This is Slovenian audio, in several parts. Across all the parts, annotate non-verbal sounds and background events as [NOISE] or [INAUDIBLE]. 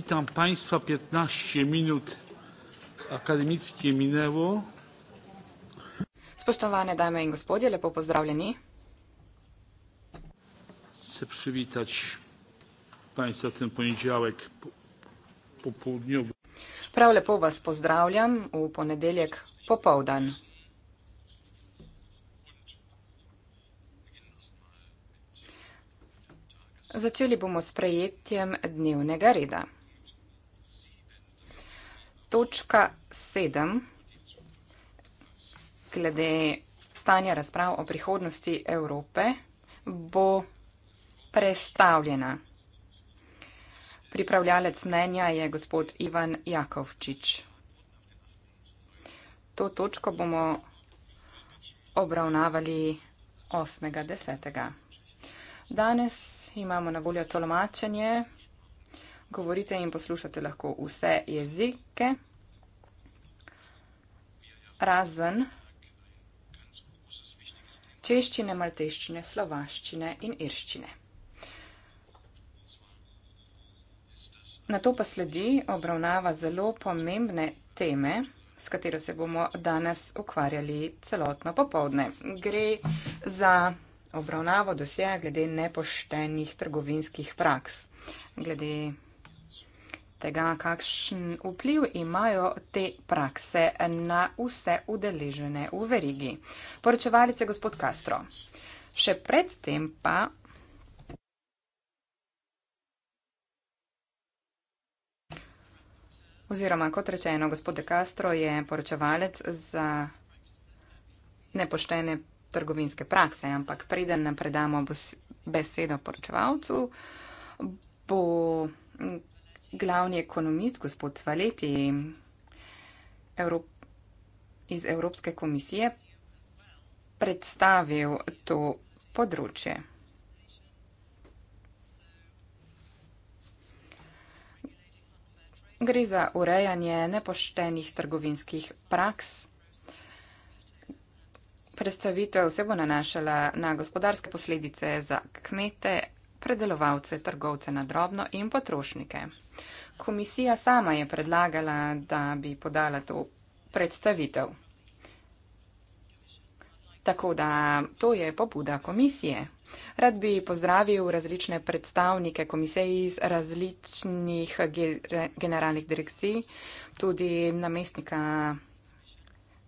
witam państwa 15 minut akademickie minęło Spoštovane dame in gospodje, lepo pozdravljeni. Chcę przywitać państwa ten poniedziałek popołudniowy. Prav lepo vas pozdravljam v ponedeljek popoldan. Začeli bomo s prejetjem dnevnega reda. Točka sedem glede stanja razprav o prihodnosti Evrope bo prestavljena. Pripravljalec mnenja je gospod Ivan Jakovčič. To točko bomo obravnavali 8. 10. Danes imamo na voljo tolmačenje. Govorite in poslušate lahko vse jezike razen češčine, malteščine, slovaščine in irščine. Na to pa sledi obravnava zelo pomembne teme, s katero se bomo danes ukvarjali celotno popovdne. Gre za obravnavo dosjeja glede nepoštenih trgovinskih praks, glede tega, kakšen vpliv imajo te prakse na vse udeležene v verigi. Poročevalec je gospod Castro. Še predtem pa. Oziroma, kot rečeno, gospod De Castro je poročevalec za nepoštene trgovinske prakse, ampak preden predamo besedo poročevalcu, bo glavni ekonomist, gospod Valeti Evro iz Evropske komisije, predstavil to področje. Gre za urejanje nepoštenih trgovinskih praks. Predstavitev se bo nanašala na gospodarske posledice za kmete, predelovalce, trgovce na drobno in potrošnike. Komisija sama je predlagala, da bi podala to predstavitev. Tako da to je pobuda komisije. Rad bi pozdravil različne predstavnike komisije iz različnih generalnih direkcij, tudi namestnika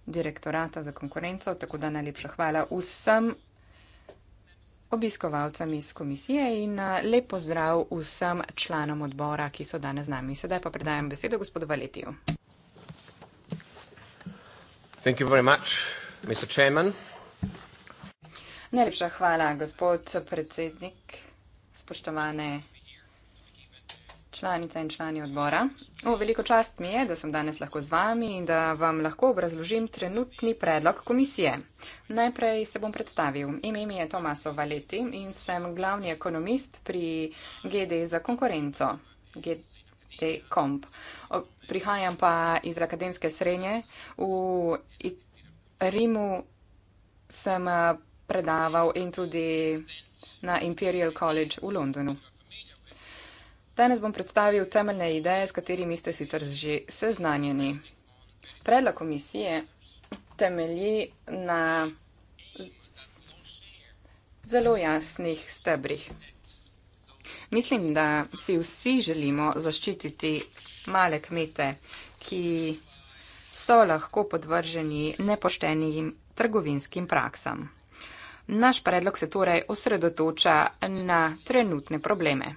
direktorata za konkurenco, tako da najlepša hvala vsem obiskovalcem iz komisije in lep pozdrav vsem članom odbora, ki so danes z nami. Sedaj pa predajam besedo gospodu Valetiju. Thank you very much, Mr. Chairman. Najlepša hvala, gospod predsednik, spoštovane članica in člani odbora. O, veliko čast mi je, da sem danes lahko z vami in da vam lahko obrazložim trenutni predlog komisije. Najprej se bom predstavil. Ime mi je Tomaso Valeti in sem glavni ekonomist pri GD za konkurenco. GD Komp. Prihajam pa iz akademske srednje. V Rimu sem eh, predaval in tudi na Imperial College v Londonu. Danes bom predstavil temeljne ideje, s katerimi ste sicer že seznanjeni. Predlog komisije temelji na zelo jasnih stebrih. Mislim, da si vsi želimo zaščititi male kmete, ki so lahko podvrženi nepoštenim trgovinskim praksam. Naš predlog se torej osredotoča na trenutne probleme.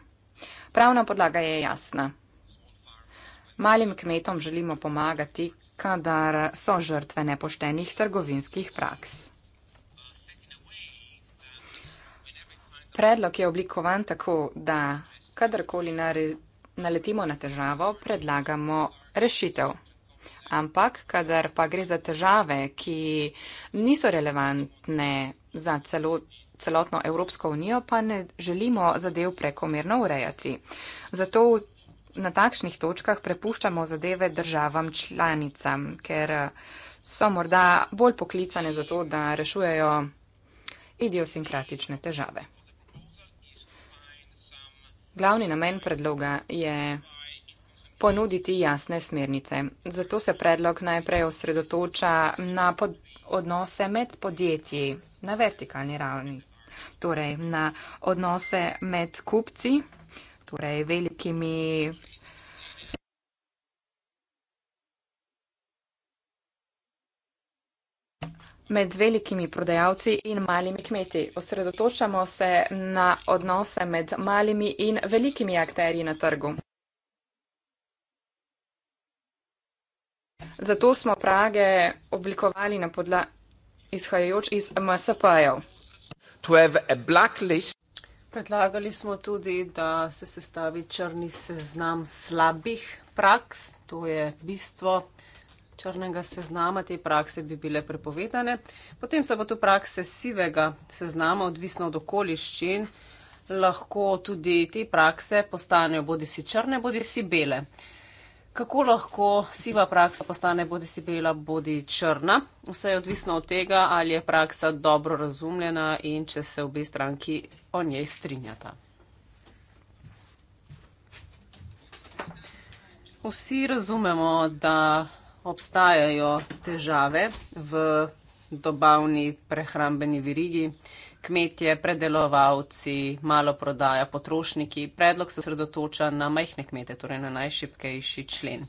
Pravna podlaga je jasna. Malim kmetom želimo pomagati, kadar so žrtve nepoštenih trgovinskih praks. Predlog je oblikovan tako, da kadarkoli naletimo na težavo, predlagamo rešitev. Ampak, kadar pa gre za težave, ki niso relevantne za celotno celotno Evropsko unijo pa ne želimo zadev prekomerno urejati. Zato na takšnih točkah prepuščamo zadeve državam članicam, ker so morda bolj poklicane za to, da rešujejo idiosinkratične težave. Glavni namen predloga je ponuditi jasne smernice. Zato se predlog najprej osredotoča na področje odnose med podjetji na vertikalni ravni, torej na odnose med kupci, torej velikimi med velikimi prodajalci in malimi kmeti. Osredotočamo se na odnose med malimi in velikimi akterji na trgu. Zato smo prage oblikovali na podlagi izhajajoč iz MSP-jev. Predlagali smo tudi, da se sestavi črni seznam slabih praks, to je bistvo črnega seznama, te prakse bi bile prepovedane. Potem so pa tu prakse sivega seznama, odvisno od okoliščin, lahko tudi te prakse postanejo bodi si črne, bodi si bele. Uh, kako lahko siva praksa postane bodi si bela, bodi črna. Vse je odvisno od tega, ali je praksa dobro razumljena in če se obe stranki o njej strinjata. Vsi razumemo, da obstajajo težave v dobavni prehrambeni verigi kmetje, predelovalci, malo prodaja, potrošniki. Predlog se osredotoča na majhne kmete, torej na najšipkejši člen.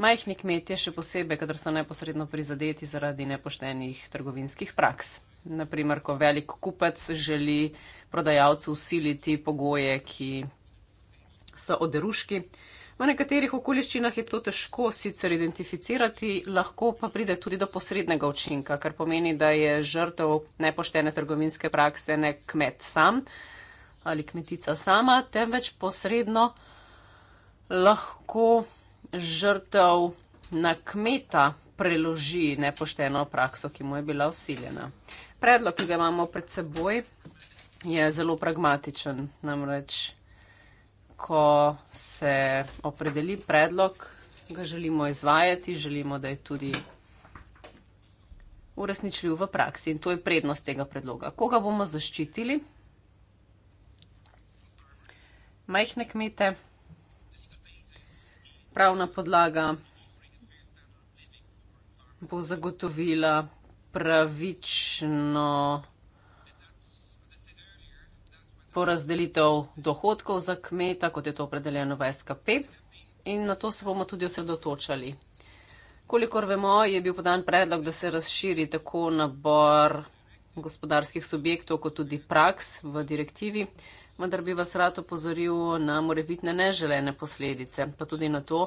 Majhni kmetje, še posebej, kadar so neposredno prizadeti zaradi nepoštenih trgovinskih praks. Naprimer, ko velik kupec želi prodajalcu usiliti pogoje, ki so oderuški, V nekaterih okoliščinah je to težko sicer identificirati, lahko pa pride tudi do posrednega učinka, kar pomeni, da je žrtev nepoštene trgovinske prakse ne kmet sam ali kmetica sama, temveč posredno lahko žrtev na kmeta preloži nepošteno prakso, ki mu je bila usiljena. Predlog, ki ga imamo pred seboj, je zelo pragmatičen, namreč ko se opredeli predlog, ga želimo izvajati, želimo, da je tudi uresničljiv v praksi. In to je prednost tega predloga. Koga bomo zaščitili? Majhne kmete, pravna podlaga bo zagotovila pravično porazdelitev dohodkov za kmeta, kot je to opredeljeno v SKP, in na to se bomo tudi osredotočali. Kolikor vemo, je bil podan predlog, da se razširi tako nabor gospodarskih subjektov, kot tudi praks v direktivi, vendar bi vas rad opozoril na morebitne neželene posledice, pa tudi na to,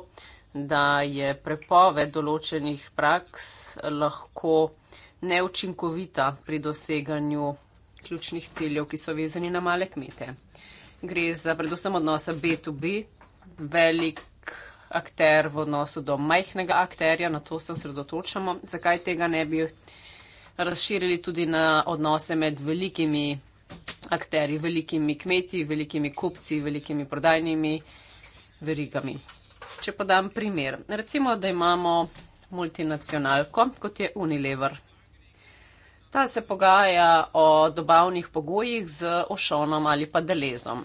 da je prepoved določenih praks lahko neučinkovita pri doseganju ključnih ciljev, ki so vezani na male kmete. Gre za predvsem odnosa B2B, velik akter v odnosu do majhnega akterja, na to se osredotočamo. Zakaj tega ne bi razširili tudi na odnose med velikimi akterji, velikimi kmeti, velikimi kupci, velikimi prodajnimi verigami. Če pa dam primer, recimo, da imamo multinacionalko, kot je Unilever. Ta se pogaja o dobavnih pogojih z ošonom ali pa delezom.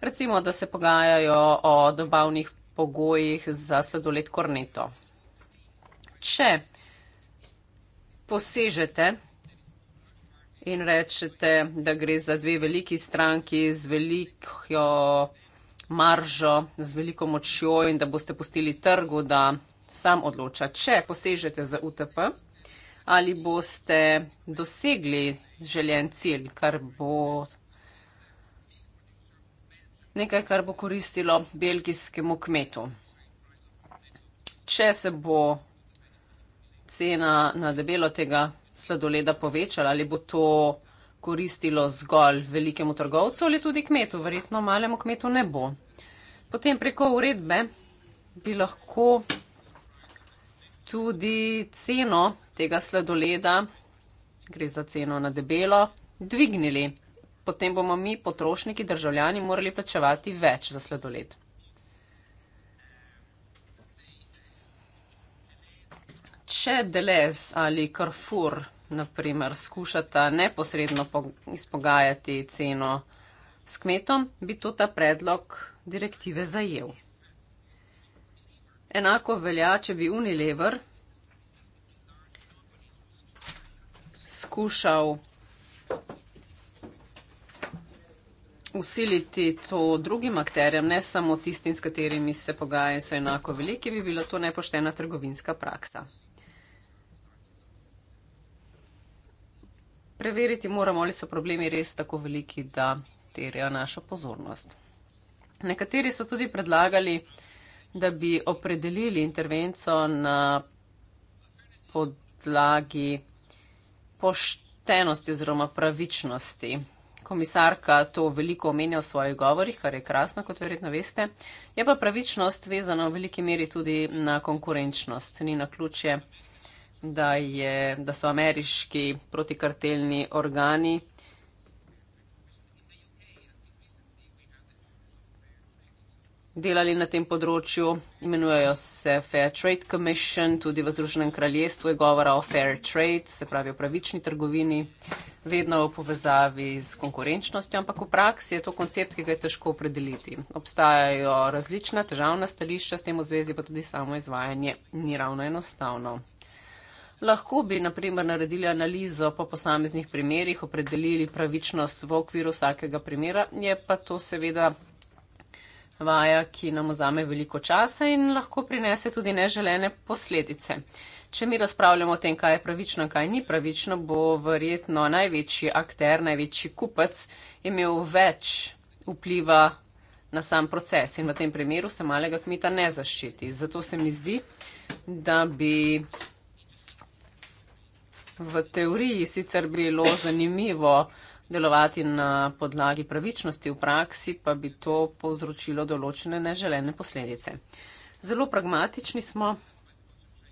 Recimo, da se pogajajo o dobavnih pogojih za sladoled korneto. Če posežete in rečete, da gre za dve veliki stranki z veliko maržo, z veliko močjo in da boste pustili trgu, da sam odloča, če posežete za UTP, ali boste dosegli željen cilj, kar bo nekaj, kar bo koristilo belgijskemu kmetu. Če se bo cena na debelo tega sladoleda povečala, ali bo to koristilo zgolj velikemu trgovcu ali tudi kmetu, verjetno malemu kmetu ne bo. Potem preko uredbe bi lahko tudi ceno tega sladoleda, gre za ceno na debelo, dvignili. Potem bomo mi, potrošniki, državljani, morali plačevati več za sladoled. Če Delez ali Carrefour, naprimer, skušata neposredno izpogajati ceno s kmetom, bi to ta predlog direktive zajel. Enako velja, če bi Unilever skušal usiliti to drugim akterjem, ne samo tistim, s katerimi se pogajajo, so enako veliki, bi bila to nepoštena trgovinska praksa. Preveriti moramo, ali so problemi res tako veliki, da terjajo našo pozornost. Nekateri so tudi predlagali, da da bi opredelili intervenco na podlagi poštenosti oziroma pravičnosti. Komisarka to veliko omenja v svojih govorih, kar je krasno, kot verjetno veste. Je pa pravičnost vezana v veliki meri tudi na konkurenčnost. Ni na ključje, da, je, da so ameriški protikartelni organi delali na tem področju. Imenujejo se Fair Trade Commission, tudi v Združenem kraljestvu je govora o fair trade, se pravi o pravični trgovini, vedno v povezavi s konkurenčnostjo, ampak v praksi je to koncept, ki ga je težko opredeliti. Obstajajo različna težavna stališča, s tem v zvezi pa tudi samo izvajanje ni ravno enostavno. Lahko bi, naprimer, naredili analizo po posameznih primerjih, opredelili pravičnost v okviru vsakega primera, je pa to seveda vaja, ki nam vzame veliko časa in lahko prinese tudi neželene posledice. Če mi razpravljamo o tem, kaj je pravično, kaj ni pravično, bo verjetno največji akter, največji kupec imel več vpliva na sam proces in v tem primeru se malega kmeta ne zaščiti. Zato se mi zdi, da bi v teoriji sicer bilo zanimivo delovati na podlagi pravičnosti v praksi, pa bi to povzročilo določene neželene posledice. Zelo pragmatični smo,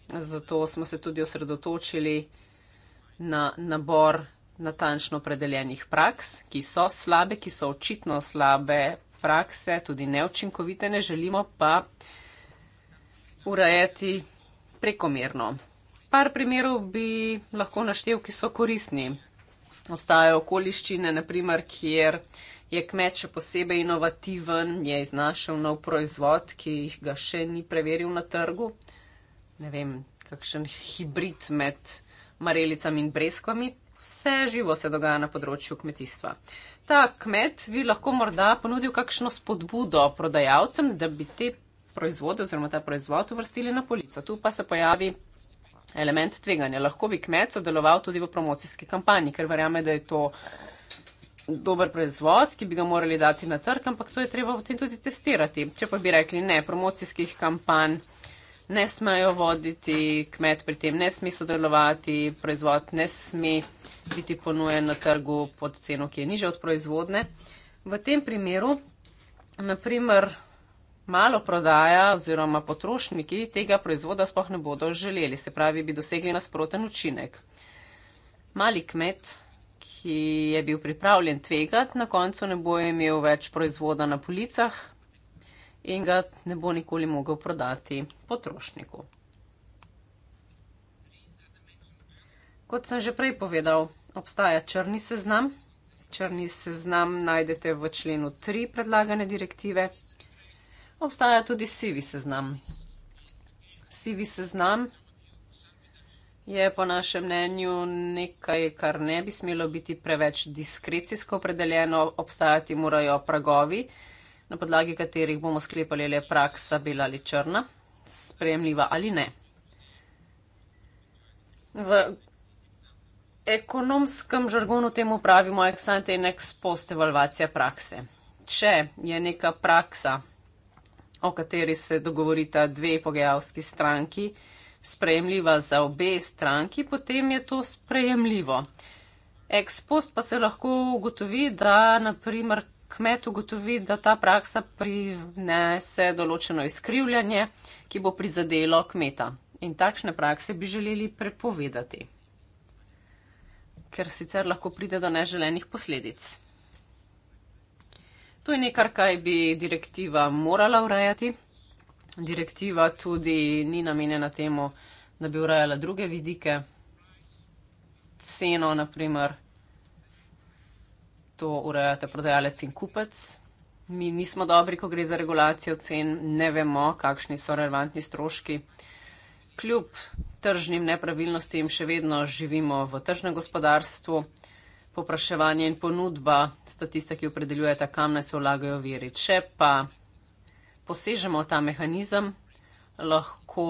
zato smo se tudi osredotočili na nabor natančno predeljenih praks, ki so slabe, ki so očitno slabe prakse, tudi neučinkovite, ne želimo pa urajati prekomerno. Par primerov bi lahko naštel, ki so koristni. Obstajajo okoliščine, naprimer, kjer je kmet še posebej inovativen, je iznašel nov proizvod, ki ga še ni preveril na trgu. Ne vem, kakšen hibrid med marelicami in breskvami. Vse živo se dogaja na področju kmetijstva. Ta kmet bi lahko morda ponudil kakšno spodbudo prodajalcem, da bi te proizvode oziroma ta proizvod uvrstili na polico. Tu pa se pojavi element tveganja. Lahko bi kmet sodeloval tudi v promocijski kampanji, ker verjame, da je to dober proizvod, ki bi ga morali dati na trg, ampak to je treba potem tudi testirati. Če pa bi rekli ne, promocijskih kampanj ne smejo voditi, kmet pri tem ne sme sodelovati, proizvod ne sme biti ponujen na trgu pod ceno, ki je niže od proizvodne. V tem primeru, naprimer, malo prodaja oziroma potrošniki tega proizvoda sploh ne bodo želeli, se pravi, bi dosegli nasproten učinek. Mali kmet, ki je bil pripravljen tvegati, na koncu ne bo imel več proizvoda na policah in ga ne bo nikoli mogel prodati potrošniku. Kot sem že prej povedal, obstaja črni seznam. Črni seznam najdete v členu 3 predlagane direktive, obstaja tudi sivi seznam. Sivi seznam je po našem mnenju nekaj, kar ne bi smelo biti preveč diskrecijsko opredeljeno, obstajati morajo pragovi, na podlagi katerih bomo sklepali, ali je praksa bela ali črna, sprejemljiva ali ne. V ekonomskem žargonu temu pravimo ex ante in ex post evalvacija prakse. Če je neka praksa o kateri se dogovorita dve pogajalski stranki, sprejemljiva za obe stranki, potem je to sprejemljivo. Ex post pa se lahko ugotovi, da naprimer kmet ugotovi, da ta praksa prinese določeno izkrivljanje, ki bo prizadelo kmeta. In takšne prakse bi želeli prepovedati, ker sicer lahko pride do neželenih posledic. To je nekaj, kar bi direktiva morala urejati. Direktiva tudi ni namenjena temu, da bi urejala druge vidike, ceno, naprimer, to urejate prodajalec in kupec. Mi nismo dobri, ko gre za regulacijo cen, ne vemo, kakšni so relevantni stroški. Kljub tržnim nepravilnostim, še vedno živimo v tržnem gospodarstvu. Popraševanje in ponudba sta tista, ki opredeljujeta, kam naj se vlagajo viri. Če pa posežemo v ta mehanizem, lahko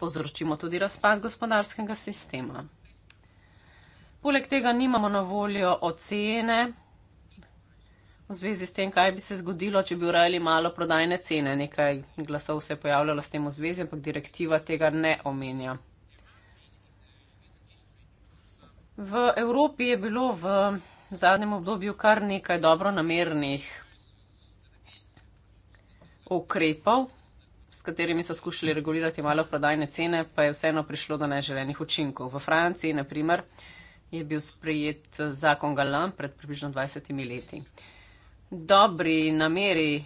povzročimo tudi razpad gospodarskega sistema. Poleg tega nimamo na voljo ocene v zvezi s tem, kaj bi se zgodilo, če bi urejali malo prodajne cene. Nekaj glasov se je pojavljalo s tem v zvezi, ampak direktiva tega ne omenja. V Evropi je bilo v zadnjem obdobju kar nekaj dobronamernih ukrepov, s katerimi so skušali regulirati malo prodajne cene, pa je vseeno prišlo do neželenih učinkov. V Franciji, naprimer, je bil sprejet zakon Galam pred približno 20 leti. Dobri nameri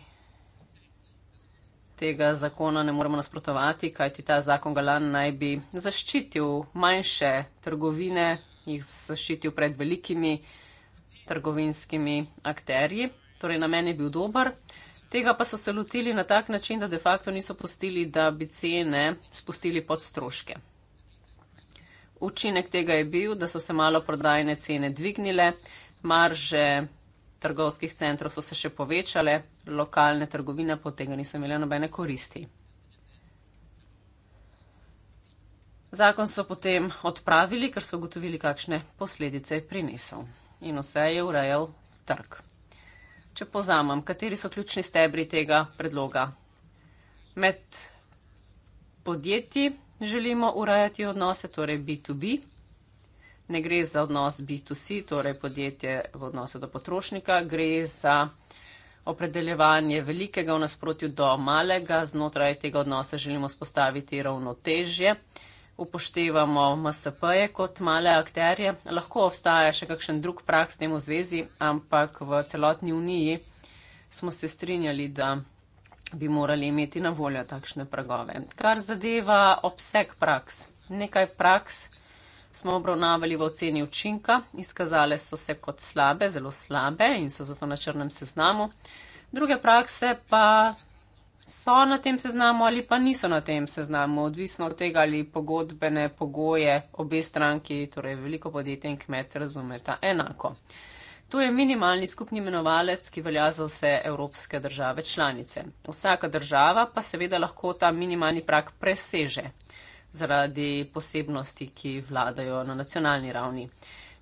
tega zakona ne moremo nasprotovati, kajti ta zakon Galan naj bi zaščitil manjše trgovine jih zaščitil pred velikimi trgovinskimi akterji. Torej, namen je bil dober. Tega pa so se lotili na tak način, da de facto niso pustili, da bi cene spustili pod stroške. Učinek tega je bil, da so se malo prodajne cene dvignile, marže trgovskih centrov so se še povečale, lokalne trgovine potem niso imele nobene koristi. Zakon so potem odpravili, ker so ugotovili, kakšne posledice je prinesel. In vse je urejal trg. Če pozamem, kateri so ključni stebri tega predloga? Med podjetji želimo urejati odnose, torej B2B. Ne gre za odnos B2C, torej podjetje v odnosu do potrošnika, gre za opredeljevanje velikega v nasprotju do malega. Znotraj tega odnosa želimo spostaviti ravnotežje upoštevamo MSP-je kot male akterje. Lahko obstaja še kakšen drug prak s tem v zvezi, ampak v celotni uniji smo se strinjali, da bi morali imeti na voljo takšne pragove. Kar zadeva obseg praks. Nekaj praks smo obravnavali v oceni učinka, izkazale so se kot slabe, zelo slabe in so zato na črnem seznamu. Druge prakse pa so na tem seznamu ali pa niso na tem seznamu, odvisno od tega, ali pogodbene pogoje obe stranki, torej veliko podjetje in kmet, razumeta enako. To je minimalni skupni imenovalec, ki velja za vse evropske države članice. Vsaka država pa seveda lahko ta minimalni prak preseže zaradi posebnosti, ki vladajo na nacionalni ravni.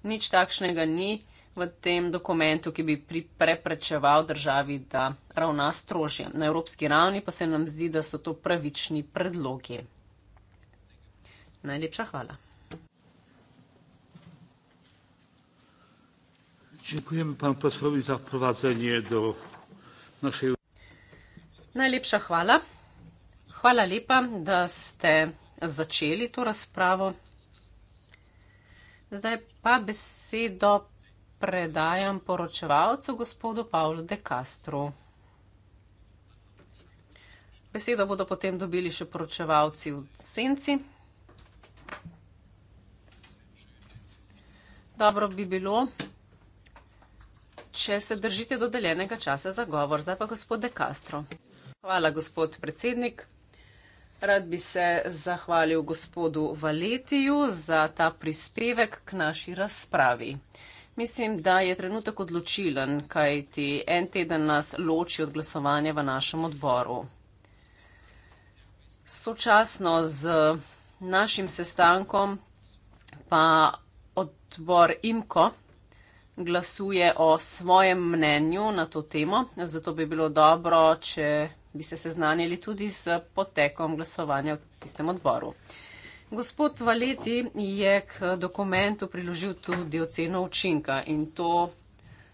Nič takšnega ni v tem dokumentu, ki bi preprečeval državi, da ravna strožje. Na evropski ravni pa se nam zdi, da so to pravični predlogi. Najlepša hvala. Najlepša hvala. Hvala lepa, da ste začeli to razpravo. Zdaj pa besedo predajam poročevalcu, gospodu Pavlu De Castro. Besedo bodo potem dobili še poročevalci v senci. Dobro bi bilo, če se držite dodeljenega časa za govor. Zdaj pa gospod De Castro. Hvala, gospod predsednik. Rad bi se zahvalil gospodu Valetiju za ta prispevek k naši razpravi. Mislim, da je trenutek odločilen, kaj ti en teden nas loči od glasovanja v našem odboru. Sočasno z našim sestankom pa odbor IMKO glasuje o svojem mnenju na to temo, zato bi bilo dobro, če bi se seznanjali tudi s potekom glasovanja v tistem odboru. Gospod Valeti je k dokumentu priložil tudi oceno učinka in to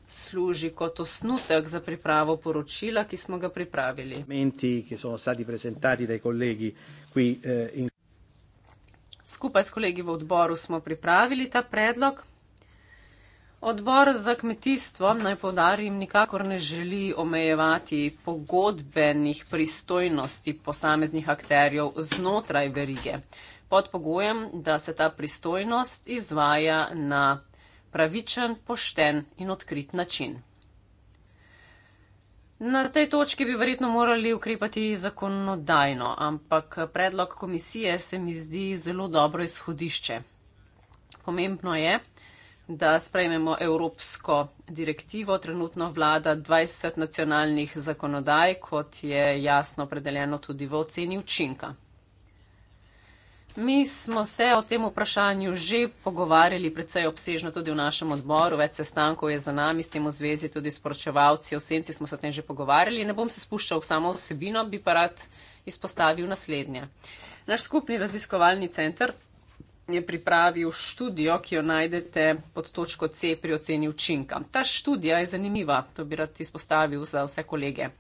služi kot osnutek za pripravo poročila, ki smo ga pripravili. Eh, Skupaj s kolegi v odboru smo pripravili ta predlog. Odbor za kmetijstvo, naj povdarim, nikakor ne želi omejevati pogodbenih pristojnosti posameznih akterjev znotraj verige pod pogojem, da se ta pristojnost izvaja na pravičen, pošten in odkrit način. Na tej točki bi verjetno morali ukrepati zakonodajno, ampak predlog komisije se mi zdi zelo dobro izhodišče. Pomembno je, da sprejmemo evropsko direktivo, trenutno vlada 20 nacionalnih zakonodaj, kot je jasno opredeljeno tudi v oceni učinka. Mi smo se o tem vprašanju že pogovarjali precej obsežno tudi v našem odboru, več sestankov je za nami, s tem v zvezi tudi sporočevalci, v senci smo se o tem že pogovarjali. Ne bom se spuščal v samo vsebino, bi pa rad izpostavil naslednje. Naš skupni raziskovalni center je pripravil študijo, ki jo najdete pod točko C pri oceni učinka. Ta študija je zanimiva, to bi rad izpostavil za vse kolege.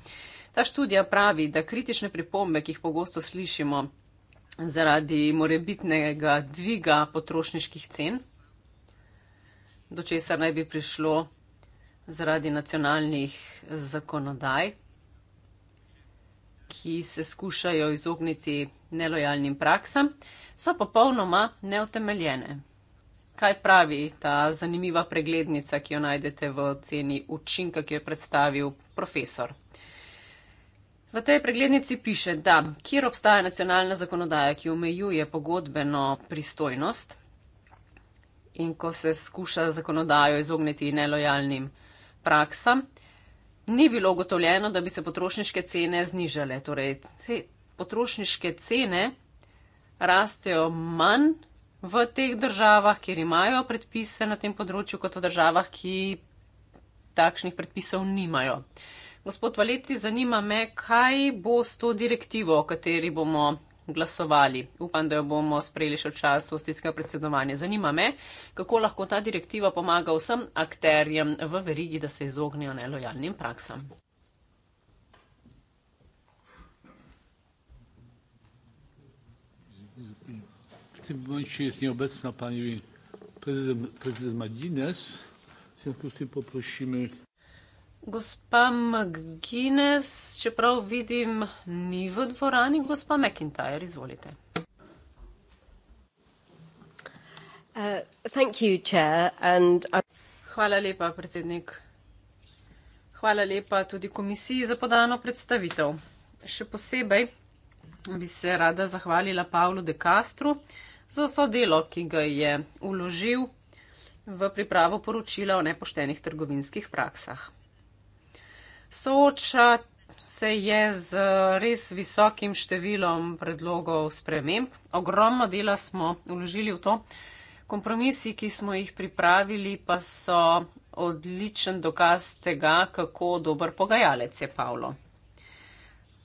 Ta študija pravi, da kritične pripombe, ki jih pogosto slišimo, zaradi morebitnega dviga potrošniških cen, do česar naj bi prišlo zaradi nacionalnih zakonodaj, ki se skušajo izogniti nelojalnim praksam, so popolnoma neutemeljene. Kaj pravi ta zanimiva preglednica, ki jo najdete v oceni učinka, ki jo je predstavil profesor? V tej preglednici piše, da kjer obstaja nacionalna zakonodaja, ki omejuje pogodbeno pristojnost in ko se skuša zakonodajo izogniti nelojalnim praksam, ni bilo ugotovljeno, da bi se potrošniške cene znižale. Torej, te potrošniške cene rastejo manj v teh državah, kjer imajo predpise na tem področju, kot v državah, ki takšnih predpisov nimajo. Gospod Valeti, zanima me, kaj bo s to direktivo, o kateri bomo glasovali. Upam, da jo bomo sprejeli še v času ostiskega predsedovanja. Zanima me, kako lahko ta direktiva pomaga vsem akterjem v verigi, da se izognijo nelojalnim praksam. W tym momencie jest nieobecna pani prezydent, prezydent Madines, w związku z tym poprosimy gospa McGuinness, čeprav vidim, ni v dvorani, gospa McIntyre, izvolite. Uh, Hvala lepa, predsednik. Hvala lepa tudi komisiji za podano predstavitev. Še posebej bi se rada zahvalila Pavlu de Castru za vso delo, ki ga je uložil v pripravo poročila o nepoštenih trgovinskih praksah sooča se je z res visokim številom predlogov sprememb. Ogromno dela smo vložili v to. Kompromisi, ki smo jih pripravili, pa so odličen dokaz tega, kako dober pogajalec je Pavlo.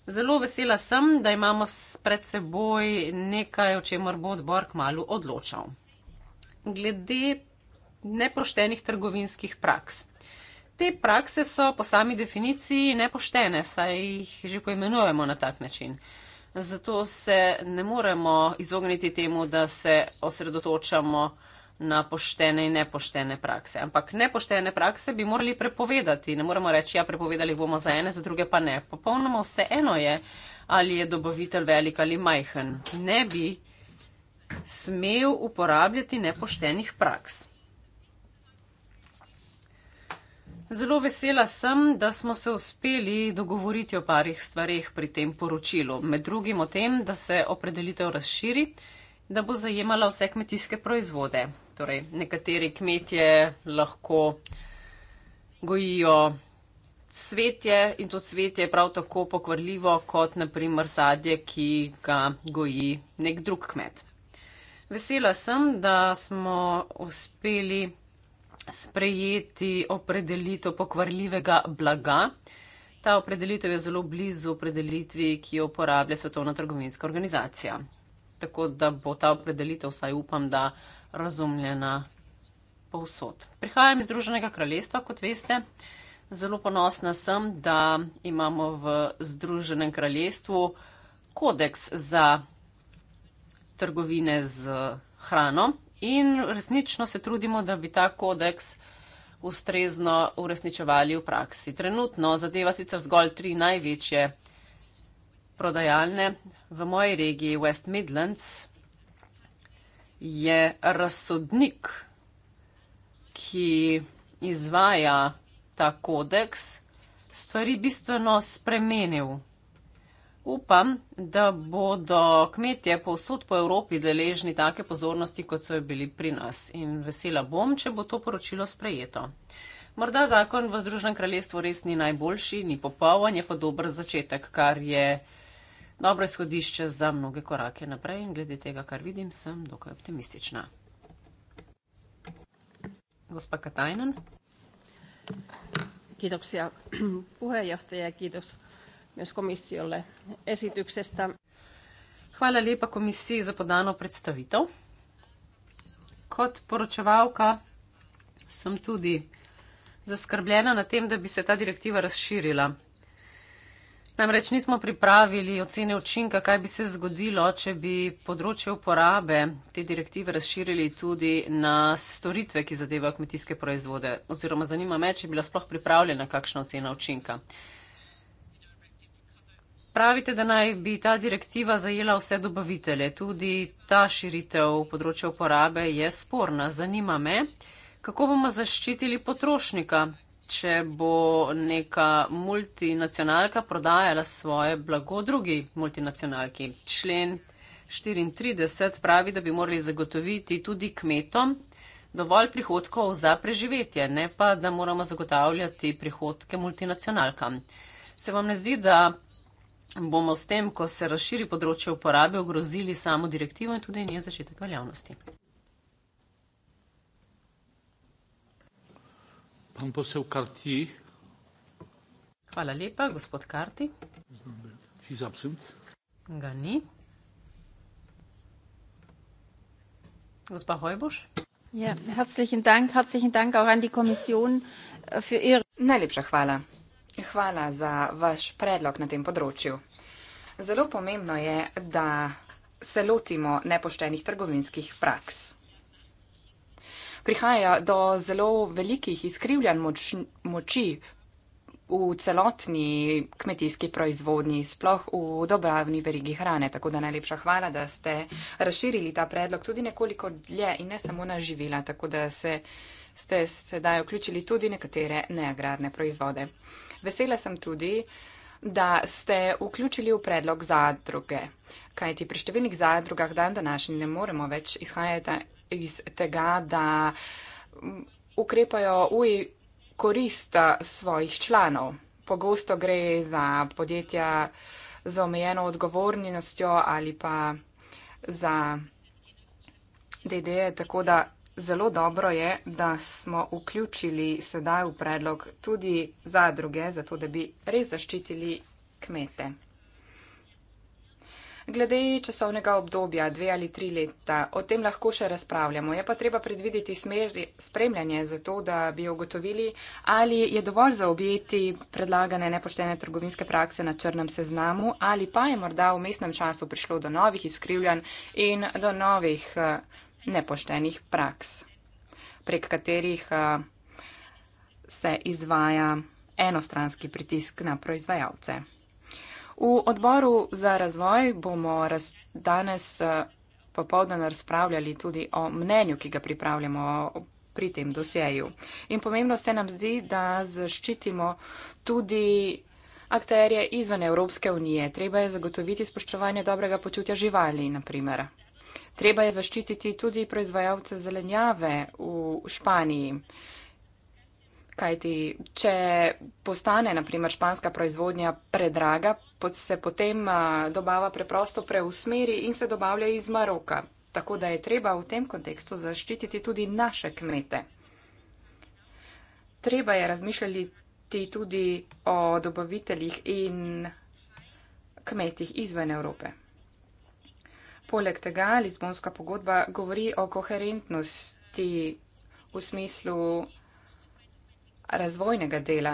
Zelo vesela sem, da imamo pred seboj nekaj, o čemer bo odbor k malu odločal. Glede nepoštenih trgovinskih praks. Te prakse so po sami definiciji nepoštene, saj jih že poimenujemo na tak način. Zato se ne moremo izogniti temu, da se osredotočamo na poštene in nepoštene prakse. Ampak nepoštene prakse bi morali prepovedati. Ne moremo reči, ja, prepovedali bomo za ene, za druge pa ne. Popolnoma vse eno je, ali je dobavitelj velik ali majhen. Ne bi smel uporabljati nepoštenih praks. Zelo vesela sem, da smo se uspeli dogovoriti o parih stvarih pri tem poročilu. Med drugim o tem, da se opredelitev razširi, da bo zajemala vse kmetijske proizvode. Torej, nekateri kmetje lahko gojijo cvetje in to cvetje je prav tako pokvarljivo kot naprimer sadje, ki ga goji nek drug kmet. Vesela sem, da smo uspeli sprejeti opredelitev pokvarljivega blaga. Ta opredelitev je zelo blizu opredelitvi, ki jo uporablja Svetovna trgovinska organizacija. Tako da bo ta opredelitev, vsaj upam, da razumljena povsod. Prihajam iz Združenega kraljestva, kot veste. Zelo ponosna sem, da imamo v Združenem kraljestvu kodeks za trgovine z hrano in resnično se trudimo, da bi ta kodeks ustrezno uresničevali v praksi. Trenutno zadeva sicer zgolj tri največje prodajalne v moji regiji West Midlands. Je razsodnik, ki izvaja ta kodeks, stvari bistveno spremenil. Upam, da bodo kmetje povsod po Evropi deležni take pozornosti, kot so jo bili pri nas. In vesela bom, če bo to poročilo sprejeto. Morda zakon v Združenem kraljestvu res ni najboljši, ni popoln, je pa dober začetek, kar je dobro izhodišče za mnoge korake naprej. In glede tega, kar vidim, sem dokaj optimistična. Gospa Katajnen. Kiitoksia [CLEARS THROAT] puheenjohtaja ja kiitos myös komissiolle esityksestä. Hvala lepa komisiji za podano predstavitev. Kot poročevalka sem tudi zaskrbljena na tem, da bi se ta direktiva razširila. Namreč nismo pripravili ocene učinka, kaj bi se zgodilo, če bi področje uporabe te direktive razširili tudi na storitve, ki zadevajo kmetijske proizvode. Oziroma zanima me, če bi bila sploh pripravljena kakšna ocena učinka. Pravite, da naj bi ta direktiva zajela vse dobavitele. Tudi ta širitev področja uporabe je sporna. Zanima me, kako bomo zaščitili potrošnika, če bo neka multinacionalka prodajala svoje blago drugi multinacionalki. Člen 34 pravi, da bi morali zagotoviti tudi kmetom dovolj prihodkov za preživetje, ne pa da moramo zagotavljati prihodke multinacionalkam. Se vam ne zdi, da bomo s tem, ko se razširi področje uporabe, ogrozili samo direktivo in tudi njen začetek veljavnosti. Pan posel Karti. Hvala lepa, gospod Karti. Ga ni. Gospa Hojboš. Ja, herzlichen Dank, herzlichen Dank auch an die Kommission äh, für ihre. Najlepša hvala. Hvala za vaš predlog na tem področju. Zelo pomembno je, da se lotimo nepoštenih trgovinskih praks. Prihaja do zelo velikih izkrivljanj moč, moči v celotni kmetijski proizvodnji, sploh v dobravni verigi hrane. Tako da najlepša hvala, da ste razširili ta predlog tudi nekoliko dlje in ne samo na živila, tako da se, ste sedaj vključili tudi nekatere neagrarne proizvode. Uh, Vesela sem tudi, da ste vključili v predlog zadruge, kajti pri številnih zadrugah dan današnji ne moremo več izhajati iz tega, da mm, ukrepajo v korist eh, svojih članov. Pogosto gre za podjetja z omejeno odgovornostjo ali pa za DD, e, tako da zelo dobro je, da smo vključili sedaj v predlog tudi zadruge, zato da bi res zaščitili kmete. Glede časovnega obdobja, dve ali tri leta, o tem lahko še razpravljamo. Je pa treba predvideti smer spremljanja, zato da bi ugotovili, ali je dovolj zaobjeti predlagane nepoštene trgovinske prakse na črnem seznamu, ali pa je morda v mestnem času prišlo do novih izkrivljanj in do novih eh, nepoštenih praks, prek katerih eh, se izvaja enostranski pritisk na proizvajalce. V odboru za razvoj bomo raz, danes eh, popovdan razpravljali tudi o mnenju, ki ga pripravljamo pri tem dosjeju. In pomembno se nam zdi, da zaščitimo tudi akterje izven Evropske unije. Treba je zagotoviti spoštovanje dobrega počutja živali, naprimer. Treba je zaščititi tudi proizvajalce zelenjave v Španiji. Kajti, če postane, naprimer, španska proizvodnja predraga, se potem dobava preprosto preusmeri in se dobavlja iz Maroka. Tako da je treba v tem kontekstu zaščititi tudi naše kmete. Treba je razmišljati tudi o dobaviteljih in kmetih izven Evrope. Poleg tega Lizbonska pogodba govori o koherentnosti v smislu razvojnega dela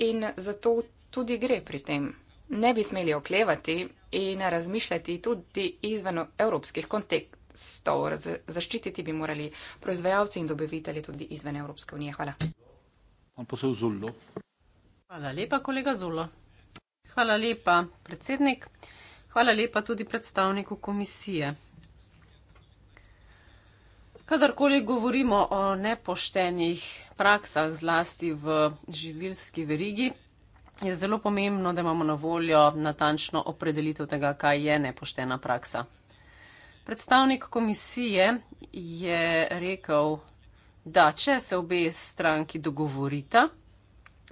in zato tudi gre pri tem. Ne bi smeli oklevati in razmišljati tudi izven evropskih kontekstov. Zaščititi bi morali proizvajalci in dobavitelji tudi izven Evropske unije. Hvala. Hvala lepa, kolega Zulo. Hvala lepa, predsednik. Hvala lepa tudi predstavniku komisije. Kadarkoli govorimo o nepoštenih praksah, zlasti v živilski verigi, je zelo pomembno, da imamo na voljo natančno opredelitev tega, kaj je nepoštena praksa. Predstavnik komisije je rekel, da če se obe stranki dogovorita,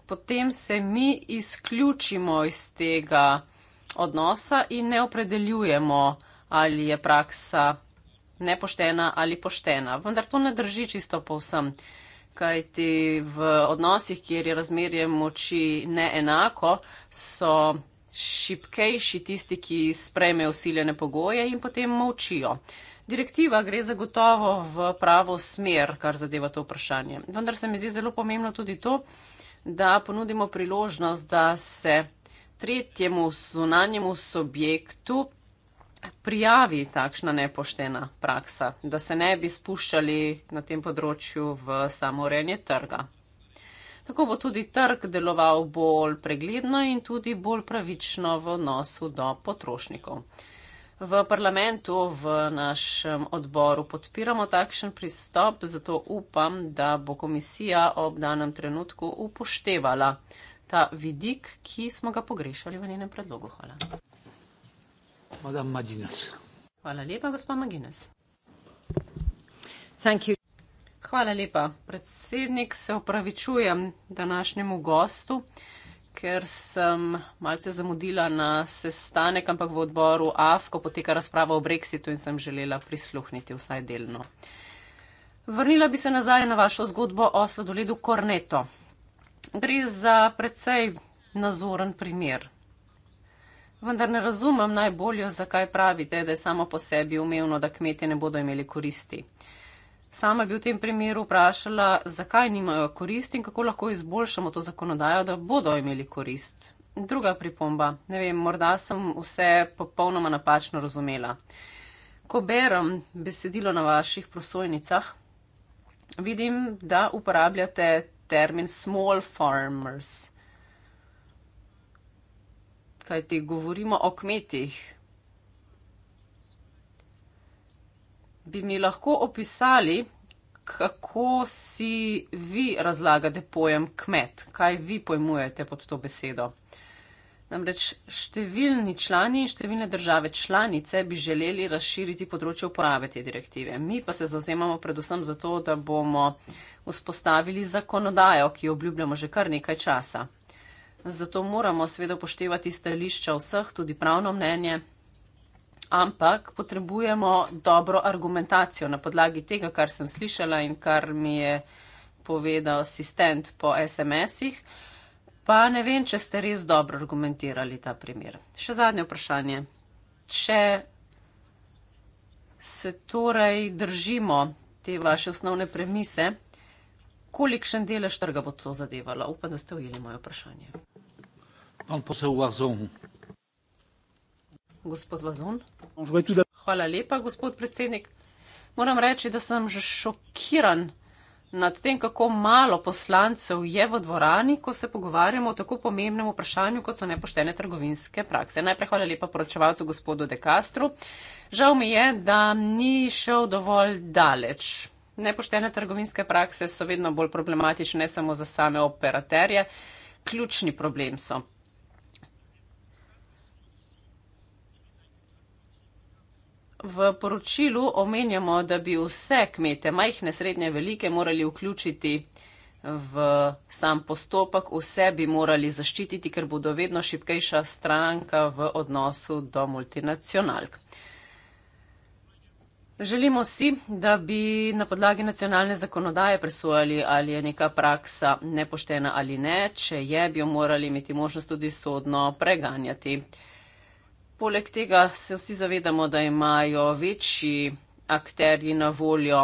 potem se mi izključimo iz tega, odnosa in ne opredeljujemo, ali je praksa nepoštena ali poštena. Vendar to ne drži čisto povsem, kajti v odnosih, kjer je razmerje moči neenako, so šipkejši tisti, ki sprejmejo usiljene pogoje in potem molčijo. Direktiva gre zagotovo v pravo smer, kar zadeva to vprašanje. Vendar se mi zdi zelo pomembno tudi to, da ponudimo priložnost, da se tretjemu zunanjemu subjektu prijavi takšna nepoštena praksa, da se ne bi spuščali na tem področju v samorenje trga. Tako bo tudi trg deloval bolj pregledno in tudi bolj pravično v odnosu do potrošnikov. V parlamentu, v našem odboru podpiramo takšen pristop, zato upam, da bo komisija ob danem trenutku upoštevala ta vidik, ki smo ga pogrešali v njenem predlogu. Hvala. Hvala lepa, gospod Maginas. Hvala lepa, predsednik. Se opravičujem današnjemu gostu, ker sem malce zamudila na sestanek, ampak v odboru AF, ko poteka razprava o Brexitu in sem želela prisluhniti vsaj delno. Vrnila bi se nazaj na vašo zgodbo o sladoledu Korneto gre za precej nazoren primer. Vendar ne razumem najbolje, zakaj pravite, da je samo po sebi umevno, da kmetje ne bodo imeli koristi. Sama bi v tem primeru vprašala, zakaj nimajo koristi in kako lahko izboljšamo to zakonodajo, da bodo imeli korist. Druga pripomba, ne vem, morda sem vse popolnoma napačno razumela. Ko berem besedilo na vaših prosojnicah, vidim, da uporabljate termin small farmers. Kaj ti govorimo o kmetih? Bi mi lahko opisali, kako si vi razlagate pojem kmet? Kaj vi pojmujete pod to besedo? Namreč številni člani in številne države članice bi želeli razširiti področje uporabe te direktive. Mi pa se zauzemamo predvsem za to, da bomo vzpostavili zakonodajo, ki jo obljubljamo že kar nekaj časa. Zato moramo seveda poštevati stališča vseh, tudi pravno mnenje, ampak potrebujemo dobro argumentacijo na podlagi tega, kar sem slišala in kar mi je povedal asistent po SMS-ih. Pa ne vem, če ste res dobro argumentirali ta primer. Še zadnje vprašanje. Če se torej držimo te vaše osnovne premise, kolikšen delež trga bo to zadevalo? Upam, da ste ujeli moje vprašanje. Gospod Vazon. Hvala lepa, gospod predsednik. Moram reči, da sem že šokiran nad tem, kako malo poslancev je v dvorani, ko se pogovarjamo o tako pomembnem vprašanju, kot so nepoštene trgovinske prakse. Najprej hvala lepa poročevalcu gospodu De Castro. Žal mi je, da ni šel dovolj daleč. Nepoštene trgovinske prakse so vedno bolj problematične, ne samo za same operaterje. Ključni problem so v poročilu omenjamo, da bi vse kmete, majhne, srednje, velike, morali vključiti v sam postopek, vse bi morali zaščititi, ker bodo vedno šipkejša stranka v odnosu do multinacionalk. Želimo si, da bi na podlagi nacionalne zakonodaje presojali, ali je neka praksa nepoštena ali ne, če je, bi jo morali imeti možnost tudi sodno preganjati poleg tega se vsi zavedamo, da imajo večji akterji na voljo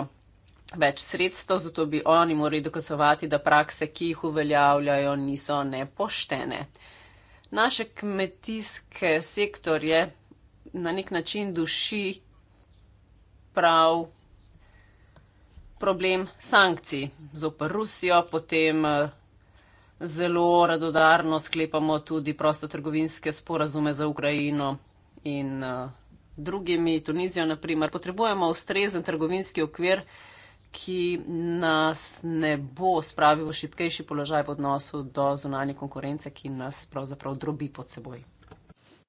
več sredstev, zato bi oni morali dokazovati, da prakse, ki jih uveljavljajo, niso nepoštene. Naše kmetijske sektorje na nek način duši prav problem sankcij zopr Rusijo, potem eh, zelo radodarno sklepamo tudi prostotrgovinske sporazume za Ukrajino in uh, drugimi, Tunizijo, naprimer, potrebujemo ustrezen trgovinski okvir, ki nas ne bo spravil v šipkejši položaj v odnosu do zunanje konkurence, ki nas pravzaprav drobi pod seboj.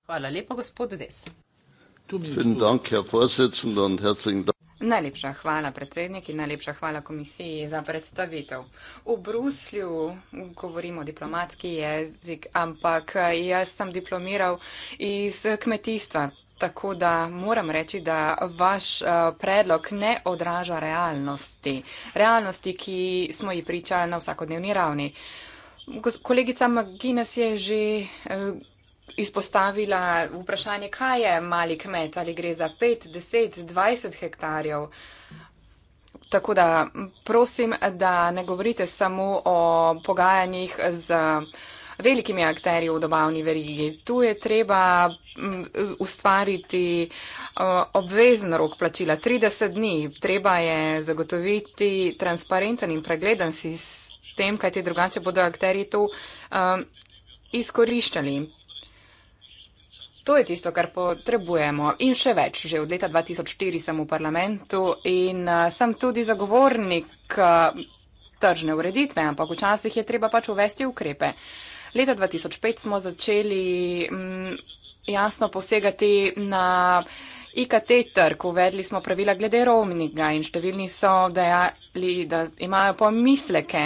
Hvala lepa, gospod Des. Vielen Dank, Herr Vorsitzender, und herzlichen Dank. Najlepša hvala, predsednik, in najlepša hvala komisiji za predstavitev. V Bruslju govorimo diplomatski jezik, ampak jaz sem diplomiral iz kmetijstva. Tako da moram reči, da vaš eh, predlog ne odraža realnosti. Realnosti, ki smo ji pričali na vsakodnevni ravni. Kolegica Magines je že eh, izpostavila vprašanje, kaj je mali kmet, ali gre za 5, 10, 20 hektarjev. Tako da prosim, da ne govorite samo o pogajanjih z velikimi akterji v dobavni verigi. Tu je treba ustvariti obvezen rok plačila 30 dni. Treba je zagotoviti transparenten in pregleden sistem, kajti drugače bodo akteri to um, izkoriščali. To je tisto, kar potrebujemo in še več. Že od leta 2004 sem v parlamentu in uh, sem tudi zagovornik uh, tržne ureditve, ampak včasih je treba pač uvesti ukrepe. Leta 2005 smo začeli m, mm, jasno posegati na IKT trg, uvedli smo pravila glede romnika in številni so dejali, da imajo pomisleke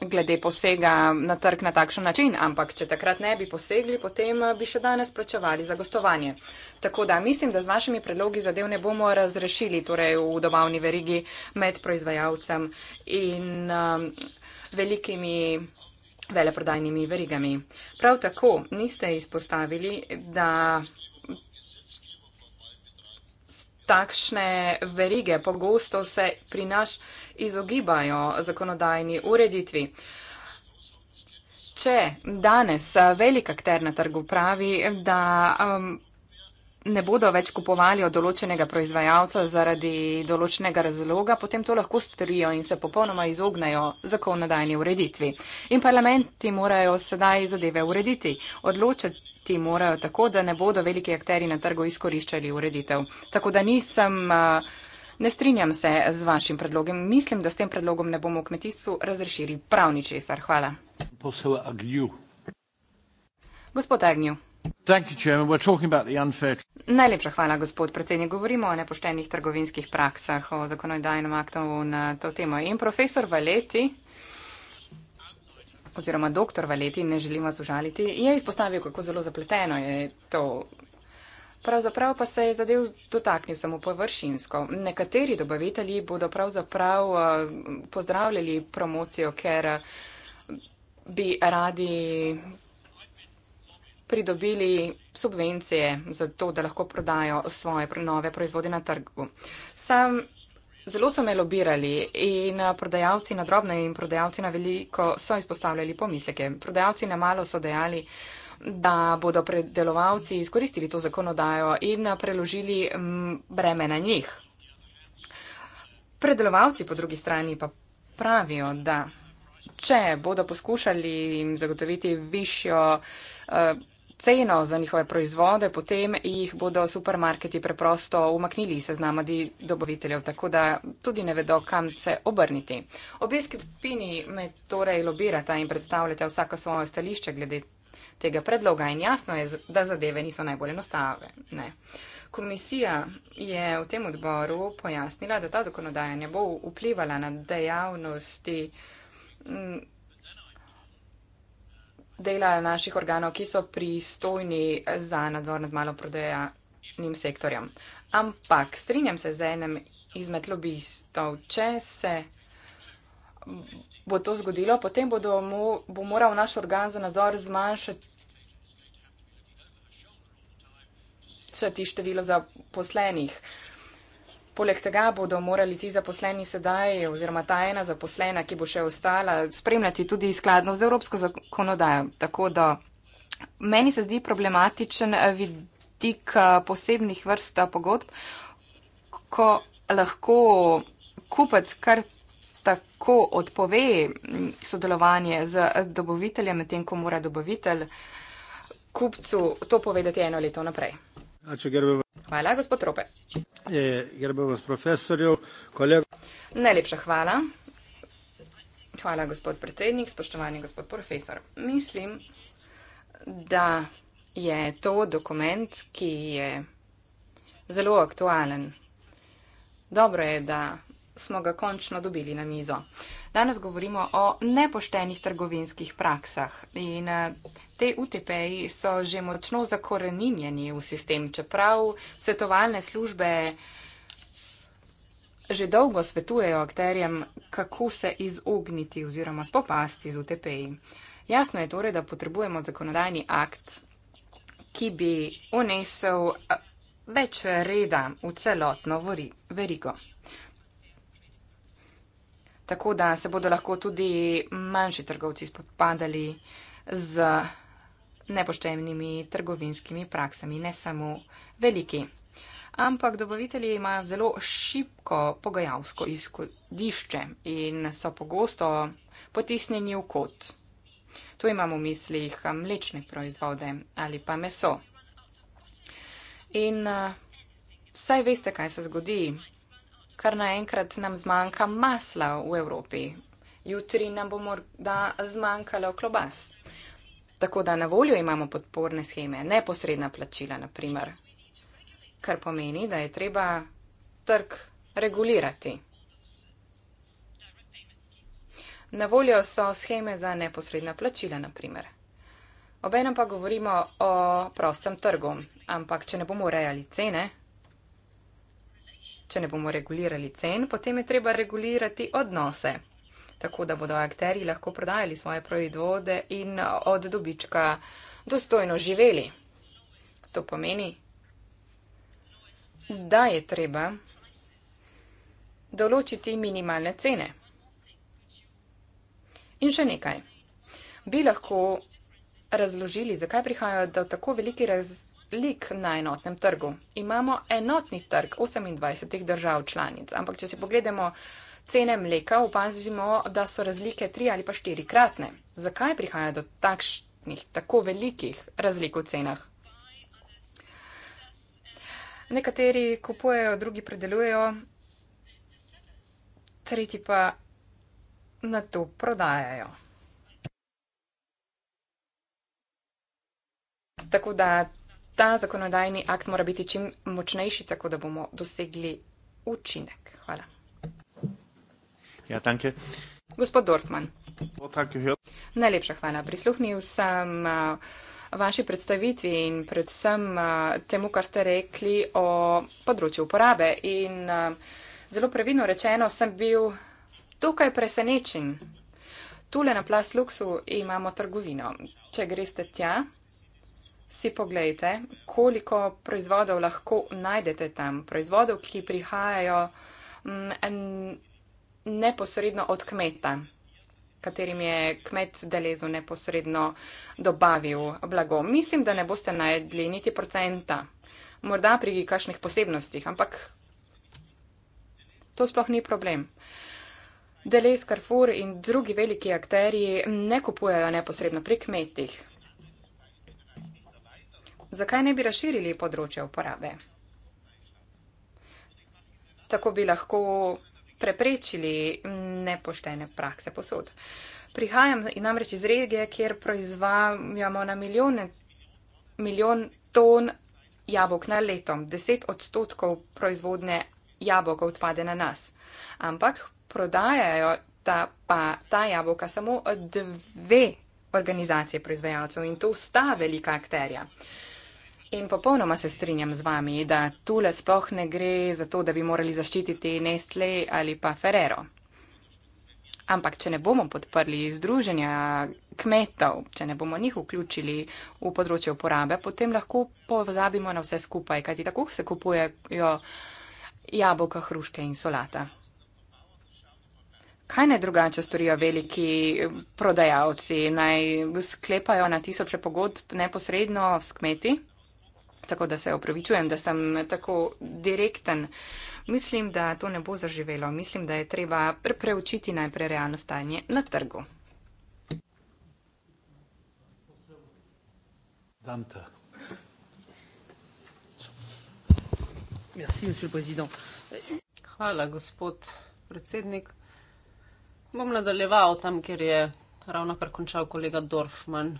glede posega na trg na takšen način, ampak če takrat ne bi posegli, potem eh, bi še danes plačevali za gostovanje. Tako da mislim, da z vašimi predlogi zadev ne bomo razrešili torej v dobavni verigi med proizvajalcem in um, velikimi veleprodajnimi verigami. Prav tako niste izpostavili, da takšne verige pogosto se pri nas izogibajo zakonodajni ureditvi. Če danes velik akter na trgu pravi, da um, ne bodo več kupovali od določenega proizvajalca zaradi določenega razloga, potem to lahko storijo in se popolnoma izognajo zakonodajni ureditvi. In parlamenti morajo sedaj zadeve urediti, odločiti. Ti morajo tako, da ne bodo veliki akteri na trgu izkoriščali ureditev. Tako da nisem, ne strinjam se z vašim predlogom. Mislim, da s tem predlogom ne bomo v kmetijstvu razrešili prav ničesar. Hvala. Gospod Agnju. Najlepša hvala, gospod predsednik. Govorimo o nepoštenih trgovinskih praksah, o zakonodajnem aktu na to temo. In profesor Valeti oziroma doktor Valeti, ne želim vas užaliti, je izpostavil, kako zelo zapleteno je to. Pravzaprav pa se je zadev dotaknil samo površinsko. Nekateri dobavitelji bodo pravzaprav eh, pozdravljali promocijo, ker bi radi pridobili subvencije za to, da lahko prodajo svoje nove proizvode na trgu. Sam zelo so me lobirali in prodajalci na drobno in prodajalci na veliko so izpostavljali pomisleke. Prodajalci na malo so dejali, da bodo predelovalci izkoristili to zakonodajo in preložili mm, breme na njih. Predelovalci po drugi strani pa pravijo, da če bodo poskušali zagotoviti višjo uh, ceno za njihove proizvode, potem jih bodo supermarketi preprosto umaknili se z nama dobaviteljev, tako da tudi ne vedo, kam se obrniti. Obe skupini me torej lobirata in predstavljata vsako svoje stališče glede tega predloga in jasno je, da zadeve niso najbolj enostavne. Komisija je v tem odboru pojasnila, da ta zakonodaja ne bo vplivala na dejavnosti dela naših organov, ki so pristojni za nadzor nad maloprodajnim sektorjem. Ampak strinjam se z enem izmed lobistov, če se bo to zgodilo, potem bo, domo, bo moral naš organ za nadzor zmanjšati število zaposlenih. Poleg tega bodo morali ti zaposleni sedaj, oziroma ta ena zaposlena, ki bo še ostala, spremljati tudi skladno z evropsko zakonodajo. Tako da meni se zdi problematičen eh, vidik eh, posebnih vrst eh, pogodb, ko lahko kupec kar tako odpove mm, sodelovanje z dobaviteljem, medtem ko mora dobavitelj kupcu to povedati eno leto naprej. Hvala, gospod Rope. Gerbevas profesorjev, kolega. Najlepša hvala. Hvala, gospod predsednik, spoštovani gospod profesor. Mislim, da je to dokument, ki je zelo aktualen. Dobro je, da smo ga končno dobili na mizo. Danes govorimo o nepoštenih trgovinskih praksah in eh, te UTP-ji so že močno zakoreninjeni v sistem, čeprav svetovalne službe že dolgo svetujejo akterjem, kako se izogniti oziroma spopasti z UTP-ji. Jasno je torej, da potrebujemo zakonodajni akt, ki bi unesel eh, več reda v celotno verigo tako da se bodo lahko tudi manjši trgovci spopadali z nepoštenimi trgovinskimi praksami, ne samo veliki. Ampak dobavitelji imajo zelo šipko pogajalsko izhodišče in so pogosto potisnjeni v kot. Tu imamo v mislih mlečne proizvode ali pa meso. In vsaj eh, veste, kaj se zgodi, kar naenkrat nam zmanjka masla v Evropi. Jutri nam bo morda zmanjkalo klobas. Tako da na voljo imamo podporne scheme, neposredna plačila, naprimer. Kar pomeni, da je treba trg regulirati. Na voljo so scheme za neposredna plačila, naprimer. Obenem pa govorimo o prostem trgu, ampak če ne bomo urejali cene, Če ne bomo regulirali cen, potem je treba regulirati odnose, tako da bodo akteri lahko prodajali svoje proizvode in od dobička dostojno živeli. To pomeni, da je treba določiti minimalne cene. In še nekaj. Bi lahko razložili, zakaj prihajajo do tako velike razlike? lik na enotnem trgu. Imamo enotni trg 28 držav članic, ampak če si pogledamo cene mleka, opazimo, da so razlike tri ali pa štiri kratne. Zakaj prihaja do takšnih, tako velikih razlik v cenah? Nekateri kupujejo, drugi predelujejo, tretji pa na to prodajajo. Tako da ta zakonodajni akt mora biti čim močnejši, tako da bomo dosegli učinek. Hvala. Ja, danke. Gospod Dorfman. Oh, ja. Najlepša hvala. Prisluhnil sem uh, vaši predstavitvi in predvsem uh, temu, kar ste rekli o področju uporabe. In uh, zelo previdno rečeno sem bil tukaj presenečen. Tule na Plus Luxu imamo trgovino. Če greste tja, si pogledajte, koliko proizvodov lahko najdete tam. Proizvodov, ki prihajajo m, mm, neposredno od kmeta, katerim je kmet delezu neposredno dobavil blago. Mislim, da ne boste najdli niti procenta. Morda pri kakšnih posebnostih, ampak to sploh ni problem. Delez, Carrefour in drugi veliki akteri ne kupujajo neposredno pri kmetih zakaj ne bi razširili področje uporabe? Tako bi lahko preprečili nepoštene prakse posod. Prihajam namreč iz regije, kjer proizvajamo na milijone, milijon ton jabolk na leto. Deset odstotkov proizvodne jabolka odpade na nas. Ampak prodajajo ta, pa ta jabolka samo dve organizacije proizvajalcev in to sta velika akterja. In popolnoma se strinjam z vami, da tule sploh ne gre za to, da bi morali zaščititi Nestle ali pa Ferrero. Ampak, če ne bomo podprli združenja kmetov, če ne bomo njih vključili v področje uporabe, potem lahko pozabimo na vse skupaj, kajti tako se kupujejo jabolka, hruške in solata. Kaj naj drugače storijo veliki prodajalci? Naj sklepajo na tisoče pogodb neposredno s kmeti? Tako da se opravičujem, da sem tako direkten. Mislim, da to ne bo zaživelo. Mislim, da je treba preučiti najprej realno stanje na trgu. Dante. Hvala, gospod predsednik. Bom nadaljeval tam, kjer je ravno kar končal kolega Dorfman.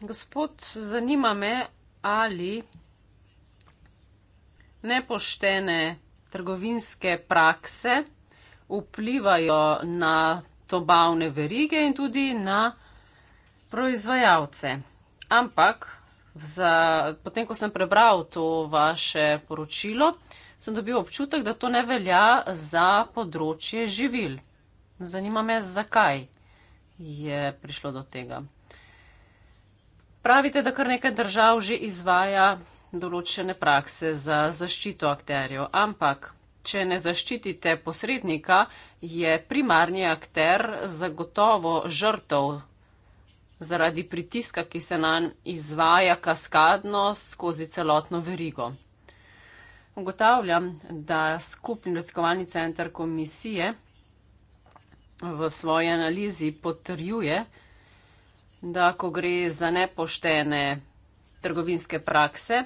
Gospod, zanima me, ali nepoštene trgovinske prakse vplivajo na dobavne verige in tudi na proizvajalce. Ampak, za, potem ko sem prebral to vaše poročilo, sem dobil občutek, da to ne velja za področje živil. Zanima me, zakaj je prišlo do tega. Pravite, da kar nekaj držav že izvaja določene prakse za zaščito akterjev, ampak če ne zaščitite posrednika, je primarni akter zagotovo žrtov zaradi pritiska, ki se nam izvaja kaskadno skozi celotno verigo. Ugotavljam, da skupni raziskovalni center komisije v svoji analizi potrjuje, da ko gre za nepoštene trgovinske prakse,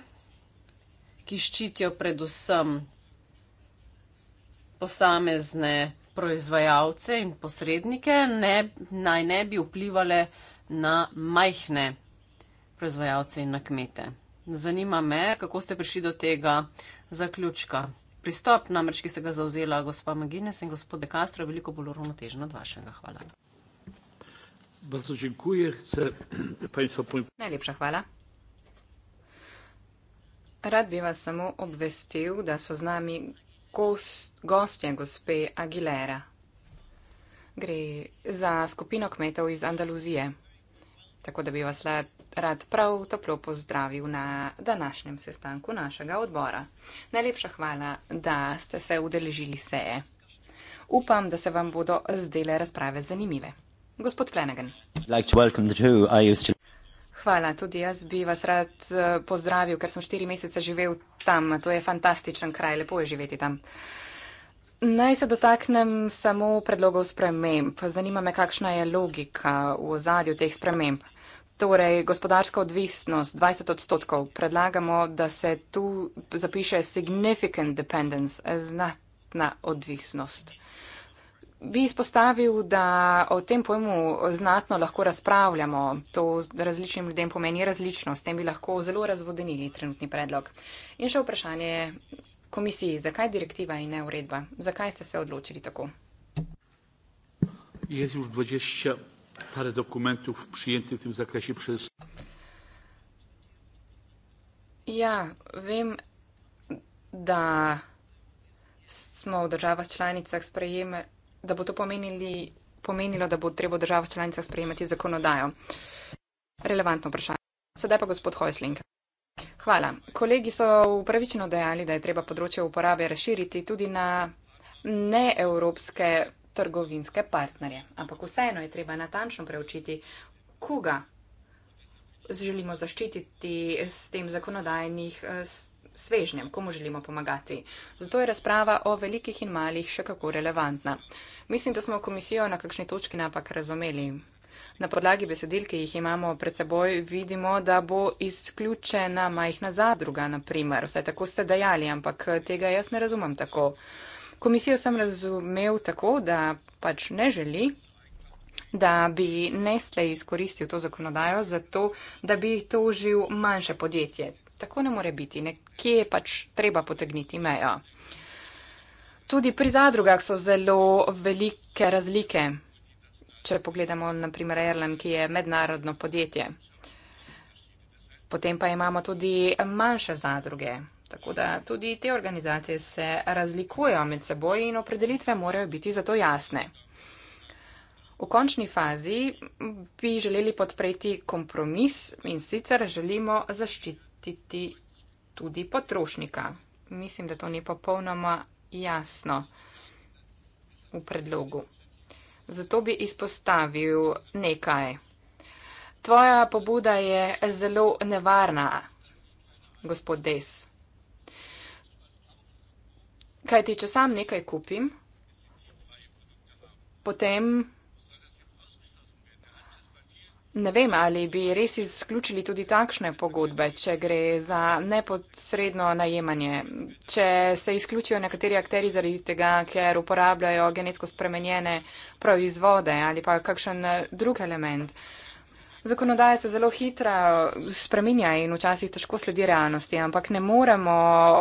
ki ščitijo predvsem posamezne proizvajalce in posrednike, ne, naj ne bi vplivale na majhne proizvajalce in na kmete. Zanima me, kako ste prišli do tega zaključka. Pristop namreč, ki ste ga zauzela gospa Magines in gospod De Castro, je veliko bolj uravnotežen od vašega. Hvala. Najlepša hvala. Rad bi vas samo obvestil, da so z nami gostje gospe Aguilera. Gre za skupino kmetov iz Andaluzije. Tako da bi vas rad prav toplo pozdravil na današnjem sestanku našega odbora. Najlepša hvala, da ste se udeležili seje. Upam, da se vam bodo zdele razprave zanimive. Gospod Flanagan. Hvala, tudi jaz bi vas rad eh, pozdravil, ker sem štiri mesece živel tam. To je fantastičen kraj, lepo je živeti tam. Naj se dotaknem samo predlogov sprememb. Zanima me, kakšna je logika v ozadju teh sprememb. Torej, gospodarska odvisnost 20 odstotkov. Predlagamo, da se tu zapiše significant dependence, znatna odvisnost bi izpostavil, da o tem pojmu znatno lahko razpravljamo. To različnim ljudem pomeni različno. S tem bi lahko zelo razvodenili trenutni predlog. In še vprašanje komisiji, zakaj direktiva in ne uredba? Zakaj ste se odločili tako? Jaz už 20 par dokumentov prijeti v tem zakrajši prišel. Ja, vem, da smo v državah članicah sprejemali da bo to pomenili, pomenilo, da bo treba v državah članicah sprejemati zakonodajo. Relevantno vprašanje. Sedaj pa gospod Hojsling. Hvala. Kolegi so upravičeno dejali, da je treba področje uporabe razširiti tudi na neevropske trgovinske partnerje. Ampak vseeno je treba natančno preučiti, koga želimo zaščititi s tem zakonodajnih eh, svežnjem, komu želimo pomagati. Zato je razprava o velikih in malih še kako relevantna. Mislim, da smo komisijo na kakšni točki napak razumeli. Na podlagi besedil, ki jih imamo pred seboj, vidimo, da bo izključena majhna zadruga, naprimer. Vse tako ste dejali, ampak eh, tega jaz ne razumem tako. Komisijo sem razumel tako, da pač ne želi, da bi Nestle izkoristil to zakonodajo za to, da bi tožil manjše podjetje. Tako ne more biti. Nekje je pač treba potegniti mejo. Tudi pri zadrugah so zelo velike razlike, če pogledamo naprimer Erlen, ki je mednarodno podjetje. Potem pa imamo tudi manjše zadruge, tako da tudi te organizacije se razlikujejo med seboj in opredelitve morajo biti zato jasne. V končni fazi bi želeli podpreti kompromis in sicer želimo zaščititi tudi potrošnika. Mislim, da to ni popolnoma jasno v predlogu. Zato bi izpostavil nekaj. Tvoja pobuda je zelo nevarna, gospod Des. Kaj ti, če sam nekaj kupim, potem Ne vem, ali bi res izključili tudi takšne pogodbe, če gre za neposredno najemanje, če se izključijo nekateri akteri zaradi tega, ker uporabljajo genetsko spremenjene proizvode ali pa kakšen eh, drug element. Zakonodaja se zelo hitro spreminja in včasih težko sledi realnosti, ampak ne moremo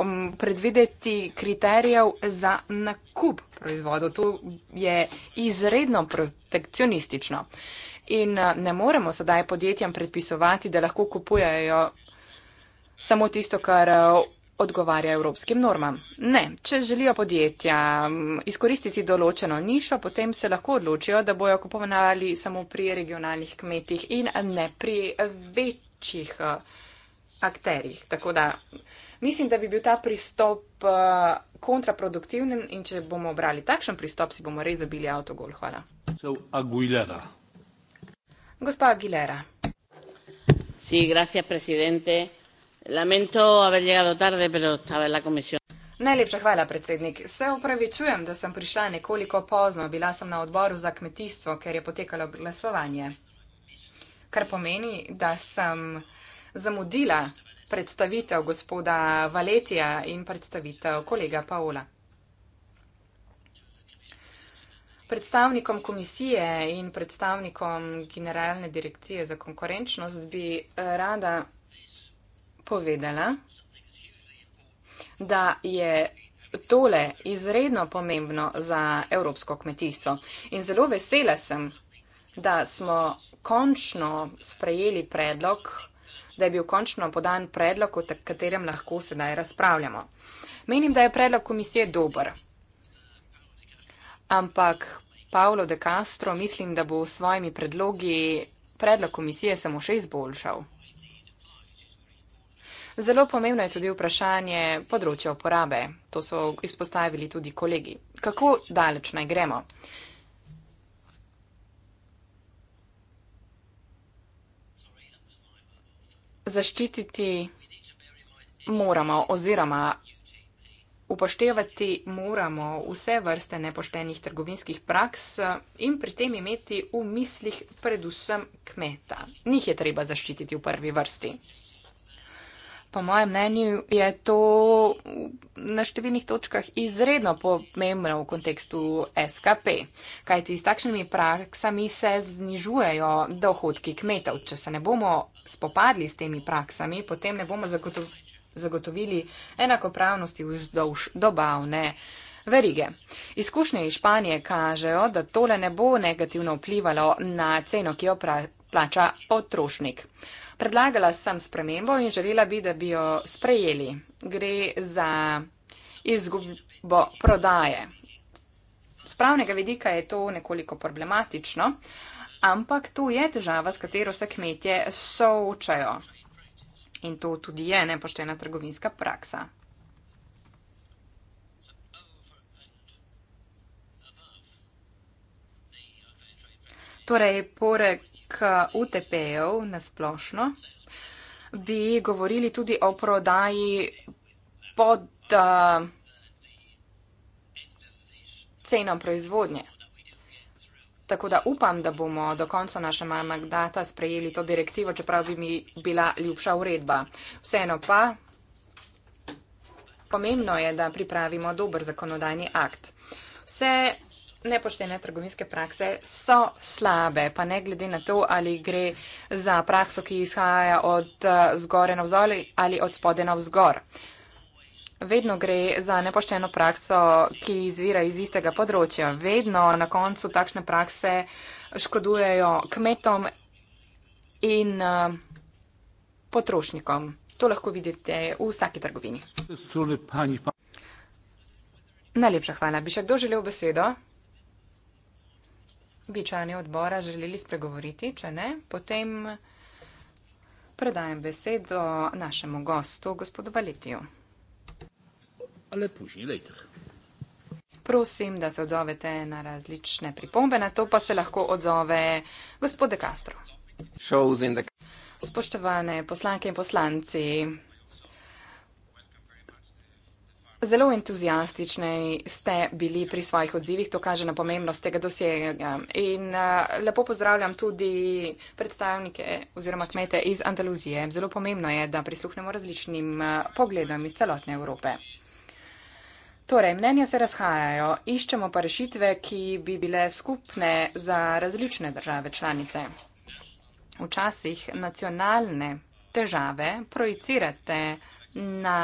mm, predvideti kriterijev za nakup proizvodov. To je izredno protekcionistično in eh, ne moremo sedaj podjetjem predpisovati, da lahko kupujajo samo tisto, kar eh, odgovarja evropskim normam. Ne, če želijo podjetja mm, izkoristiti določeno nišo, potem se lahko odločijo, da bojo kupovali samo pri regionalnih kmetih in ne pri večjih eh, akterjih. Tako da mislim, da bi bil ta pristop kontraproduktiven in če bomo obrali takšen pristop, si bomo res zabili avtogol. Hvala. So, Aguilera. Gospa Aguilera. Sí, gracias, presidente. Lamento haber llegado tarde, pero estaba en la comisión. Najlepša hvala, predsednik. Se upravičujem, da sem prišla nekoliko pozno. Bila sem na odboru za kmetijstvo, ker je potekalo glasovanje. Kar pomeni, da sem zamudila predstavitev gospoda Valetija in predstavitev kolega Paola. predstavnikom komisije in predstavnikom Generalne direkcije za konkurenčnost bi eh, rada povedala, da je tole izredno pomembno za evropsko kmetijstvo. In zelo vesela sem, da smo končno sprejeli predlog, da je bil končno podan predlog, o katerem lahko sedaj razpravljamo. Menim, da je predlog komisije dober. Ampak Paolo De Castro mislim, da bo s svojimi predlogi predlog komisije samo še izboljšal. Zelo pomembno je tudi vprašanje področja uporabe. To so izpostavili tudi kolegi. Kako daleč naj gremo? Zaščititi moramo oziroma upoštevati moramo vse vrste nepoštenih trgovinskih praks eh, in pri tem imeti v mislih predvsem kmeta. Njih je treba zaščititi v prvi vrsti. Po mojem mnenju je to na številnih točkah izredno pomembno v kontekstu SKP, kajti s takšnimi praksami se znižujejo dohodki kmetov. Če se ne bomo spopadli s temi praksami, potem ne bomo zagotovili zagotovili enakopravnosti vzdolž dobavne verige. Izkušnje iz Španije kažejo, da tole ne bo negativno vplivalo na ceno, ki jo plača potrošnik. Predlagala sem spremembo in želela bi, da bi jo sprejeli. Gre za izgubo prodaje. Z pravnega vidika je to nekoliko problematično, ampak tu je težava, s katero se kmetje soočajo in to tudi je nepoštena trgovinska praksa. Torej, poreg eh, UTP-jev nasplošno bi govorili tudi o prodaji pod uh, ceno proizvodnje. Tako da upam, da bomo do konca našega mandata sprejeli to direktivo, čeprav bi mi bila ljubša uredba. Vseeno pa pomembno je, da pripravimo dober zakonodajni akt. Vse nepoštene trgovinske prakse so slabe, pa ne glede na to, ali gre za prakso, ki izhaja od eh, zgore na vzor ali od spode na vzgor vedno gre za nepošteno prakso, ki izvira iz istega področja. Vedno na koncu takšne prakse škodujejo kmetom in eh, potrošnikom. To lahko vidite v vsaki trgovini. Najlepša hvala. Bi še kdo želel besedo? Bi člani odbora želeli spregovoriti, če ne, potem predajem besedo našemu gostu, gospodu Valetiju ali pušnji letih. Prosim, da se odzovete na različne pripombe, na to pa se lahko odzove gospod De Castro. The... Spoštovane poslanke in poslanci, zelo entuzijastični ste bili pri svojih odzivih, to kaže na pomembnost tega dosega. In uh, lepo pozdravljam tudi predstavnike oziroma kmete iz Andaluzije. Zelo pomembno je, da prisluhnemo različnim uh, pogledom iz celotne Evrope. Torej, mnenja se razhajajo, iščemo pa rešitve, ki bi bile skupne za različne države članice. Včasih nacionalne težave projicirate na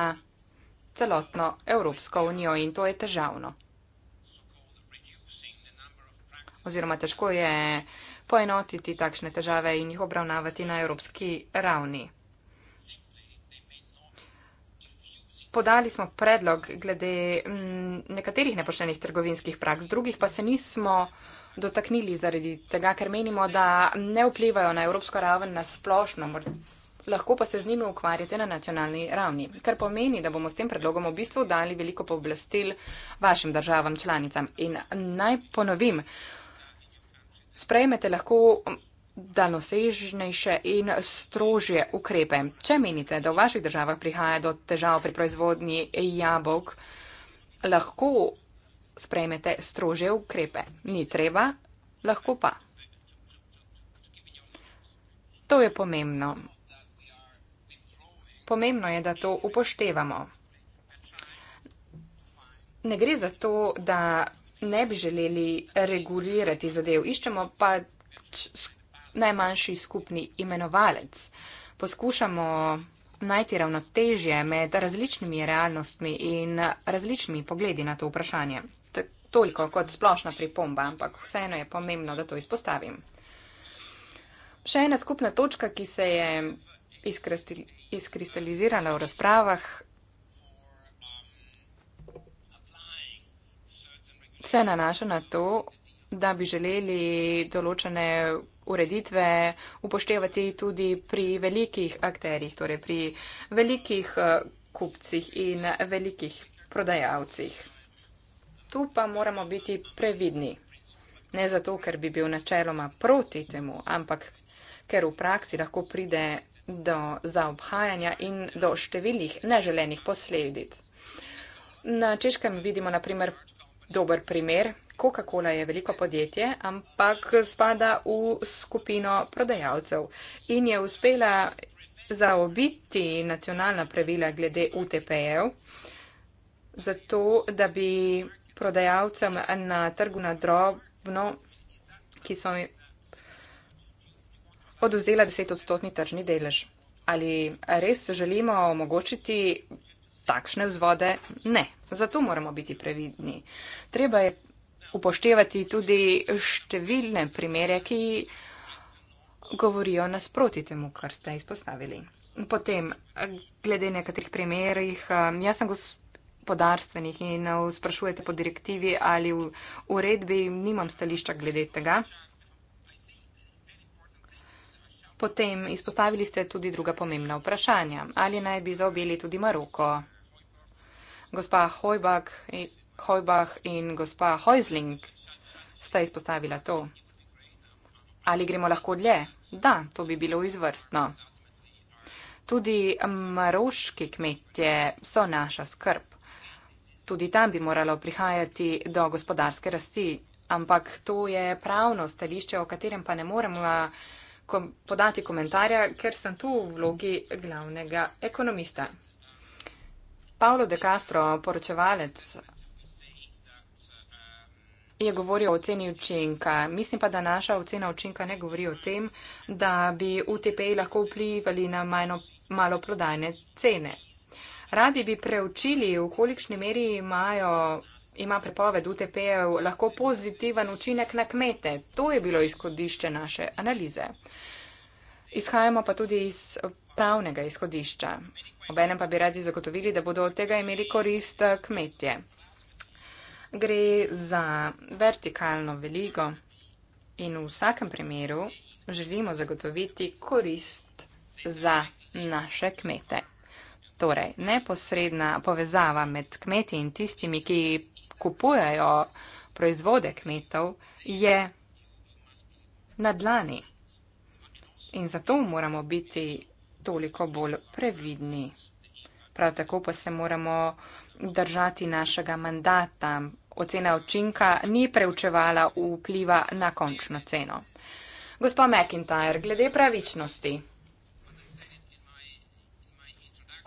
celotno Evropsko unijo in to je težavno. Oziroma težko je poenotiti takšne težave in jih obravnavati na evropski ravni. Podali smo predlog glede m, mm, nekaterih nepoštenih trgovinskih praks, drugih pa se nismo dotaknili zaradi tega, ker menimo, da ne vplivajo na evropsko raven na splošno, lahko pa se z njimi ukvarjate na nacionalni ravni. Kar pomeni, da bomo s tem predlogom v bistvu dali veliko pooblastil vašim državam članicam. In naj ponovim, sprejmete lahko danosežnejše in strožje ukrepe. Če menite, da v vaših državah prihaja do težav pri proizvodnji jabolk, lahko sprejmete strožje ukrepe. Ni treba, lahko pa. To je pomembno. Pomembno je, da to upoštevamo. Ne gre za to, da ne bi želeli regulirati zadev. Iščemo pa najmanjši skupni imenovalec. Poskušamo najti ravnotežje med različnimi realnostmi in različnimi pogledi na to vprašanje. Toliko kot splošna pripomba, ampak vseeno je pomembno, da to izpostavim. Še ena skupna točka, ki se je izkristalizirala v razpravah, se nanaša na to, da bi želeli določene ureditve upoštevati tudi pri velikih akterjih, torej pri velikih eh, kupcih in velikih prodajalcih. Tu pa moramo biti previdni. Ne zato, ker bi bil načeloma proti temu, ampak ker v praksi lahko pride do zaobhajanja in do številnih neželenih posledic. Na češkem vidimo naprimer dober primer. Coca-Cola je veliko podjetje, ampak spada v skupino prodajalcev in je uspela zaobiti nacionalna pravila glede UTP-jev, zato da bi prodajalcem na trgu na drobno, ki so oduzela 10 odstotni tržni delež. Ali res želimo omogočiti takšne vzvode? Ne. Zato moramo biti previdni. Treba je upoštevati tudi številne primere, ki govorijo nasproti temu, kar ste izpostavili. Potem, glede nekaterih primerih, um, jaz sem gospodarstvenih in uh, sprašujete po direktivi ali v uredbi, nimam stališča glede tega. Potem izpostavili ste tudi druga pomembna vprašanja, ali naj bi zaobjeli tudi Maroko gospa Hojbak, Hojbah in gospa Hojzling sta izpostavila to. Ali gremo lahko dlje? Da, to bi bilo izvrstno. Tudi maroški kmetje so naša skrb. Tudi tam bi moralo prihajati do gospodarske rasti, ampak to je pravno stališče, o katerem pa ne moremo podati komentarja, ker sem tu v vlogi glavnega ekonomista. Paulo de Castro, poročevalec, je govoril o oceni učinka. Mislim pa, da naša ocena učinka ne govori o tem, da bi UTP-ji lahko vplivali na majno, malo prodajne cene. Radi bi preučili, v kolikšni meri imajo, ima prepoved UTP-ev lahko pozitiven učinek na kmete. To je bilo izhodišče naše analize. Izhajamo pa tudi iz pravnega izhodišča. Obenem pa bi radi zagotovili, da bodo od tega imeli korist eh, kmetje. Gre za vertikalno veligo in v vsakem primeru želimo zagotoviti korist za naše kmete. Torej, neposredna povezava med kmeti in tistimi, ki kupujajo proizvode kmetov, je na dlani. In zato moramo biti toliko bolj previdni. Prav tako pa se moramo držati našega mandata. Ocena učinka ni preučevala vpliva na končno ceno. Gospa McIntyre, glede pravičnosti.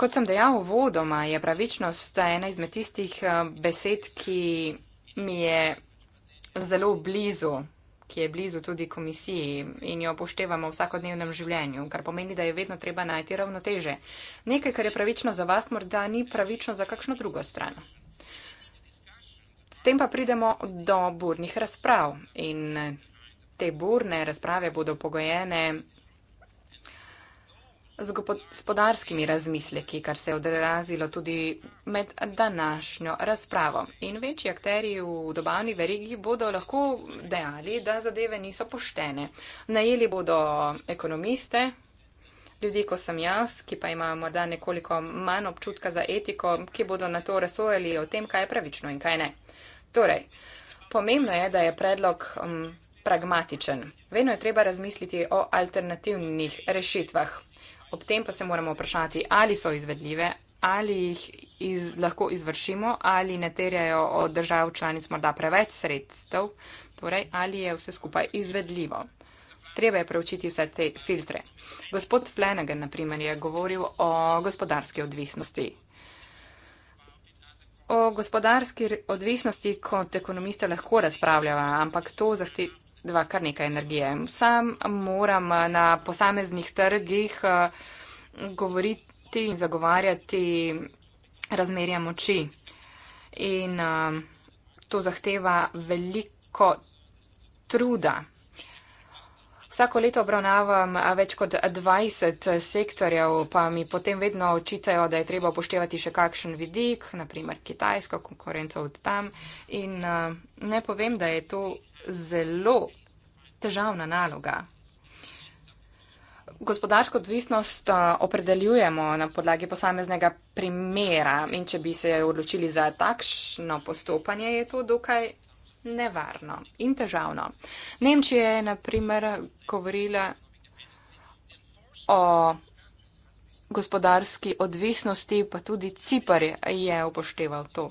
Kot sem dejal uvodoma, je pravičnost ena izmed tistih eh, besed, ki mi je zelo blizu ki je blizu tudi komisiji in jo upoštevamo v vsakodnevnem življenju, kar pomeni, da je vedno treba najti ravnoteže. Nekaj, kar je pravično za vas, morda ni pravično za kakšno drugo stran. S tem pa pridemo do burnih razprav in te burne razprave bodo pogojene z gospodarskimi razmisleki, kar se je odrazilo tudi med današnjo razpravo. In večji akteri v dobavni verigi bodo lahko dejali, da zadeve niso poštene. Najeli bodo ekonomiste, ljudi, kot sem jaz, ki pa imajo morda nekoliko manj občutka za etiko, ki bodo na to razsojali o tem, kaj je pravično in kaj ne. Torej, pomembno je, da je predlog. Um, Pragmatičen. Vedno je treba razmisliti o alternativnih rešitvah. Ob tem pa se moramo vprašati, ali so izvedljive, ali jih iz, lahko izvršimo, ali ne terjajo od držav članic morda preveč sredstev, torej ali je vse skupaj izvedljivo. Treba je preučiti vse te filtre. Gospod Flanagan, naprimer, je govoril o gospodarski odvisnosti. O gospodarski odvisnosti kot ekonomista lahko razpravljava, ampak to zahteva dva kar nekaj energije. Sam moram eh, na posameznih trgih eh, govoriti in zagovarjati razmerja moči. In eh, to zahteva veliko truda. Vsako leto obravnavam več kot 20 sektorjev, pa mi potem vedno očitajo, da je treba upoštevati še kakšen vidik, naprimer kitajsko konkurenco od tam. In ne povem, da je to zelo težavna naloga. Gospodarsko odvisnost opredeljujemo na podlagi posameznega primera in če bi se odločili za takšno postopanje, je to dokaj nevarno in težavno. Nemčija je naprimer govorila o gospodarski odvisnosti, pa tudi Cipar je upošteval to.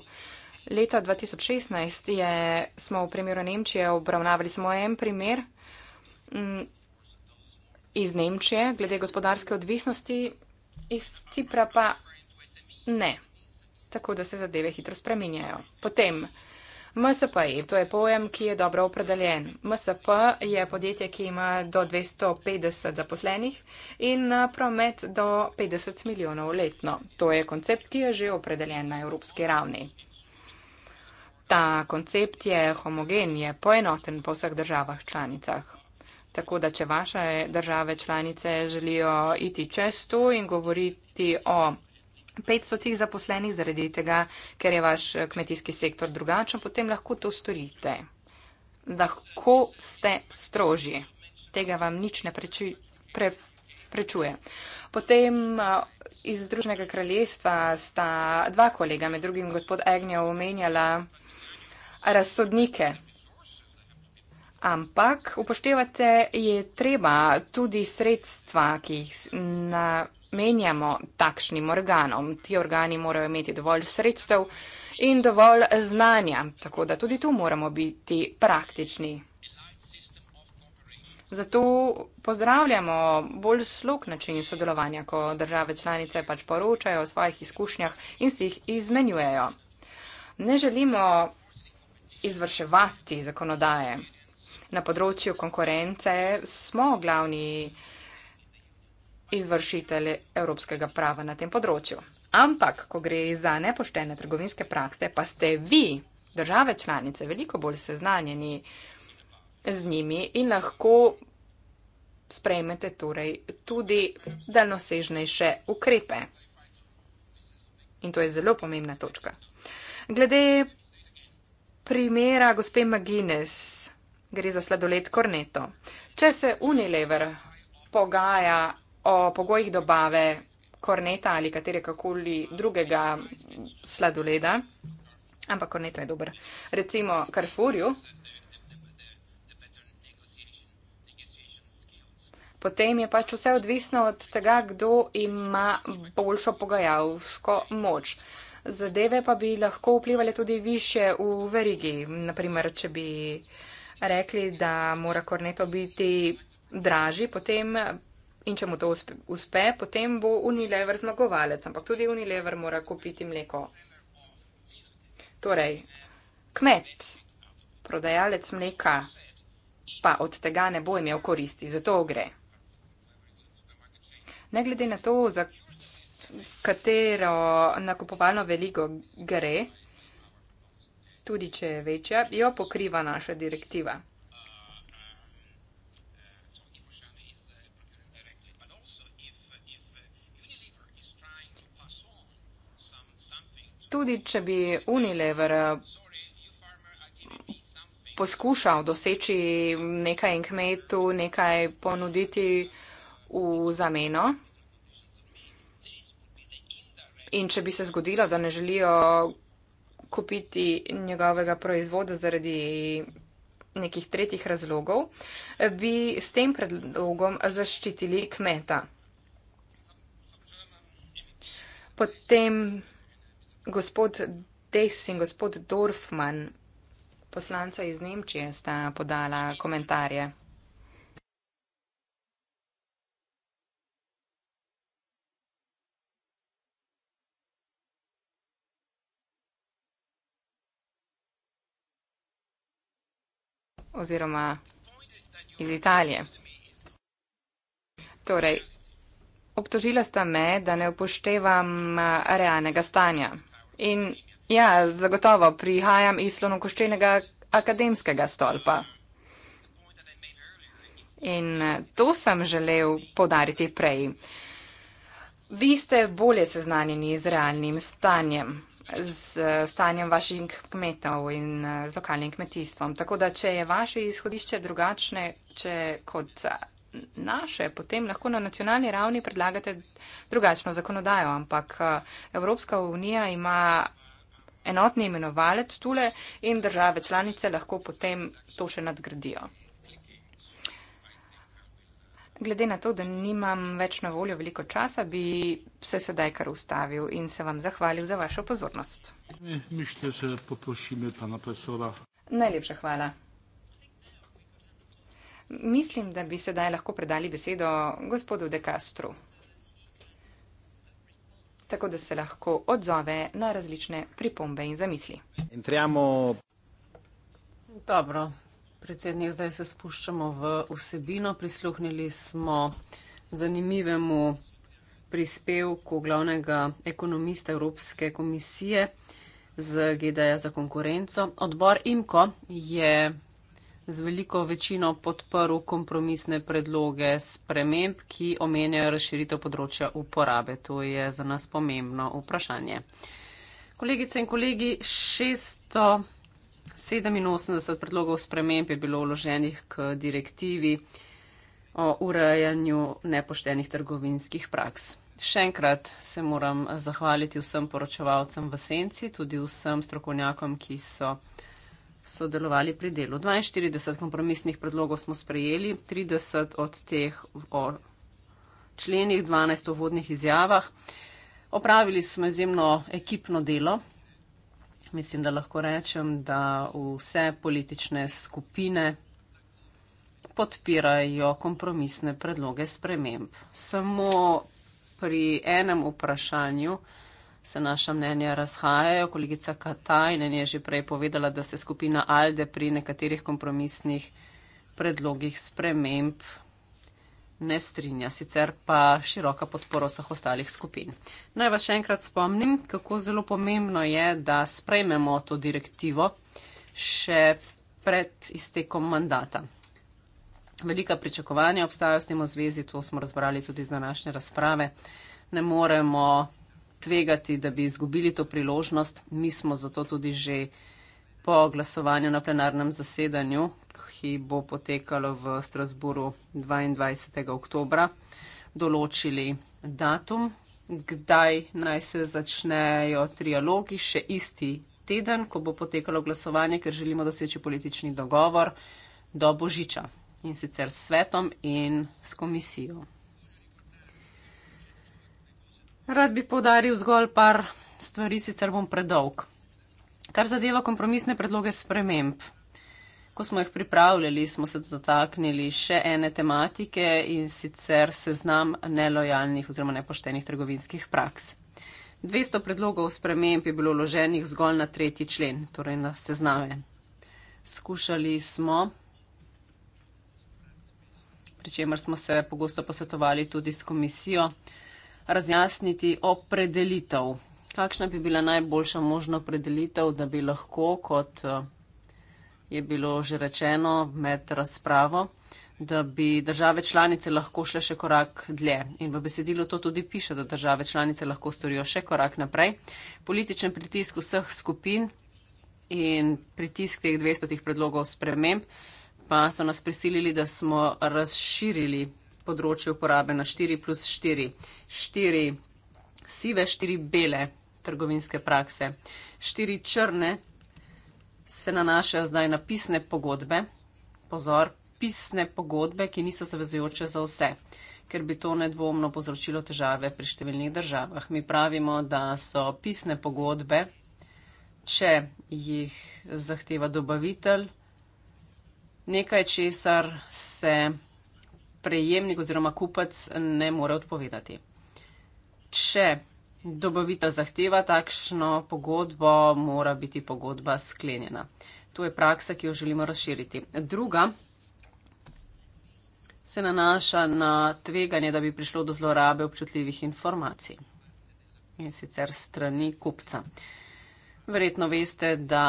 Leta 2016 je, smo v primeru Nemčije obravnavali samo en primer m, mm, iz Nemčije, glede gospodarske odvisnosti, iz Cipra pa ne. Tako da se zadeve hitro spreminjajo. Potem, MSP, e, to je pojem, ki je dobro opredeljen. MSP e je podjetje, ki ima do 250 zaposlenih in promet do 50 milijonov letno. To je koncept, ki je že opredeljen na evropski ravni. Ta koncept je homogen, je poenoten po vseh državah članicah. Tako da, če vaše države članice želijo iti čez to in govoriti o 500 zaposlenih zaradi tega, ker je vaš eh, kmetijski sektor drugačen, potem lahko to storite. Lahko ste strožji. Tega vam nič ne preči, pre, prečuje. Potem eh, iz Združnega kraljestva sta dva kolega, med drugim gospod Egnja, omenjala, razsodnike. Ampak upoštevate je treba tudi sredstva, ki jih namenjamo takšnim organom. Ti organi morajo imeti dovolj sredstev in dovolj znanja, tako da tudi tu moramo biti praktični. Zato pozdravljamo bolj slog način sodelovanja, ko države članice pač poročajo o svojih izkušnjah in si jih izmenjujejo. Ne želimo izvrševati zakonodaje. Na področju konkurence smo glavni izvršitelj evropskega prava na tem področju. Ampak, ko gre za nepoštene trgovinske prakse, pa ste vi, države članice, veliko bolj seznanjeni z njimi in lahko sprejmete torej tudi daljnosežnejše ukrepe. In to je zelo pomembna točka. Glede primera gospe McGuinness, gre za sladoled Corneto. Če se Unilever pogaja o pogojih dobave Corneta ali katere kakoli drugega sladoleda, ampak Corneto je dober, recimo Carrefourju, Potem je pač vse odvisno od tega, kdo ima boljšo pogajalsko moč. Uh, zadeve pa bi lahko vplivali tudi više v verigi. Naprimer, če bi rekli, da mora korneto biti dražji, potem. In če mu to uspe, uspe, potem bo Unilever zmagovalec, ampak tudi Unilever mora kupiti mleko. Torej, kmet, prodajalec mleka, pa od tega ne bo imel koristi, zato gre. Ne glede na to, za katero nakupovalno veliko gre, tudi če je večja, jo pokriva naša direktiva. Tudi če bi Unilever poskušal doseči nekaj in kmetu nekaj ponuditi v zameno, In če bi se zgodilo, da ne želijo kupiti njegovega proizvoda zaradi nekih tretjih razlogov, bi s tem predlogom zaščitili kmeta. Potem gospod Des in gospod Dorfman, poslanca iz Nemčije, sta podala komentarje. oziroma iz Italije. Torej, obtožila sta me, da ne upoštevam realnega stanja. In ja, zagotovo prihajam iz slonokoščenega akademskega stolpa. In to sem želel podariti prej. Vi ste bolje seznanjeni z realnim stanjem z eh, stanjem vaših kmetov in eh, z lokalnim kmetijstvom. Tako da, če je vaše izhodišče drugačne če kot eh, naše, potem lahko na nacionalni ravni predlagate drugačno zakonodajo, ampak Evropska unija ima enotni imenovalec tule in države članice lahko potem to še nadgradijo. Glede na to, da nimam več na voljo veliko časa, bi se sedaj kar ustavil in se vam zahvalil za vašo pozornost. Mišljite, že potrošim leta na presora. Najlepša hvala. Mislim, da bi sedaj lahko predali besedo gospodu De Castru, tako da se lahko odzove na različne pripombe in zamisli. Entriamo. Dobro, predsednik, zdaj se spuščamo v vsebino. Prisluhnili smo zanimivemu prispevku glavnega ekonomista Evropske komisije z GDA za konkurenco. Odbor IMKO je z veliko večino podprl kompromisne predloge sprememb, ki omenjajo razširitev področja uporabe. To je za nas pomembno vprašanje. Kolegice in kolegi, 600. 87 predlogov sprememb je bilo vloženih k direktivi o urejanju nepoštenih trgovinskih praks. Še enkrat se moram zahvaliti vsem poročevalcem v Senci, tudi vsem strokovnjakom, ki so sodelovali pri delu. 42 kompromisnih predlogov smo sprejeli, 30 od teh o členih, 12 o vodnih izjavah. Opravili smo izjemno ekipno delo, Mislim, da lahko rečem, da vse politične skupine podpirajo kompromisne predloge sprememb. Samo pri enem vprašanju se naša mnenja razhajajo. Kolegica Katajnen je že prej povedala, da se skupina Alde pri nekaterih kompromisnih predlogih sprememb ne strinja, sicer pa široka podpora vseh ostalih skupin. Naj vas še enkrat spomnim, kako zelo pomembno je, da sprejmemo to direktivo še pred iztekom mandata. Velika pričakovanja obstajajo s tem v zvezi, to smo razbrali tudi iz današnje razprave. Ne moremo tvegati, da bi izgubili to priložnost. Mi smo zato tudi že po glasovanju na plenarnem zasedanju, ki bo potekalo v Strasburu 22. oktober, določili datum, kdaj naj se začnejo trialogi, še isti teden, ko bo potekalo glasovanje, ker želimo doseči politični dogovor do Božiča in sicer s svetom in s komisijo. Rad bi podaril zgolj par stvari, sicer bom predolg. Kar zadeva kompromisne predloge sprememb. Ko smo jih pripravljali, smo se dotaknili še ene tematike in sicer seznam nelojalnih oziroma nepoštenih trgovinskih praks. 200 predlogov sprememb je bilo loženih zgolj na tretji člen, torej na sezname. Skušali smo, pri čemer smo se pogosto posvetovali tudi s komisijo, razjasniti opredelitev Kakšna bi bila najboljša možna opredelitev, da bi lahko, kot eh, je bilo že rečeno med razpravo, da bi države članice lahko šle še korak dlje. In v besedilu to tudi piše, da države članice lahko storijo še korak naprej. Političen pritisk vseh skupin in pritisk teh 200 predlogov sprememb pa so nas prisilili, da smo razširili področje uporabe na 4 plus 4. 4 sive, 4 bele trgovinske prakse. Štiri črne se nanašajo zdaj na pisne pogodbe. Pozor, pisne pogodbe, ki niso zavezujoče za vse, ker bi to nedvomno povzročilo težave pri številnih državah. Mi pravimo, da so pisne pogodbe, če jih zahteva dobavitelj, nekaj česar se prejemnik oziroma kupec ne more odpovedati. Če Dobavitev zahteva takšno pogodbo, mora biti pogodba sklenjena. To je praksa, ki jo želimo razširiti. Druga se nanaša na tveganje, da bi prišlo do zlorabe občutljivih informacij in sicer strani kupca. Verjetno veste, da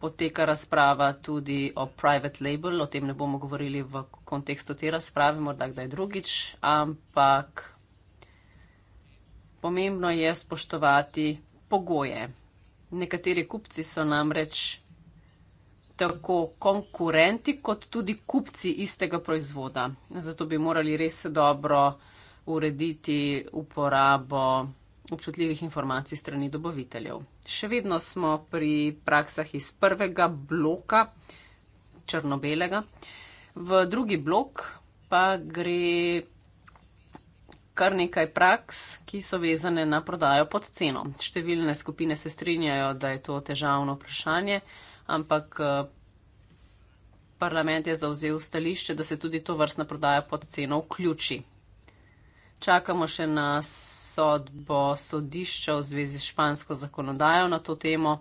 poteka razprava tudi o private label, o tem ne bomo govorili v kontekstu te razprave, morda kdaj drugič, ampak pomembno je spoštovati pogoje. Nekateri kupci so namreč tako konkurenti, kot tudi kupci istega proizvoda. Zato bi morali res dobro urediti uporabo občutljivih informacij strani dobaviteljev. Še vedno smo pri praksah iz prvega bloka, črno-belega. V drugi blok pa gre kar nekaj praks, ki so vezane na prodajo pod ceno. Številne skupine se strinjajo, da je to težavno vprašanje, ampak eh, parlament je zauzel stališče, da se tudi to vrstna prodaja pod ceno vključi. Čakamo še na sodbo sodišča v zvezi s špansko zakonodajo na to temo.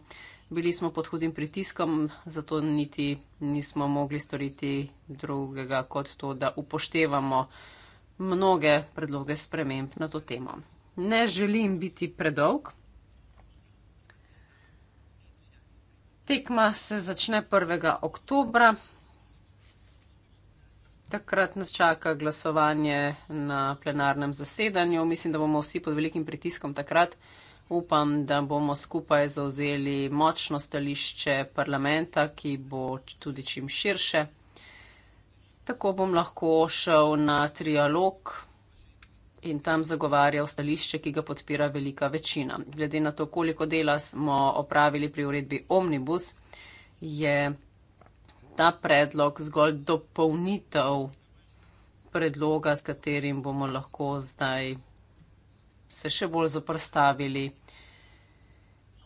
Bili smo pod hudim pritiskom, zato niti nismo mogli storiti drugega kot to, da upoštevamo mnoge predloge sprememb na to temo. Ne želim biti predolg. Tekma se začne 1. oktober. Takrat nas čaka glasovanje na plenarnem zasedanju. Mislim, da bomo vsi pod velikim pritiskom takrat. Upam, da bomo skupaj zauzeli močno stališče parlamenta, ki bo tudi čim širše. Tako bom lahko šel na trialog in tam zagovarjal stališče, ki ga podpira velika večina. Glede na to, koliko dela smo opravili pri uredbi Omnibus, je ta predlog zgolj dopolnitev predloga, s katerim bomo lahko zdaj se še bolj zoprstavili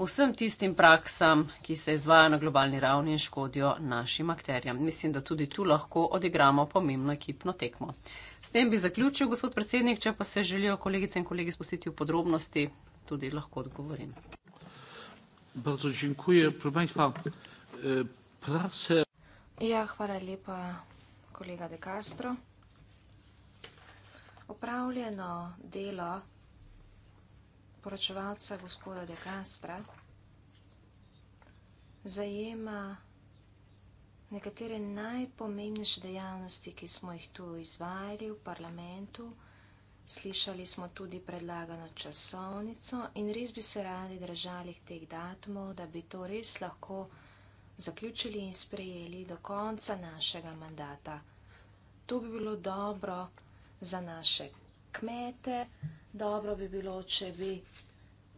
vsem tistim praksam, ki se izvajo na globalni ravni in škodijo našim akterjem. Mislim, da tudi tu lahko odigramo pomembno ekipno tekmo. S tem bi zaključil, gospod predsednik, če pa se želijo kolegice in kolegi spustiti v podrobnosti, tudi lahko odgovorim. Bardzo dziękuję. Proszę Państwa, e, prace. Ja, hvala lepa, kolega De Castro. Opravljeno delo poročevalca gospoda De Castra zajema nekatere najpomembnejše dejavnosti, ki smo jih tu izvajali v parlamentu. Slišali smo tudi predlagano časovnico in res bi se radi držali teh datumov, da bi to res lahko zaključili in sprejeli do konca našega mandata. To bi bilo dobro za naše kmete, dobro bi bilo, če bi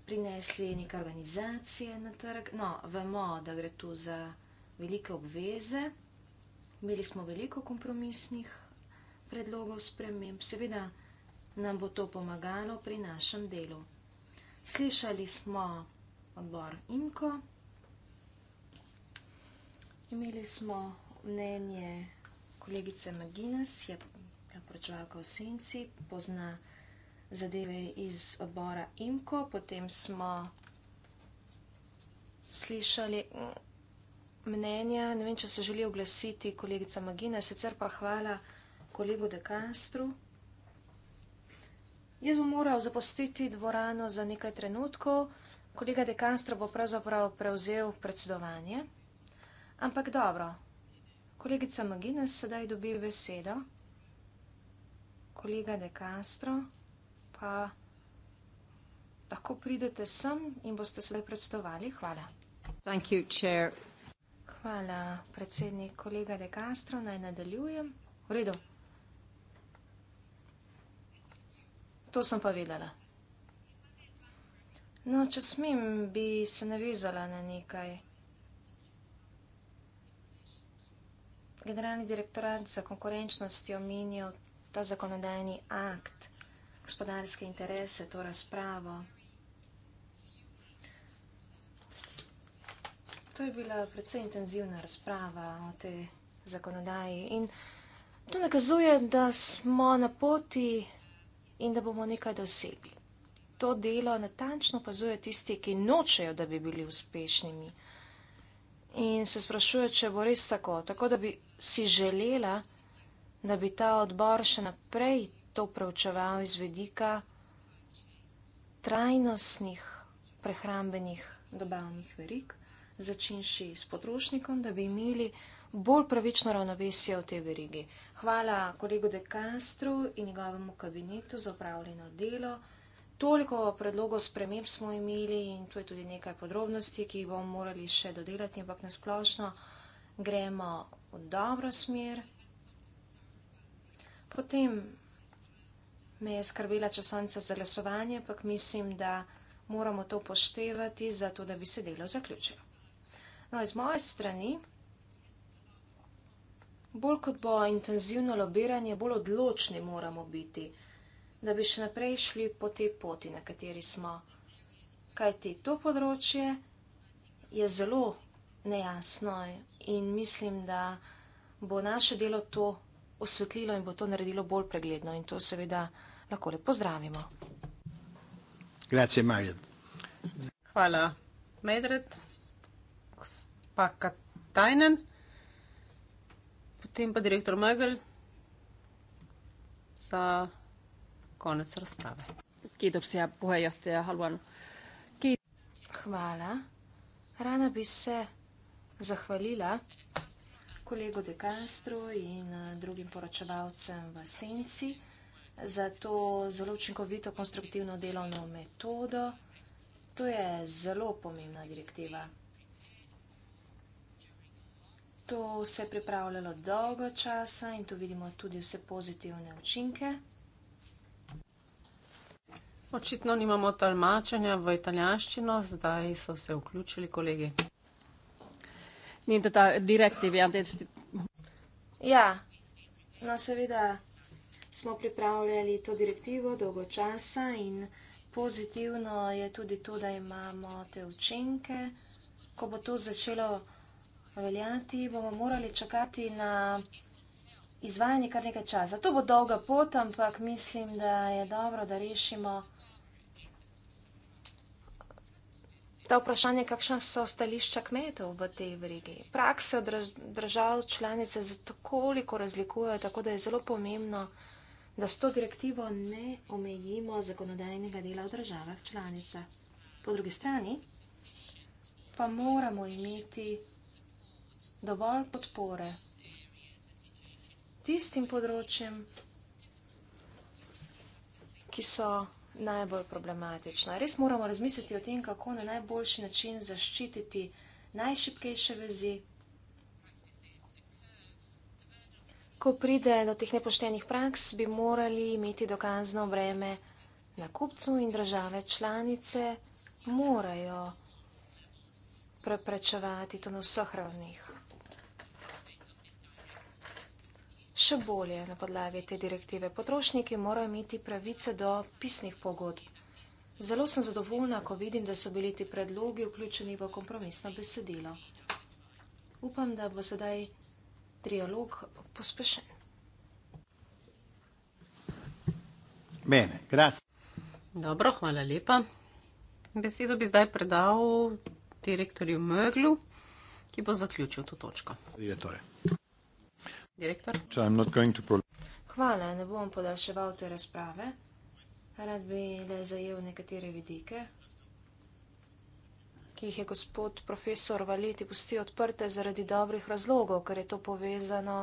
prinesli neke organizacije na trg. No, vemo, da gre tu za velike obveze. Imeli smo veliko kompromisnih predlogov sprememb, seveda nam bo to pomagalo pri našem delu. Slišali smo odbor IMKO, imeli smo mnenje kolegice Maginas, je ja, poročevalka v Senci, pozna vsega zadeve iz odbora IMKO, potem smo slišali mm, mnenja, ne vem, če se želi oglasiti kolegica Magina, sicer pa hvala kolegu De Castru. Jaz bom moral zapustiti dvorano za nekaj trenutkov, kolega De Castro bo pravzaprav prevzel predsedovanje, ampak dobro, kolegica Magina sedaj dobi besedo. Kolega De Castro pa lahko pridete sem in boste sedaj predstavovali. Hvala. Thank you, chair. Hvala, predsednik kolega De Castro. Naj nadaljujem. V redu. To sem pa vedela. No, če smem, bi se navezala na nekaj. Generalni direktorat za konkurenčnost je omenjal ta zakonodajni akt gospodarske interese, to razpravo. To je bila precej intenzivna razprava o tej zakonodaji in to nakazuje, da smo na poti in da bomo nekaj dosegli. To delo natančno pazuje tisti, ki nočejo, da bi bili uspešnimi in se sprašuje, če bo res tako. Tako da bi si želela, da bi ta odbor še naprej to preučeval iz vedika trajnostnih prehrambenih dobavnih verik, začinši s potrošnikom, da bi imeli bolj pravično ravnovesje v tej verigi. Hvala kolegu De Castru in njegovemu kabinetu za upravljeno delo. Toliko predlogov sprememb smo imeli in tu je tudi nekaj podrobnosti, ki jih bomo morali še dodelati, ampak nasplošno gremo v dobro smer. Potem me je skrbela časovnica za glasovanje, ampak mislim, da moramo to poštevati, zato da bi se delo zaključilo. No, iz moje strani, bolj kot bo intenzivno lobiranje, bolj odločni moramo biti, da bi še naprej šli po tej poti, na kateri smo. Kajti to področje je zelo nejasno in mislim, da bo naše delo to osvetlilo in bo to naredilo bolj pregledno in to seveda lahko le pozdravimo. Grazie, Hvala, Medved, pa Katajnen, potem pa direktor Megel za konec razprave. Hvala. Rada bi se zahvalila kolegu De Castro in eh, drugim poročevalcem v Senci za to zelo učinkovito konstruktivno delovno metodo. To je zelo pomembna direktiva. To se je pripravljalo dolgo časa in tu vidimo tudi vse pozitivne učinke. Očitno nimamo talmačenja v italijanščino, zdaj so se vključili kolegi. Ni to ta direktiva, ja, da je. Ja, no seveda smo pripravljali to direktivo dolgo časa in pozitivno je tudi to, da imamo te učinke. Ko bo to začelo veljati, bomo morali čakati na izvajanje kar nekaj časa. To bo dolga pot, ampak mislim, da je dobro, da rešimo ta vprašanje, kakšna so stališča kmetov v tej verigi. Prakse držav članice za toliko razlikujejo, tako da je zelo pomembno, da s to direktivo ne omejimo zakonodajnega dela v državah članica. Po drugi strani pa moramo imeti dovolj podpore tistim področjem, ki so najbolj problematična. Res moramo razmisliti o tem, kako na najboljši način zaščititi najšipkejše vezi Ko pride do teh nepoštenih praks, bi morali imeti dokazno breme na kupcu in države članice morajo preprečevati to na vseh ravnih. Še bolje na podlagi te direktive. Potrošniki morajo imeti pravice do pisnih pogodb. Zelo sem zadovoljna, ko vidim, da so bili ti predlogi vključeni v kompromisno besedilo. Upam, da bo sedaj trialog pospešen. Bene, grazie. Dobro, hvala lepa. Besedo bi zdaj predal direktorju Möglu, ki bo zaključil to točko. Direktore. Direktor. Hvala, ne bom podaljševal te razprave. Rad bi le zajel nekatere vidike, ki jih je gospod profesor Valiti pustil odprte zaradi dobrih razlogov, ker je to povezano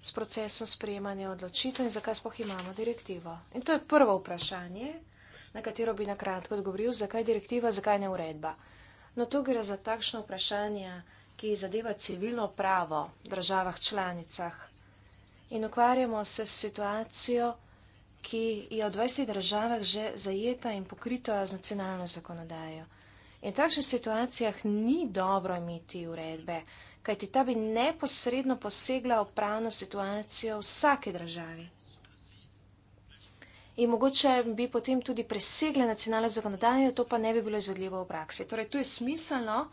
s procesom sprejemanja odločitev in zakaj spoh imamo direktivo. In to je prvo vprašanje, na katero bi nakratko odgovoril, zakaj direktiva, zakaj ne uredba. No, tu gre za takšno vprašanje, ki zadeva civilno pravo v državah članicah. In ukvarjamo se s situacijo, ki je v 20 državah že zajeta in pokrita z nacionalno zakonodajo. In v takšnih situacijah ni dobro imeti uredbe, kajti ta bi neposredno posegla v pravno situacijo vsake države. In mogoče bi potem tudi presegla nacionalno zakonodajo, to pa ne bi bilo izvedljivo v praksi. Torej, tu je smiselno,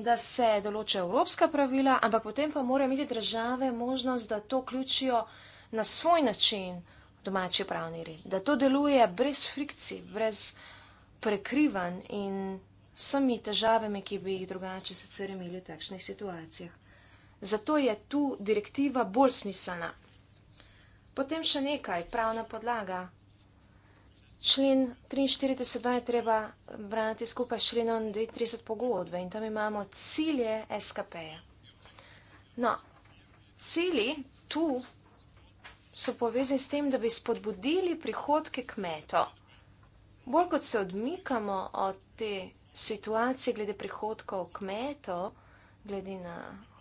da se določajo evropska pravila, ampak potem pa morajo imeti države možnost, da to vključijo na svoj način domači pravni red, da to deluje brez frikcij, brez prekrivanj in vsemi težavami, ki bi jih drugače sicer imeli v takšnih situacijah. Zato je tu direktiva bolj smiselna. Potem še nekaj, pravna podlaga. Člen 43 je treba braniti skupaj s členom 32 pogodbe in tam imamo cilje SKP-ja. No, cilji tu so povezani s tem, da bi spodbudili prihodke kmeto. Bolj kot se odmikamo od te situacije glede prihodkov kmeto, glede na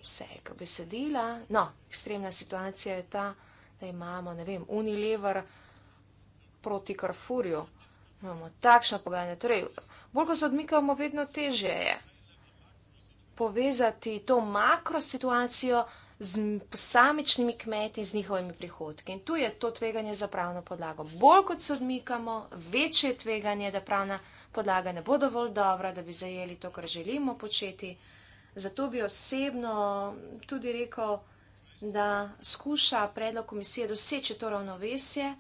vse, ki bi sedela, no, ekstremna situacija je ta, da imamo, ne vem, Unilever proti Karfurju, imamo takšna pogajanja. Torej, bolj kot se odmikamo, vedno teže je povezati to makro situacijo, z posamičnimi kmeti, z njihovimi prihodki. In tu je to tveganje za pravno podlago. Bolj kot se odmikamo, večje tveganje, da pravna podlaga ne bo dovolj dobra, da bi zajeli to, kar želimo početi. Zato bi osebno tudi rekel, da skuša predlog komisije doseči to ravnovesje,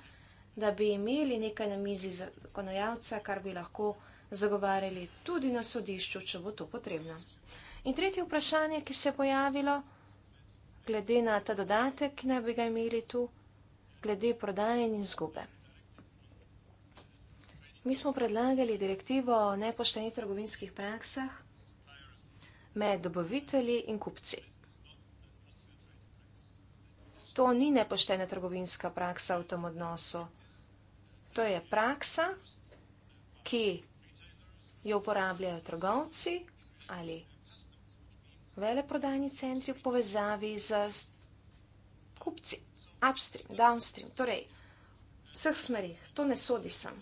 da bi imeli nekaj na mizi zakonodajalca, kar bi lahko zagovarjali tudi na sodišču, če bo to potrebno. In tretje vprašanje, ki se je pojavilo, glede na ta dodatek, ki naj bi ga imeli tu, glede prodaje in izgube. Mi smo predlagali direktivo o nepoštenih trgovinskih praksah med dobavitelji in kupci. To ni nepoštena trgovinska praksa v tem odnosu. To je praksa, ki jo uporabljajo trgovci ali veleprodajni centri v povezavi z kupci, upstream, downstream, torej vseh smerih, to ne sodi sem.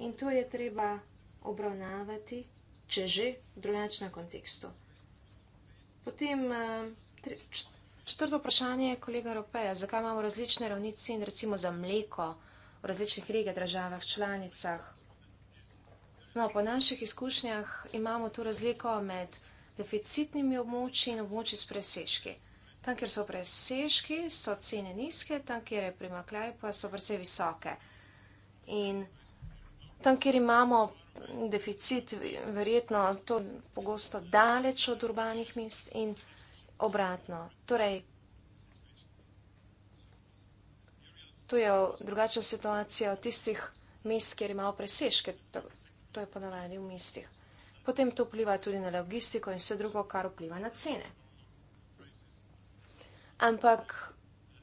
In to je treba obravnavati, če že, v drugačnem kontekstu. Potem eh, četrto vprašanje je kolega Ropeja, zakaj imamo različne ravni cen, recimo za mleko v različnih regijah, državah, članicah. No, po naših izkušnjah imamo tu razliko med deficitnimi območji in območji s presežki. Tam, kjer so presežki, so cene nizke, tam, kjer je primakljaj, pa so precej visoke. In tam, kjer imamo deficit, verjetno to pogosto daleč od urbanih mest in obratno. Torej, to je drugačna situacija od tistih mest, kjer imamo presežke. To je ponavadi v mestih potem to vpliva tudi na logistiko in vse drugo, kar vpliva na cene. Ampak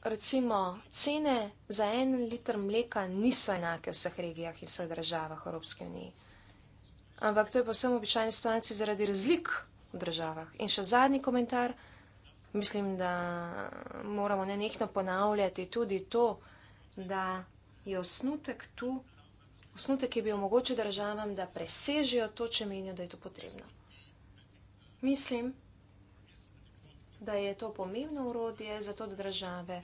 recimo cene za en liter mleka niso enake v vseh regijah in vseh državah Evropske unije. Ampak to je povsem običajna situacija zaradi razlik v državah. In še zadnji komentar. Mislim, da moramo nenehno ponavljati tudi to, da je osnutek tu osnutek, ki bi omogočil državam, da presežejo to, če menijo, da je to potrebno. Mislim, da je to pomembno urodje za to, da države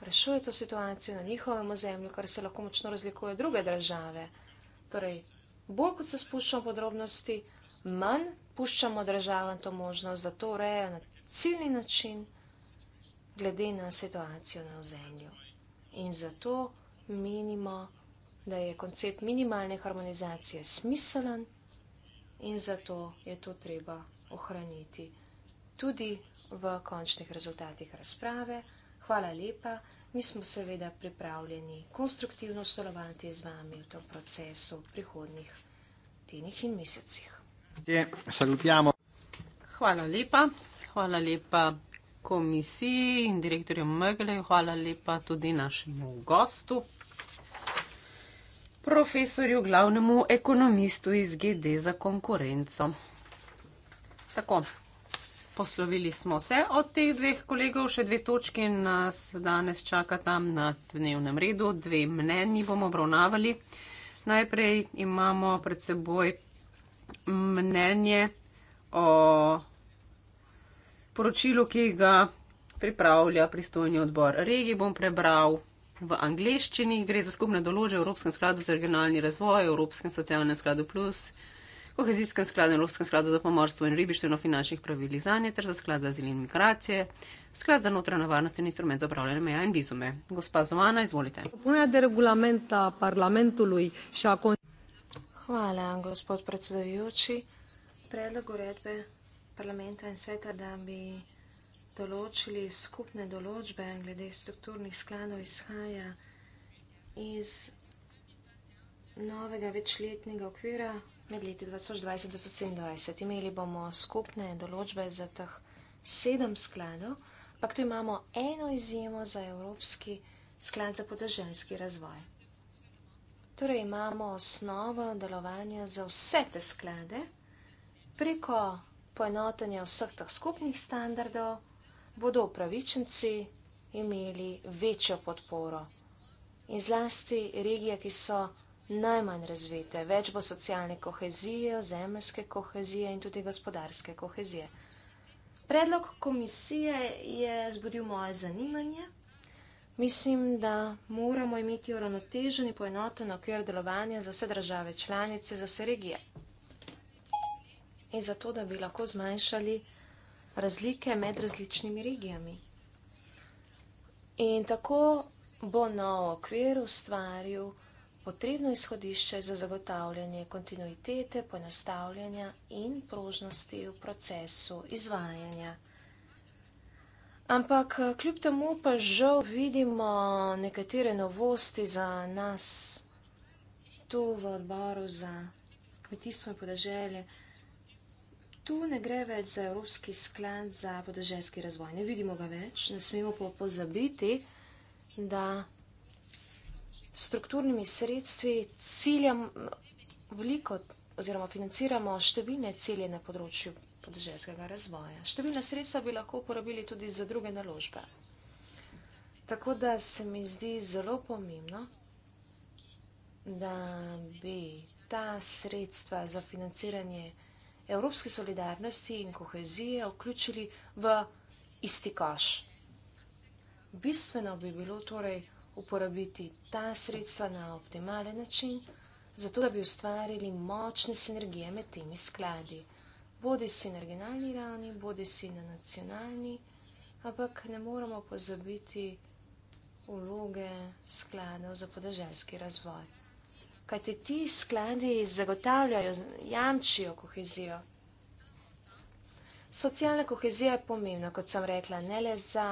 rešuje to situacijo na njihovem ozemlju, kar se lahko močno razlikuje druge države. Torej, bolj kot se spuščamo podrobnosti, manj puščamo državam to možnost, da to urejo na ciljni način glede na situacijo na ozemlju. In zato menimo, da je koncept minimalne harmonizacije smiselen in zato je to treba ohraniti tudi v končnih rezultatih razprave. Hvala lepa, mi smo seveda pripravljeni konstruktivno sodelovati z vami v tem procesu v prihodnih tednih in mesecih. Hvala lepa, hvala lepa komisiji in direktorju Mögle, hvala lepa tudi našemu gostu profesorju, glavnemu ekonomistu iz GD za konkurenco. Tako, poslovili smo se od teh dveh kolegov, še dve točki nas danes čaka tam na dnevnem redu, dve mnenji bomo obravnavali. Najprej imamo pred seboj mnenje o poročilu, ki ga pripravlja pristojni odbor regije. Bom prebral v angleščini, gre za skupne določbe v Evropskem skladu za regionalni razvoj, Evropskem socialnem skladu plus, kohezijskem skladu, Evropskem skladu za pomorstvo in ribištvo in o finančnih pravilih zanje ter za sklad za zelen migracije, sklad za notranjo varnost in instrument za upravljanje meja in vizume. Gospa Zovana, izvolite. Hvala, gospod predsedujoči. Predlog uredbe parlamenta in sveta, da bi določili skupne določbe glede strukturnih skladov izhaja iz novega večletnega okvira med leti 2020-2027. Imeli bomo skupne določbe za teh sedem skladov, pa tu imamo eno izjemo za Evropski sklad za podeželjski razvoj. Torej imamo osnovo delovanja za vse te sklade preko poenotenja vseh teh skupnih standardov, bodo upravičenci imeli večjo podporo. In zlasti regije, ki so najmanj razvite, več bo socialne kohezije, zemljske kohezije in tudi gospodarske kohezije. Predlog komisije je zbudil moje zanimanje. Mislim, da moramo imeti uravnoteženi poenoten okvir delovanja za vse države članice, za vse regije. In zato, da bi lahko zmanjšali razlike med različnimi regijami. In tako bo na okviru ustvaril potrebno izhodišče za zagotavljanje kontinuitete, poenostavljanja in prožnosti v procesu izvajanja. Ampak kljub temu pa žal vidimo nekatere novosti za nas tu v odboru za kmetijstvo in podeželje. Tu ne gre več za Evropski sklad za podeželjski razvoj. Ne vidimo ga več, ne smemo pa pozabiti, da strukturnimi sredstvi ciljem veliko oziroma financiramo številne cilje na področju podeželjskega razvoja. Številna sredstva bi lahko uporabili tudi za druge naložbe. Tako da se mi zdi zelo pomembno, da bi ta sredstva za financiranje evropske solidarnosti in kohezije vključili v isti koš. Bistveno bi bilo torej uporabiti ta sredstva na optimalen način, zato da bi ustvarili močne sinergije med temi skladi. Bodi si na regionalni ravni, bodi si na nacionalni, ampak ne moramo pozabiti vloge skladov za podeželjski razvoj kajti ti skladi zagotavljajo, jamčijo kohezijo. Socialna kohezija je pomembna, kot sem rekla, ne le za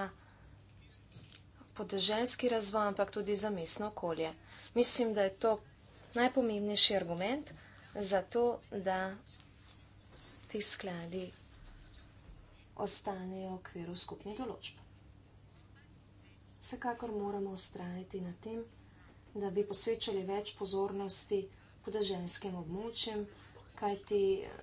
podeželjski razvoj, ampak tudi za mestno okolje. Mislim, da je to najpomembnejši argument za to, da ti skladi ostanejo v okviru skupne določbe. Vsekakor moramo ustrajati na tem, da bi posvečali več pozornosti podeželjskim območjem, kajti eh,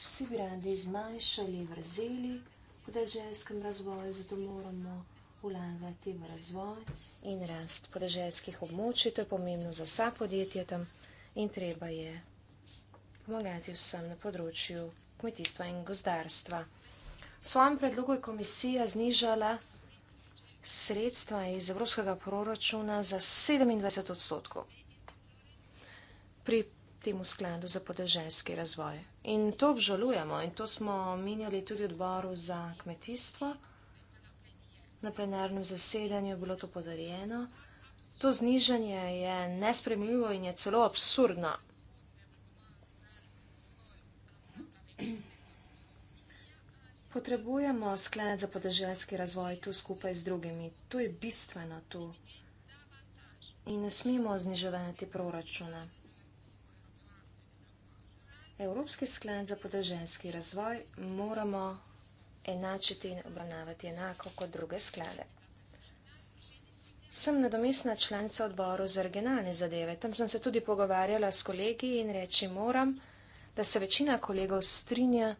vsi bi radi zmanjšali vrzeli v podeželjskem razvoju, zato moramo vlagati v razvoj in rast podeželjskih območij. To je pomembno za vsa podjetja tam in treba je pomagati vsem na področju kmetijstva in gozdarstva. V svojem predlogu je komisija znižala sredstva iz evropskega proračuna za 27 odstotkov pri temu skladu za podeželjski razvoj. In to obžalujemo in to smo omenjali tudi odboru za kmetijstvo. Na plenarnem zasedanju je bilo to podarjeno. To znižanje je nespremljivo in je celo absurdno. Potrebujemo sklenet za podeželjski razvoj tu skupaj z drugimi. Tu je bistveno tu. In ne smemo zniževati proračuna. Evropski sklen za podeželjski razvoj moramo enačiti in obravnavati enako kot druge sklede. Sem nadomestna članica odboru za regionalne zadeve. Tam sem se tudi pogovarjala s kolegi in reči moram, da se večina kolegov strinja,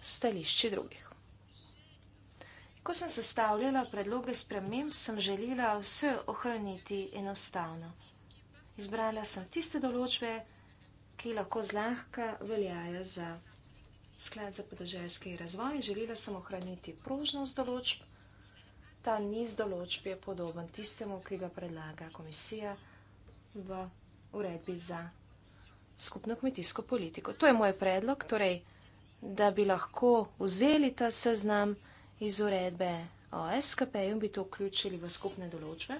stališči drugih. Ko sem sestavljala predloge sprememb, sem želela vse ohraniti enostavno. Izbrala sem tiste določbe, ki lahko zlahka veljajo za sklad za podeželjski razvoj. Želela sem ohraniti prožnost določb. Ta niz določb je podoben tistemu, ki ga predlaga komisija v uredbi za skupno kmetijsko politiko. To je moj predlog. Torej, da bi lahko vzeli ta seznam iz uredbe o SKP in bi to vključili v skupne določbe.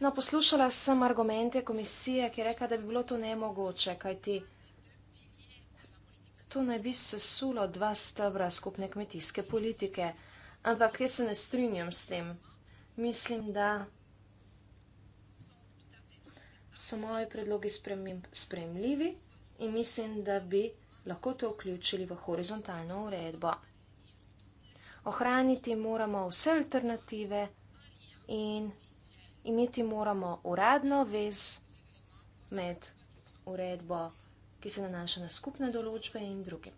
No, poslušala sem argumente komisije, ki je rekla, da bi bilo to nemogoče, kajti to naj bi sesulo dva stavra skupne kmetijske politike. Ampak jaz se ne strinjam s tem. Mislim, da so moji predlogi spremljivi in mislim, da bi vsega lahko to vključili v horizontalno uredbo. Ohraniti moramo vse alternative in imeti moramo uradno vez med uredbo, ki se nanaša na skupne določbe in druge.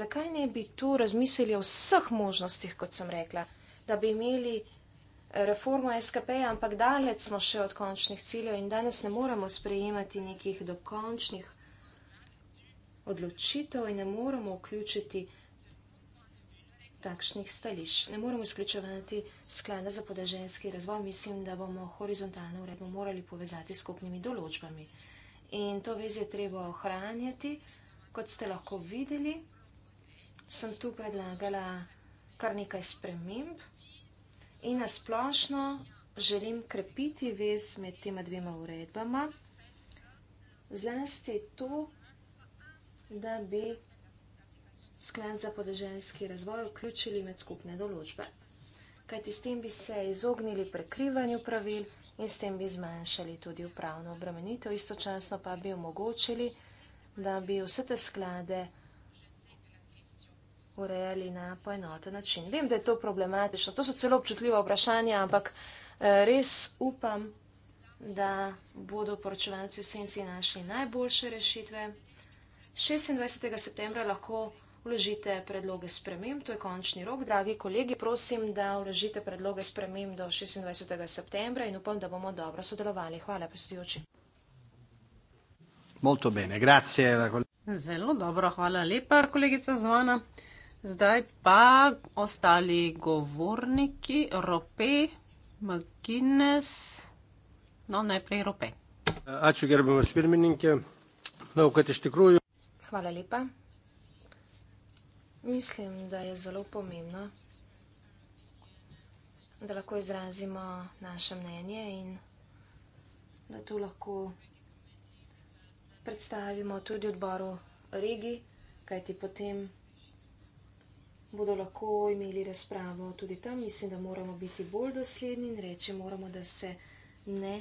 Zakaj ne bi tu razmislili o vseh možnostih, kot sem rekla, da bi imeli eh, reformo SKP, ampak daleč smo še od končnih ciljev in danes ne moremo sprejemati nekih dokončnih odločitev in ne moramo vključiti takšnih stališč. Ne moramo izključevati sklada za podeženski razvoj. Mislim, da bomo horizontalno uredbo morali povezati s skupnimi določbami. In to vezje treba ohranjati. Kot ste lahko videli, sem tu predlagala kar nekaj sprememb in nasplošno želim krepiti vez med tema dvema uredbama. Zlasti to, da bi sklen za podeželjski razvoj vključili med skupne določbe. Kajti s tem bi se izognili prekrivanju pravil in s tem bi zmanjšali tudi upravno obremenitev, istočasno pa bi omogočili, da bi vse te sklade urejali na poenoten način. Vem, da je to problematično, to so celo občutljiva vprašanja, ampak eh, res upam, da bodo poročevalci v senci našli najboljše rešitve. 26. septembra lahko vložite predloge spremem, to je končni rok. Dragi kolegi, prosim, da vložite predloge spremem do 26. septembra in upam, da bomo dobro sodelovali. Hvala, predsedujoči. Zelo dobro, hvala lepa, kolegica Zvona. Zdaj pa ostali govorniki, rope, magines, no najprej rope. Ačiū gerbiamas pirmininkė, daug, kad iš tikrųjų. Hvala lepa. Mislim, da je zelo pomembno, da lahko izrazimo naše mnenje in da to lahko predstavimo tudi odboru regi, kajti potem bodo lahko imeli razpravo tudi tam. Mislim, da moramo biti bolj dosledni in reči moramo, da se ne,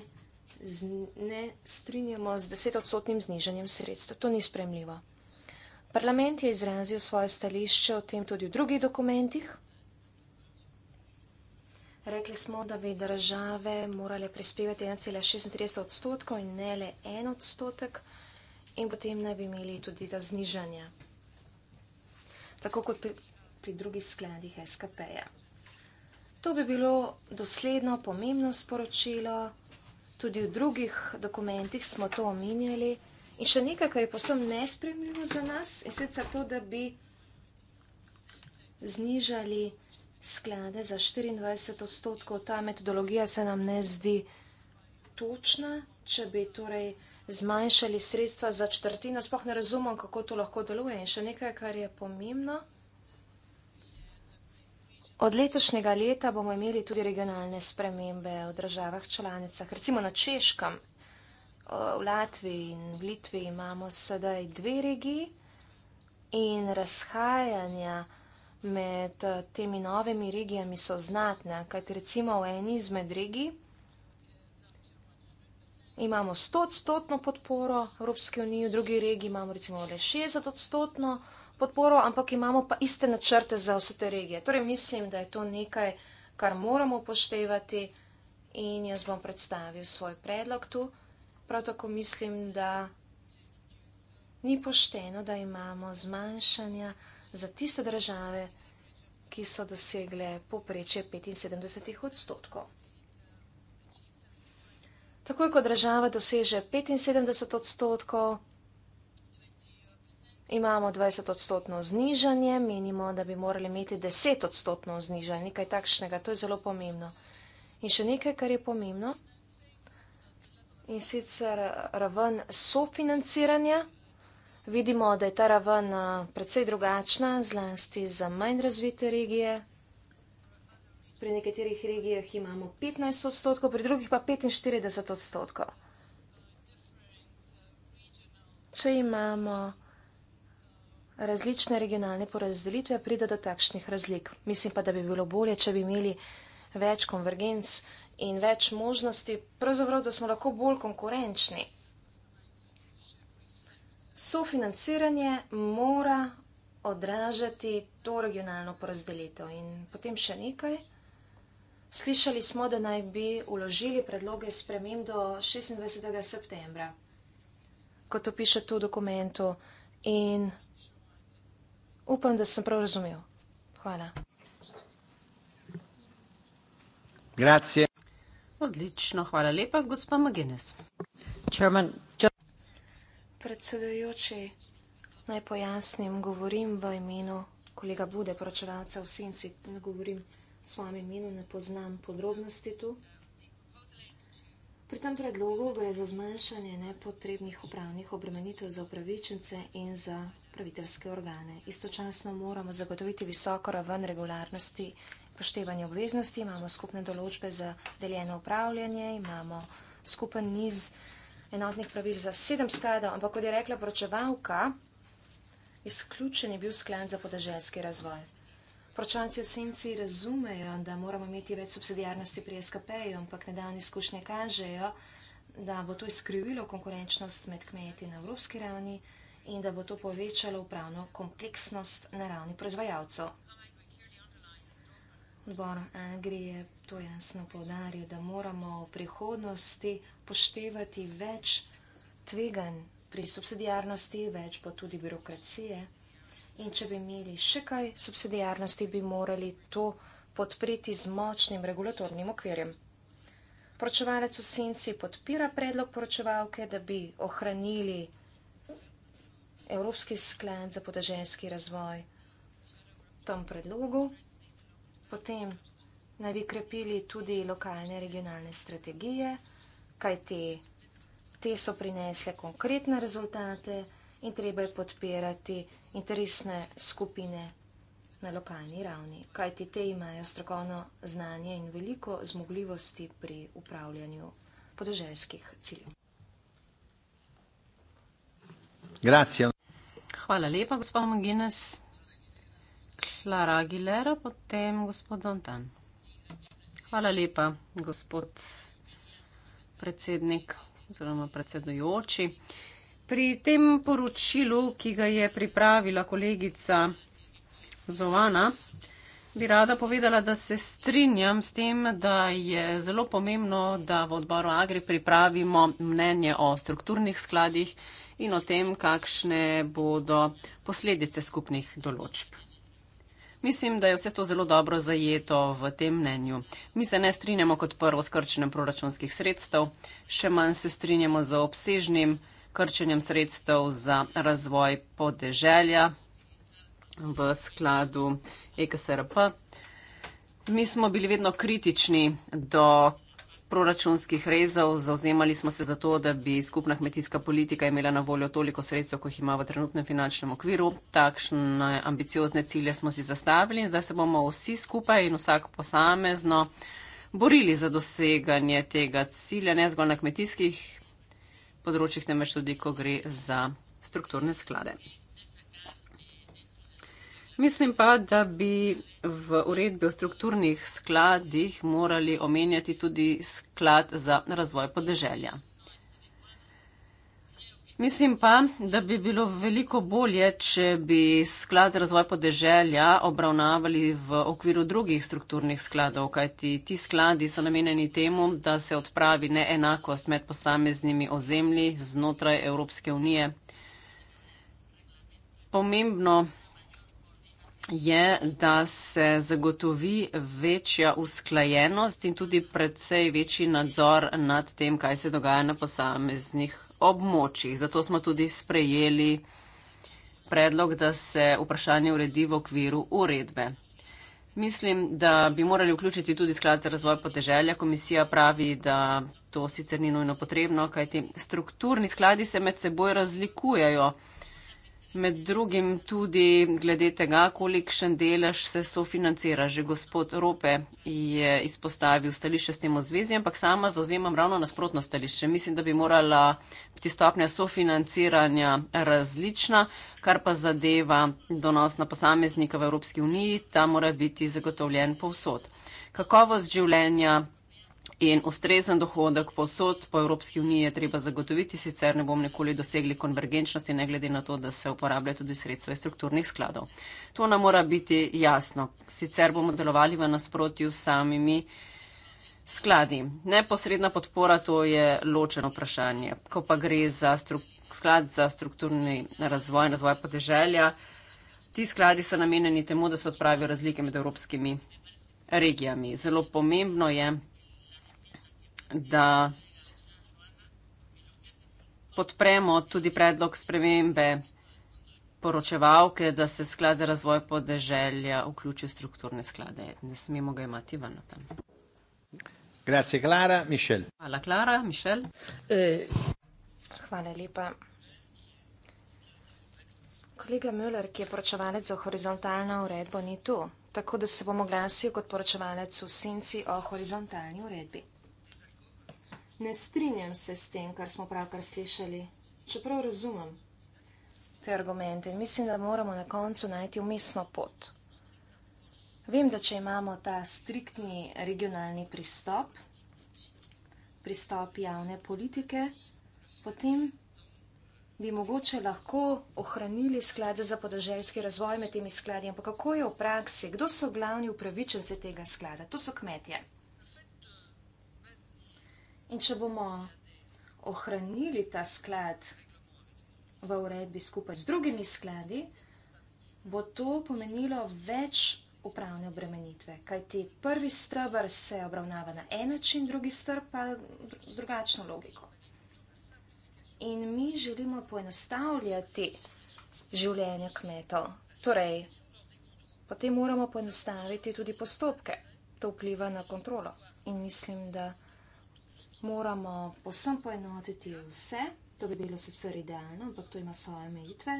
z, ne strinjamo z desetodstotnim znižanjem sredstva. To ni spremljivo. Parlament je izrazil svoje stališče o tem tudi v drugih dokumentih. Rekli smo, da bi države morale prispevati 1,36 odstotkov in ne le en odstotek in potem ne bi imeli tudi ta znižanja, tako kot pri, pri drugih skladih SKP-ja. To bi bilo dosledno pomembno sporočilo, tudi v drugih dokumentih smo to omenjali. In še nekaj, kar je posebno nespremljivo za nas, in sicer to, da bi znižali sklade za 24 odstotkov. Ta metodologija se nam ne zdi točna, če bi torej zmanjšali sredstva za četrtino. Sploh ne razumem, kako to lahko deluje. In še nekaj, kar je pomembno. Od letošnjega leta bomo imeli tudi regionalne spremembe v državah članicah. Recimo na Češkem v Latviji in v Litvi imamo sedaj dve regiji in razhajanja med eh, temi novimi regijami so znatna, kajti recimo v eni izmed regij imamo 100-odstotno podporo Evropske unije, v drugi regiji imamo recimo le 60-odstotno podporo, ampak imamo pa iste načrte za vse te regije. Torej mislim, da je to nekaj, kar moramo upoštevati in jaz bom predstavil svoj predlog tu. Prav tako mislim, da ni pošteno, da imamo zmanjšanja za tiste države, ki so dosegle poprečje 75 odstotkov. Takoj, ko država doseže 75 odstotkov, imamo 20 odstotno znižanje, menimo, da bi morali imeti 10 odstotno znižanje, nekaj takšnega, to je zelo pomembno. In še nekaj, kar je pomembno, in sicer raven sofinanciranja. Vidimo, da je ta raven precej drugačna, zlasti za manj razvite regije. Pri nekaterih regijah imamo 15 odstotkov, pri drugih pa 45 odstotkov. Če imamo različne regionalne porazdelitve, pride do takšnih razlik. Mislim pa, da bi bilo bolje, če bi imeli več konvergenc in več možnosti, pravzaprav, da smo lahko bolj konkurenčni. Sofinanciranje mora odražati to regionalno porazdelitev. In potem še nekaj. Slišali smo, da naj bi uložili predloge sprememb do 26. septembra, kot to piše tu v dokumentu. In upam, da sem prav razumel. Hvala. Grazie. Odlično, hvala lepa, gospa Magines. Chairman, just... Predsedujoči, naj pojasnim, govorim v imenu kolega Bude, poročevalca v Senci, ne govorim v svojem imenu, ne poznam podrobnosti tu. Pri tem predlogu gre za zmanjšanje nepotrebnih upravnih obremenitev za upravičence in za upraviteljske organe. Istočasno moramo zagotoviti visoko raven regularnosti upoštevanje obveznosti, imamo skupne določbe za deljeno upravljanje, imamo skupen niz enotnih pravil za sedem skladov, ampak kot je rekla poročevalka, izključen je bil sklad za podeželski razvoj. Poročanci v senci razumejo, da moramo imeti več subsidijarnosti pri SKP-ju, ampak nedavne izkušnje kažejo, da bo to izkrivilo konkurenčnost med kmeti na evropski ravni in da bo to povečalo upravno kompleksnost na ravni proizvajalcev. Bon Angri je to jasno povdaril, da moramo v prihodnosti poštevati več tveganj pri subsidijarnosti, več pa tudi birokracije. In če bi imeli še kaj subsidijarnosti, bi morali to podpreti z močnim regulatornim okvirjem. Poročevalec v senci podpira predlog poročevalke, da bi ohranili Evropski sklad za podeželjski razvoj v tem predlogu. Potem naj bi krepili tudi lokalne regionalne strategije, kaj te, te so prinesle konkretne rezultate in treba je podpirati interesne skupine na lokalni ravni, kaj ti te imajo strokovno znanje in veliko zmogljivosti pri upravljanju podeželjskih ciljev. Grazie. Hvala lepa, gospod Maginas. Klara Aguilera, potem gospod Dantan. Hvala lepa, gospod predsednik oziroma predsedujoči. Pri tem poročilu, ki ga je pripravila kolegica Zovana, bi rada povedala, da se strinjam s tem, da je zelo pomembno, da v odboru Agri pripravimo mnenje o strukturnih skladih in o tem, kakšne bodo posledice skupnih določb. Mislim, da je vse to zelo dobro zajeto v tem mnenju. Mi se ne strinjamo kot prvo s krčenjem proračunskih sredstev, še manj se strinjamo z obsežnim krčenjem sredstev za razvoj podeželja v skladu EKSRP. Mi smo bili vedno kritični do proračunskih rezov, zauzemali smo se za to, da bi skupna kmetijska politika imela na voljo toliko sredstev, kot jih ima v trenutnem finančnem okviru. Takšne ambiciozne cilje smo si zastavili in zdaj se bomo vsi skupaj in vsak posamezno borili za doseganje tega cilja, ne zgolj na kmetijskih področjih, temveč tudi, ko gre za strukturne sklade. Mislim pa, da bi v uredbi o strukturnih skladih morali omenjati tudi sklad za razvoj podeželja. Mislim pa, da bi bilo veliko bolje, če bi sklad za razvoj podeželja obravnavali v okviru drugih strukturnih skladov, kajti ti skladi so namenjeni temu, da se odpravi neenakost med posameznimi ozemlji znotraj Evropske unije. Pomembno je, da se zagotovi večja usklajenost in tudi predvsej večji nadzor nad tem, kaj se dogaja na posameznih območjih. Zato smo tudi sprejeli predlog, da se vprašanje uredi v okviru uredbe. Mislim, da bi morali vključiti tudi sklad za razvoj podeželja. Komisija pravi, da to sicer ni nujno potrebno, kajti strukturni skladi se med seboj razlikujejo. Med drugim tudi glede tega, kolikšen delež se sofinancira. Že gospod Rope je izpostavil stališče s tem v zvezi, ampak sama zauzemam ravno nasprotno stališče. Mislim, da bi morala biti stopnja sofinanciranja različna, kar pa zadeva donos na posameznika v Evropski uniji, ta mora biti zagotovljen povsod. Kakovost življenja In ustrezen dohodek posod po Evropski uniji je treba zagotoviti, sicer ne bomo nikoli dosegli konvergenčnosti, ne glede na to, da se uporablja tudi sredstva iz strukturnih skladov. To nam mora biti jasno, sicer bomo delovali v nasprotju s samimi skladi. Neposredna podpora to je ločeno vprašanje. Ko pa gre za sklad za strukturni razvoj in razvoj podeželja, ti skladi so namenjeni temu, da se odpravijo razlike med evropskimi regijami. Zelo pomembno je, da podpremo tudi predlog spremembe poročevalke, da se sklad za razvoj podeželja vključi v strukturne sklade. Ne smemo ga imati ven tam. Grazie, Clara. Michel. Hvala, Klara. Mišel. Eh, hvala lepa. Kolega Müller, ki je poročevalec za horizontalno uredbo, ni tu, tako da se bom oglasil kot poročevalec v senci o horizontalni uredbi ne strinjam se s tem, kar smo pravkar slišali, čeprav razumem. Te argumente in mislim, da moramo na koncu najti umestno pot. Vem, da če imamo ta striktni regionalni pristop, pristop javne politike, potem bi mogoče lahko ohranili sklade za podeželjski razvoj med temi skladi, ampak kako je v praksi, kdo so glavni upravičence tega sklada? To so kmetje. In če bomo ohranili ta sklad v uredbi skupaj z drugimi skladi, bo to pomenilo več upravne obremenitve, kajti prvi strebr se obravnava na en način, drugi strebr pa z drugačno logiko. In mi želimo poenostavljati življenje kmetov. Torej, potem moramo poenostaviti tudi postopke. To vpliva na kontrolo. In mislim, da moramo posem poenotiti vse, to bi bilo sicer idealno, ampak to ima svoje omejitve.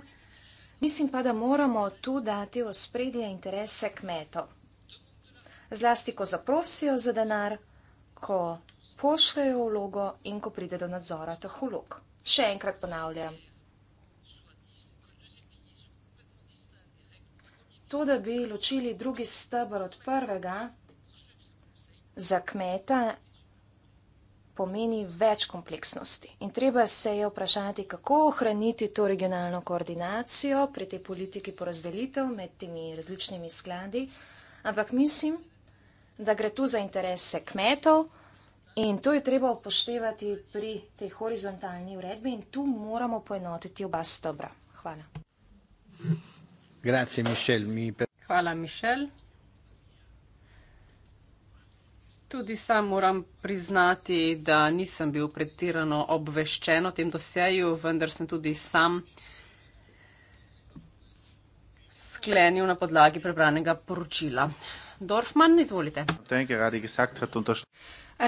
Mislim pa, da moramo tu dati v spredje interese kmetov. Zlasti, ko zaprosijo za denar, ko pošljajo vlogo in ko pride do nadzora teh vlog. Še enkrat ponavljam. To, da bi ločili drugi stebr od prvega, za kmeta pomeni več kompleksnosti. In treba se je vprašati, kako ohraniti to regionalno koordinacijo pri tej politiki porazdelitev med temi različnimi skladi. Ampak mislim, da gre tu za interese kmetov in to je treba upoštevati pri tej horizontalni uredbi in tu moramo poenotiti oba stobra. Hvala. Grazie, Michel. Mi... Hvala, Mišel. Tudi sam moram priznati, da nisem bil pretirano obveščen o tem doseju, vendar sem tudi sam sklenil na podlagi prebranega poročila. Dorfman, izvolite.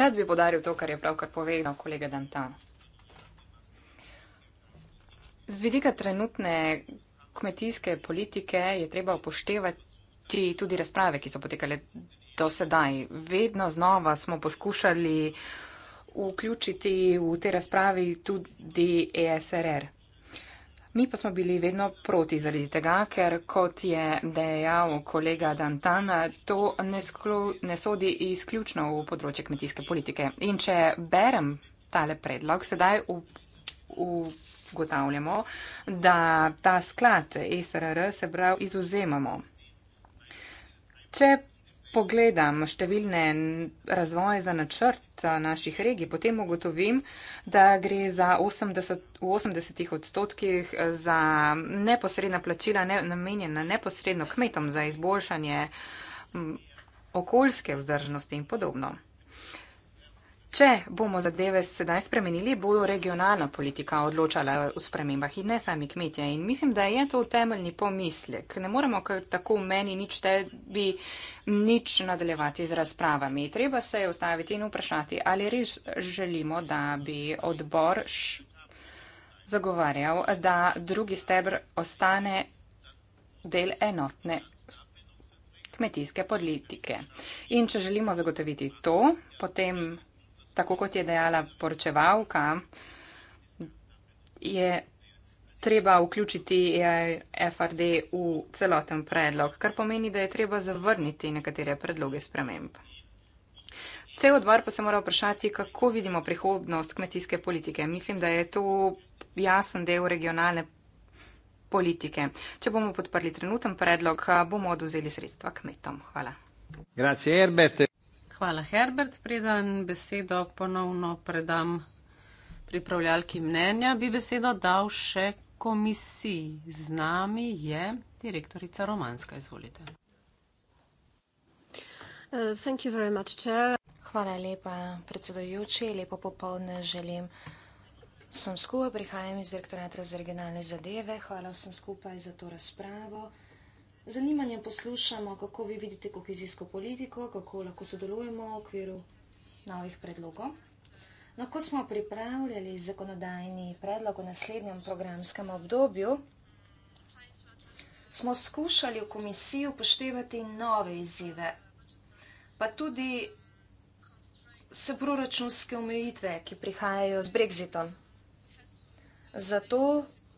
Rad bi podaril to, kar je pravkar povedal kolega Danta. Z vidika trenutne kmetijske politike je treba upoštevati tudi razprave, ki so potekale do sedaj. Vedno znova smo poskušali vključiti v te razpravi tudi ESRR. Mi pa smo bili vedno proti zaradi tega, ker kot je dejal kolega Dantan, to ne, sklo, ne sodi izključno v področje kmetijske politike. In če berem tale predlog, sedaj ugotavljamo, da ta sklad ESRR se prav izuzemamo. Če pogledam številne razvoje za načrt eh, naših regij, potem ugotovim, da gre za 80, v 80 odstotkih eh, za neposredna plačila ne, namenjena neposredno kmetom za izboljšanje mm, okoljske vzdržnosti in podobno. Če bomo zadeve sedaj spremenili, bo regionalna politika odločala o spremembah in ne sami kmetje. In mislim, da je to temeljni pomislek. Ne moremo kar tako meni nič tebi nič nadaljevati z razpravami. Treba se je ustaviti in vprašati, ali res želimo, da bi odbor zagovarjal, da drugi stebr ostane del enotne kmetijske politike. In če želimo zagotoviti to, potem tako kot je dejala poročevalka, je treba vključiti e FRD v celoten predlog, kar pomeni, da je treba zavrniti nekatere predloge sprememb. Cel odbor pa se mora vprašati, kako vidimo prihodnost kmetijske politike. Mislim, da je to jasen del regionalne politike. Če bomo podprli trenuten predlog, bomo oduzeli sredstva kmetom. Hvala. Grazie, Hvala, Herbert. Preden besedo ponovno predam pripravljalki mnenja, bi besedo dal še komisiji. Z nami je direktorica Romanska. Izvolite. Uh, Hvala lepa, predsedojoči. Lepo popolne želim. Sem skupaj, prihajam iz direktorata za regionalne zadeve. Hvala vsem skupaj za to razpravo. Uh, zanimanjem poslušamo, kako vi vidite kohezijsko politiko, kako lahko sodelujemo v okviru novih predlogov. Lahko no, smo pripravljali zakonodajni predlog v naslednjem programskem obdobju. Smo skušali v komisiji upoštevati nove izzive, pa tudi vse proračunske omejitve, ki prihajajo z brexitom. Zato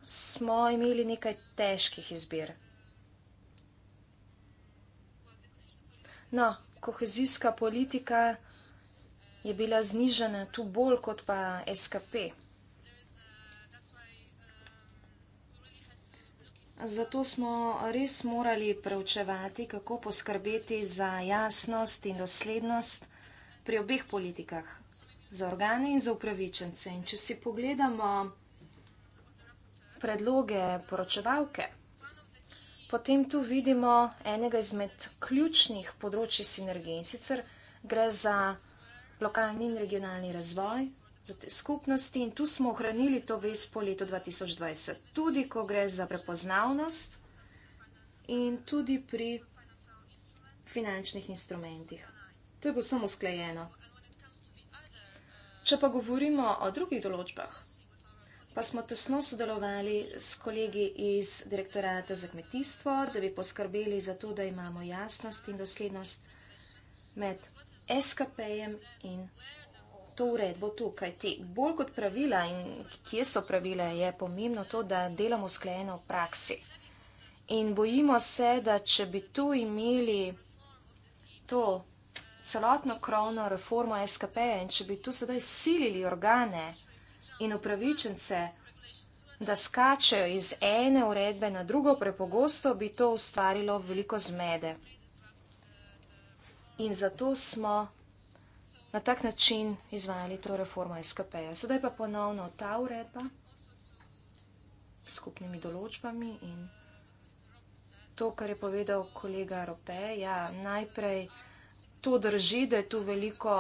smo imeli nekaj težkih izbir. No, kohezijska politika je bila znižena tu bolj kot pa SKP. Zato smo res morali preučevati, kako poskrbeti za jasnost in doslednost pri obeh politikah, za organe in za upravičence. In če si pogledamo predloge poročevalke, potem tu vidimo enega izmed ključnih področji sinergije in sicer gre za lokalni in regionalni razvoj, za te skupnosti in tu smo ohranili to vez po letu 2020. Tudi, ko gre za prepoznavnost in tudi pri finančnih instrumentih. To je bo samo sklejeno. Če pa govorimo o drugih določbah, pa smo tesno sodelovali s kolegi iz direktorata za kmetijstvo, da bi poskrbeli za to, da imamo jasnost in doslednost med SKP-jem in to uredbo tukaj. Ti bolj kot pravila in kje so pravila, je pomembno to, da delamo sklejeno v praksi. In bojimo se, da če bi tu imeli to celotno krovno reformo SKP-ja in če bi tu sedaj silili organe, in upravičence, da skačejo iz ene uredbe na drugo, prepogosto bi to ustvarilo veliko zmede. In zato smo na tak način izvajali to reformo SKP-ja. Sedaj pa ponovno ta uredba s skupnimi določbami in to, kar je povedal kolega Rope, ja, najprej to drži, da je tu veliko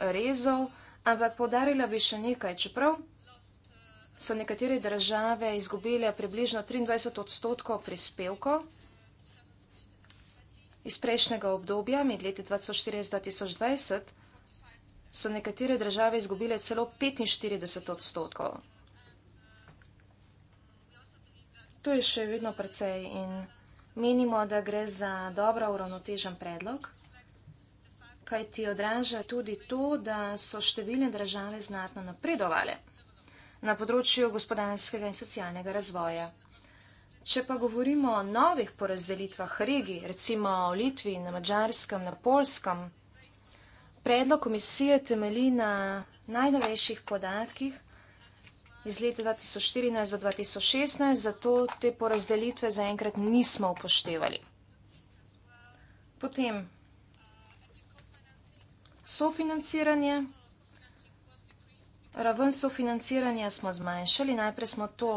rezov, Ampak povdarila bi še nekaj, čeprav so nekatere države izgubile približno 23 odstotkov prispevko iz prejšnjega obdobja, med leti 2014-2020, so nekatere države izgubile celo 45 odstotkov. To je še vedno precej in menimo, da gre za dobro uravnotežen predlog kaj ti odraža tudi to, da so številne države znatno napredovale na področju gospodarskega in socialnega razvoja. Če pa govorimo o novih porazdelitvah regij, recimo o Litvi, na Mačarskem, na Polskem, predlog komisije temeli na najnovejših podatkih iz leta 2014 do 2016, zato te porazdelitve zaenkrat nismo upoštevali. Potem sofinanciranje. Raven sofinanciranja smo zmanjšali, najprej smo to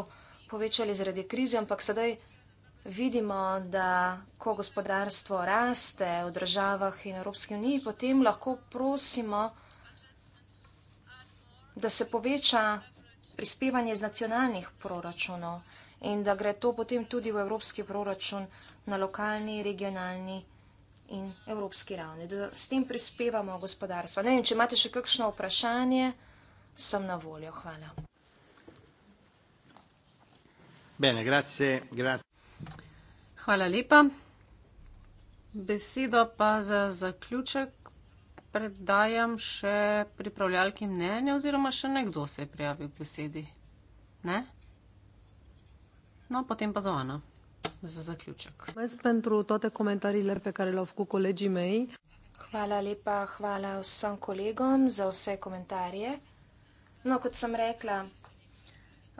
povečali zaradi krize, ampak sedaj vidimo, da ko gospodarstvo raste v državah in Evropski uniji, potem lahko prosimo, da se poveča prispevanje iz nacionalnih proračunov in da gre to potem tudi v Evropski proračun na lokalni, regionalni proračun in evropski ravni, da s tem prispevamo gospodarstvo. Ne vem, če imate še kakšno vprašanje, sem na voljo. Hvala. Bene, grazie, grazie. Hvala lepa. Besedo pa za zaključek predajam še pripravljalki mnenja oziroma še nekdo se je prijavil k besedi. Ne? No, potem pa za Ana za zaključek. Hvala lepa, hvala vsem kolegom za vse komentarje. No, kot sem rekla,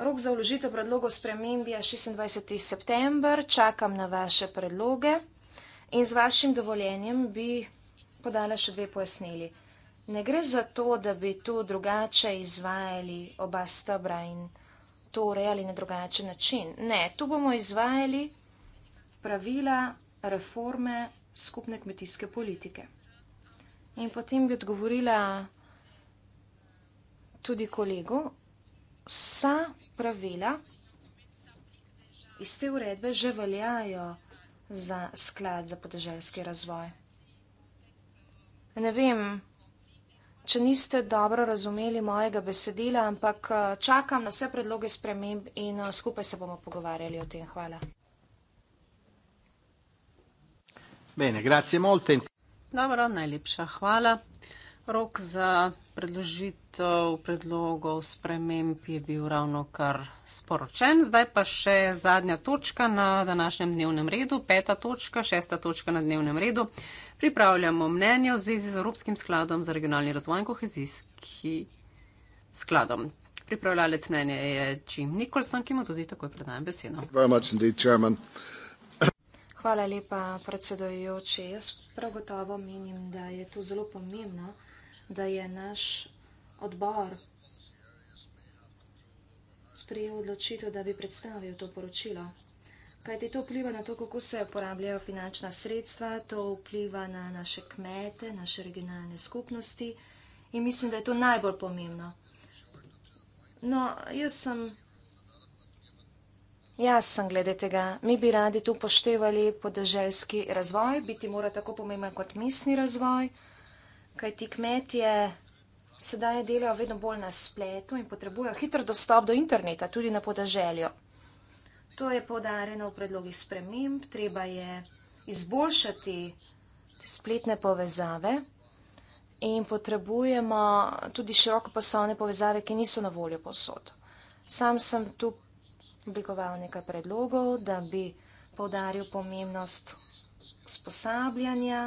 rok za vložitev predlogov sprememb je 26. september, čakam na vaše predloge in z vašim dovoljenjem bi podala še dve pojasnili. Ne gre za to, da bi tu drugače izvajali oba stabra in stabra to urejali na drugačen način. Ne, tu bomo izvajali pravila reforme skupne kmetijske politike. In potem bi odgovorila tudi kolegu, vsa pravila iz te uredbe že veljajo za sklad za podeželjski razvoj. Ne vem, če niste dobro razumeli mojega besedila, ampak eh, čakam na vse predloge sprememb in eh, skupaj se bomo pogovarjali o tem. Hvala. Bene, grazie molte. Dobro, najlepša hvala. Rok za predložitev predlogov sprememb je bil ravno kar sporočen. Zdaj pa še zadnja točka na današnjem dnevnem redu, peta točka, šesta točka na dnevnem redu. Pripravljamo mnenje v zvezi z Evropskim skladom za regionalni razvoj in kohezijski skladom. Pripravljalec mnenja je Jim Nicholson, ki mu tudi takoj predajem besedo. Hvala lepa, predsedojoči. Jaz prav gotovo menim, da je to zelo pomembno je naš odbor sprejel odločitev, da bi predstavil to poročilo. Kaj ti to vpliva na to, kako se uporabljajo finančna sredstva, to vpliva na naše kmete, naše regionalne skupnosti in mislim, da je to najbolj pomembno. No, jaz sem jasen glede tega. Mi bi radi tu poštevali podeželski razvoj, biti mora tako pomemben kot mestni razvoj kajti kmetje sedaj delajo vedno bolj na spletu in potrebujejo hiter dostop do interneta, tudi na podeželju. To je podarjeno v predlogih sprememb, treba je izboljšati spletne povezave in potrebujemo tudi široko poslovne povezave, ki niso na voljo posod. Sam sem tu oblikoval nekaj predlogov, da bi podaril pomembnost usposabljanja,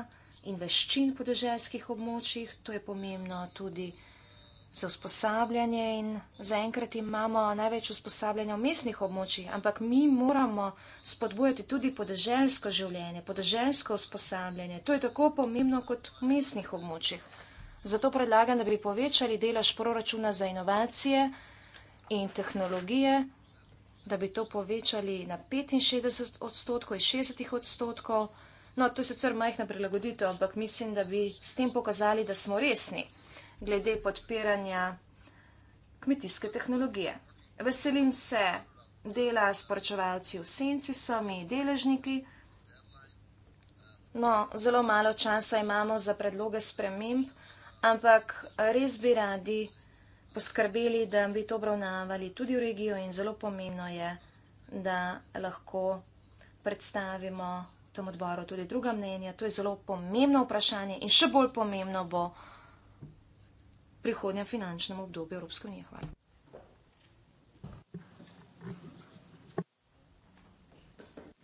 in veščin podeželskih območjih. To je pomembno tudi za usposabljanje in zaenkrat imamo največ usposabljanja v mestnih območjih, ampak mi moramo spodbujati tudi podeželsko življenje, podeželsko usposabljanje. To je tako pomembno kot v mestnih območjih. Zato predlagam, da bi povečali delež proračuna za inovacije in tehnologije, da bi to povečali na 65 odstotkov in 60 odstotkov. No, to je sicer majhna prilagoditev, ampak mislim, da bi s tem pokazali, da smo resni glede podpiranja kmetijske tehnologije. Veselim se dela s poročevalci v senci, sami deležniki. No, zelo malo časa imamo za predloge sprememb, ampak res bi radi poskrbeli, da bi to obravnavali tudi v regijo in zelo pomembno je, da lahko predstavimo tem odboru tudi druga mnenja. To je zelo pomembno vprašanje in še bolj pomembno bo v prihodnjem finančnem obdobju Evropske unije. Hvala.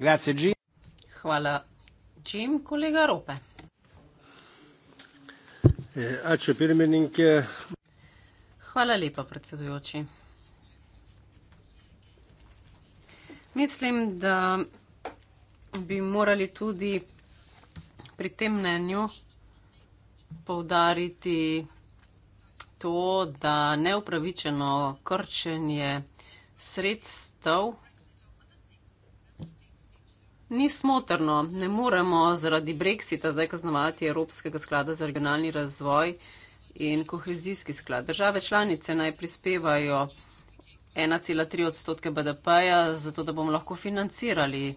Grazie, Hvala, Jim, kolega Rope. Eh, Hvala lepa, predsedujoči. Mislim, da bi morali tudi pri tem mnenju povdariti to, da neupravičeno krčenje sredstev ni smotrno. Ne moremo zaradi brexita zdaj kaznovati Evropskega sklada za regionalni razvoj in kohezijski sklad. Države članice naj prispevajo 1,3 odstotke BDP-ja, zato da bomo lahko financirali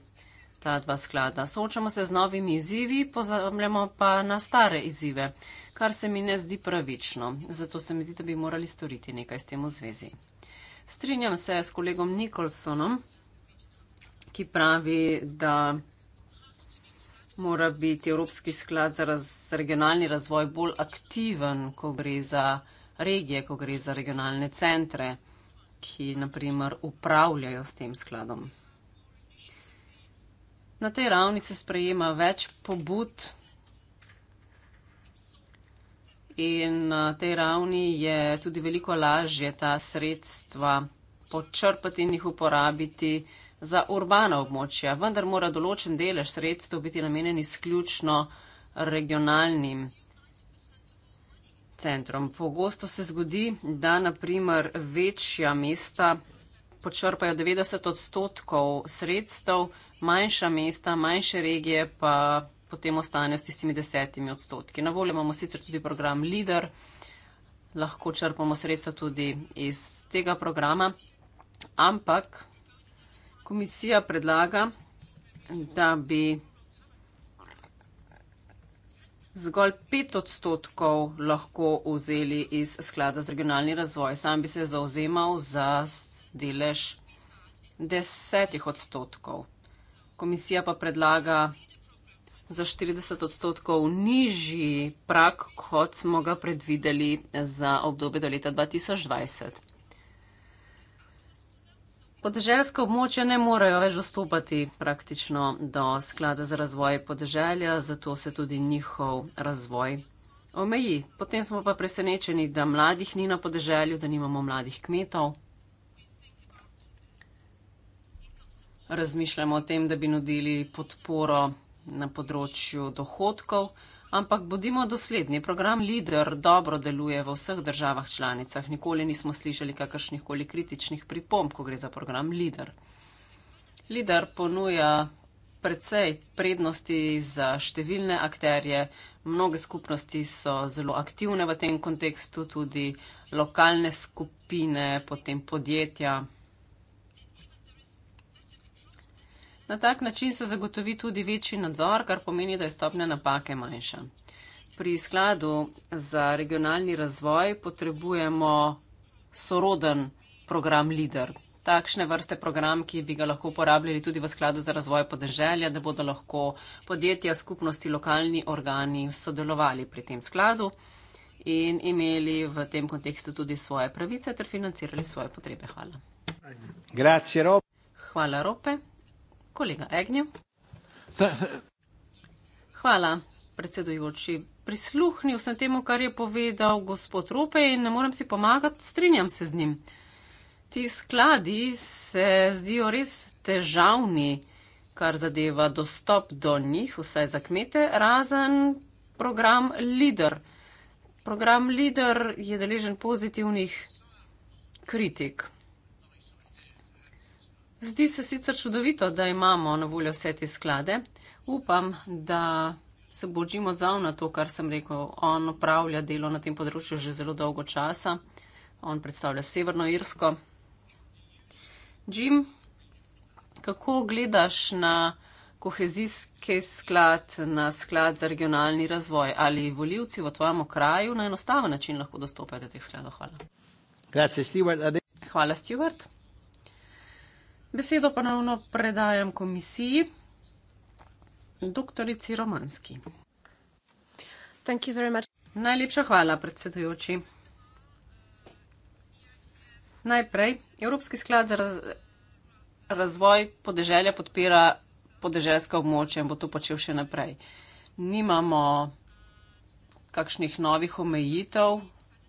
ta dva sklada. Soočamo se z novimi izzivi, pozabljamo pa na stare izzive, kar se mi ne zdi pravično. Zato se mi zdi, da bi morali storiti nekaj s tem v zvezi. Strinjam se s kolegom Nikolsonom, ki pravi, da mora biti Evropski sklad za raz, regionalni razvoj bolj aktiven, ko gre za regije, ko gre za regionalne centre, ki naprimer upravljajo s tem skladom na tej ravni se sprejema več pobud in na tej ravni je tudi veliko lažje ta sredstva počrpati in jih uporabiti za urbana območja. Vendar mora določen delež sredstev biti namenjen izključno regionalnim centrom. Pogosto se zgodi, da naprimer večja mesta počrpajo 90 odstotkov sredstev, manjša mesta, manjše regije pa potem ostanejo s tistimi desetimi odstotki. Na voljo imamo sicer tudi program LIDER, lahko črpamo sredstva tudi iz tega programa, ampak komisija predlaga, da bi zgolj pet odstotkov lahko vzeli iz sklada za regionalni razvoj. Sam bi se zauzemal za delež desetih odstotkov komisija pa predlaga za 40 odstotkov nižji prak, kot smo ga predvideli za obdobje do leta 2020. Podeželjska območja ne morejo več dostopati praktično do sklada za razvoj podeželja, zato se tudi njihov razvoj omeji. Potem smo pa presenečeni, da mladih ni na podeželju, da nimamo mladih kmetov. razmišljamo o tem, da bi nudili podporo na področju dohodkov, ampak bodimo dosledni. Program LIDER dobro deluje v vseh državah članicah. Nikoli nismo slišali kakršnih koli kritičnih pripomb, ko gre za program LIDER. LIDER ponuja precej prednosti za številne akterje. Mnoge skupnosti so zelo aktivne v tem kontekstu, tudi lokalne skupine, potem podjetja, Na tak način se zagotovi tudi večji nadzor, kar pomeni, da je stopnja napake manjša. Pri skladu za regionalni razvoj potrebujemo soroden program LIDER. Takšne vrste program, ki bi ga lahko uporabljali tudi v skladu za razvoj podeželja, da bodo lahko podjetja, skupnosti, lokalni organi sodelovali pri tem skladu in imeli v tem kontekstu tudi svoje pravice ter financirali svoje potrebe. Hvala. Grazie, Rob. Hvala, Rope. Kolega Egnjo. Hvala, predsedujoči. Prisluhnil sem temu, kar je povedal gospod Rope in ne morem si pomagati, strinjam se z njim. Ti skladi se zdijo res težavni, kar zadeva dostop do njih, vse za kmete, razen program Leader. Program Leader je deležen pozitivnih kritik. Zdi se sicer čudovito, da imamo na voljo vse te sklade. Upam, da se bo Džim odzval na to, kar sem rekel. On opravlja delo na tem področju že zelo dolgo časa. On predstavlja Severno Irsko. Džim, kako gledaš na kohezijski sklad, na sklad za regionalni razvoj? Ali voljivci v tvojem kraju na enostaven način lahko dostopajo do teh skladov? Hvala. Grazie, Stuart. Hvala, Stuart. Besedo ponovno predajam komisiji, doktorici Romanski. Najlepša hvala, predsedujoči. Najprej, Evropski sklad za razvoj podeželja podpira podeželska območja in bo to počel še naprej. Nimamo kakšnih novih omejitev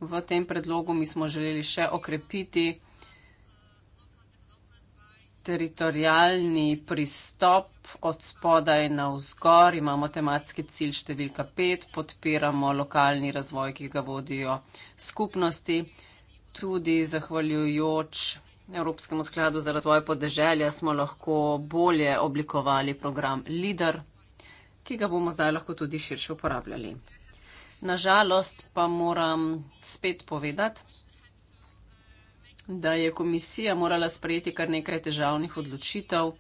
v tem predlogu, mi smo želeli še okrepiti teritorijalni pristop od spodaj na vzgor, imamo tematski cilj številka pet, podpiramo lokalni razvoj, ki ga vodijo skupnosti. Tudi zahvaljujoč Evropskemu skladu za razvoj podeželja smo lahko bolje oblikovali program LIDER, ki ga bomo zdaj lahko tudi širše uporabljali. Nažalost pa moram spet povedati, da je komisija morala sprejeti kar nekaj težavnih odločitev.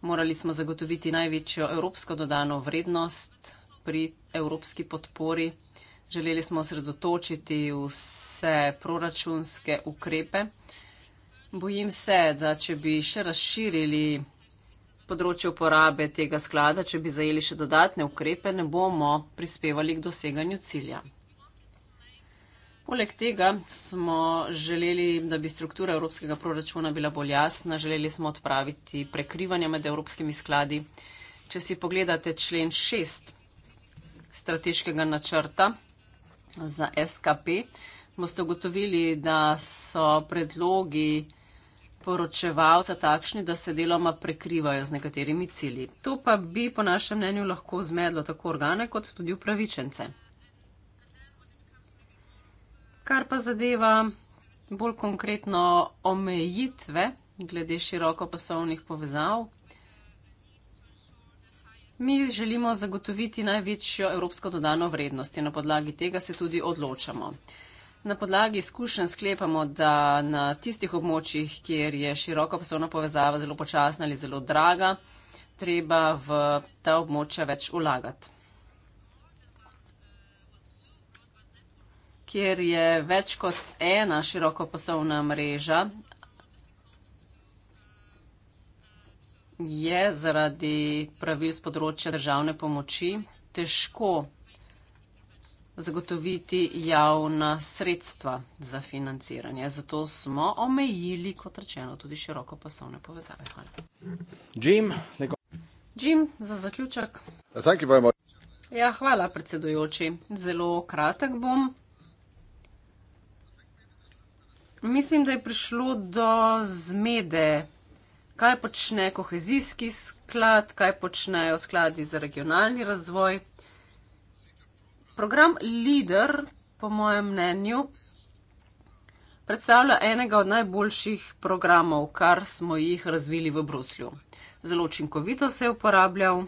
Morali smo zagotoviti največjo evropsko dodano vrednost pri evropski podpori. Želeli smo osredotočiti vse proračunske ukrepe. Bojim se, da če bi še razširili področje uporabe tega sklada, če bi zajeli še dodatne ukrepe, ne bomo prispevali k doseganju cilja. Poleg tega smo želeli, da bi struktura evropskega proračuna bila bolj jasna, želeli smo odpraviti prekrivanje med evropskimi skladi. Če si pogledate člen 6 strateškega načrta za SKP, boste ugotovili, da so predlogi poročevalca takšni, da se deloma prekrivajo z nekaterimi cilji. To pa bi po našem mnenju lahko zmedlo tako organe kot tudi upravičence. Kar pa zadeva bolj konkretno omejitve glede širokopasovnih povezav, mi želimo zagotoviti največjo evropsko dodano vrednost in na podlagi tega se tudi odločamo. Na podlagi izkušenj sklepamo, da na tistih območjih, kjer je širokopasovna povezava zelo počasna ali zelo draga, treba v ta območja več vlagati. kjer je več kot ena širokopasovna mreža, je zaradi pravil z področja državne pomoči težko zagotoviti javna sredstva za financiranje. Zato smo omejili, kot rečeno, tudi širokopasovne povezave. Hvala. Jim, neko... Jim za zaključek. Ja, hvala, predsedujoči. Zelo kratek bom. Mislim, da je prišlo do zmede, kaj počne kohezijski sklad, kaj počnejo skladi za regionalni razvoj. Program LIDER, po mojem mnenju, predstavlja enega od najboljših programov, kar smo jih razvili v Bruslju. Zelo učinkovito se je uporabljal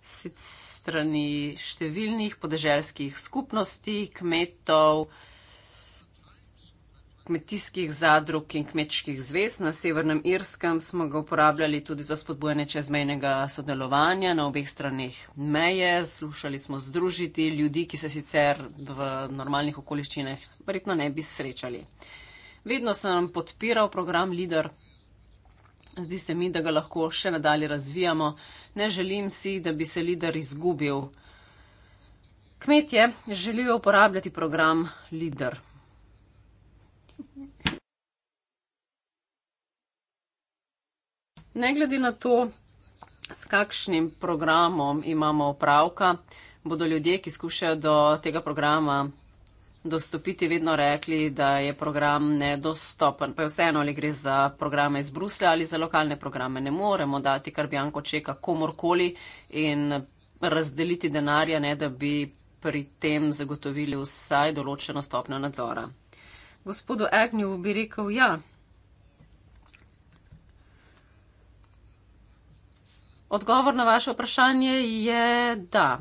strani številnih podeželskih skupnosti, kmetov kmetijskih zadrug in kmečkih zvez. Na Severnem Irskem smo ga uporabljali tudi za spodbujanje čezmejnega sodelovanja na obeh straneh meje. Slušali smo združiti ljudi, ki se sicer v normalnih okoliščinah verjetno ne bi srečali. Vedno sem podpiral program Leader. Zdi se mi, da ga lahko še nadalje razvijamo. Ne želim si, da bi se Leader izgubil. Kmetje želijo uporabljati program Leader. Ne glede na to, s kakšnim programom imamo opravka, bodo ljudje, ki skušajo do tega programa dostopiti, vedno rekli, da je program nedostopen. Pa je vseeno, ali gre za programe iz Bruslja ali za lokalne programe. Ne moremo dati kar bianko čeka komorkoli in razdeliti denarja, ne da bi pri tem zagotovili vsaj določeno stopnjo nadzora. Gospodu Agnew bi rekel ja. Odgovor na vaše vprašanje je, da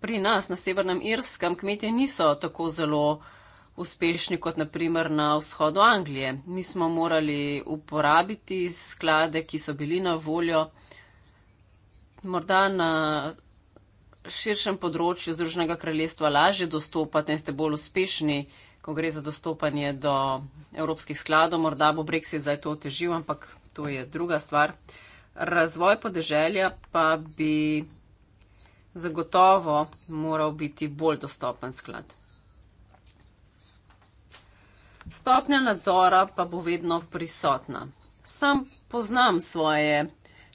pri nas na severnem Irskem kmetje niso tako zelo uspešni kot naprimer na vzhodu Anglije. Mi smo morali uporabiti sklade, ki so bili na voljo morda na širšem področju Združenega kraljestva lažje dostopati in ste bolj uspešni, ko gre za dostopanje do evropskih skladov. Morda bo Brexit zdaj to otežil, ampak to je druga stvar razvoj podeželja pa bi zagotovo moral biti bolj dostopen sklad. Stopnja nadzora pa bo vedno prisotna. Sam poznam svoje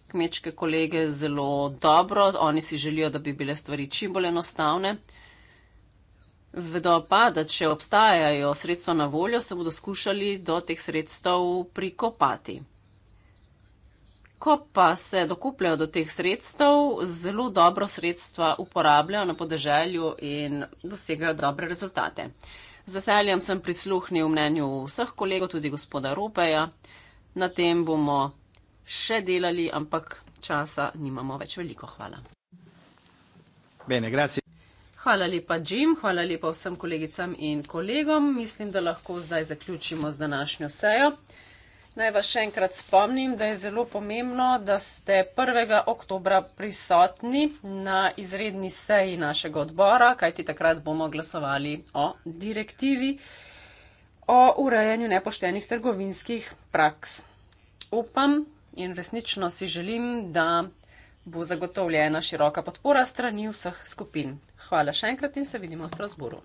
kmečke kolege zelo dobro, oni si želijo, da bi bile stvari čim bolj enostavne. Vedo pa, da če obstajajo sredstva na voljo, se bodo skušali do teh sredstev prikopati ko pa se dokupljajo do teh sredstev, zelo dobro sredstva uporabljajo na podeželju in dosegajo dobre rezultate. Z veseljem sem prisluhnil mnenju vseh kolegov, tudi gospoda Ropeja. Na tem bomo še delali, ampak časa nimamo več veliko. Hvala. Bene, hvala lepa, Jim, hvala lepa vsem kolegicam in kolegom. Mislim, da lahko zdaj zaključimo z današnjo sejo. Naj vas še enkrat spomnim, da je zelo pomembno, da ste 1. oktobra prisotni na izredni seji našega odbora, kajti takrat bomo glasovali o direktivi o urejanju nepoštenih trgovinskih praks. Upam in resnično si želim, da bo zagotovljena široka podpora strani vseh skupin. Hvala še enkrat in se vidimo v Strasburu.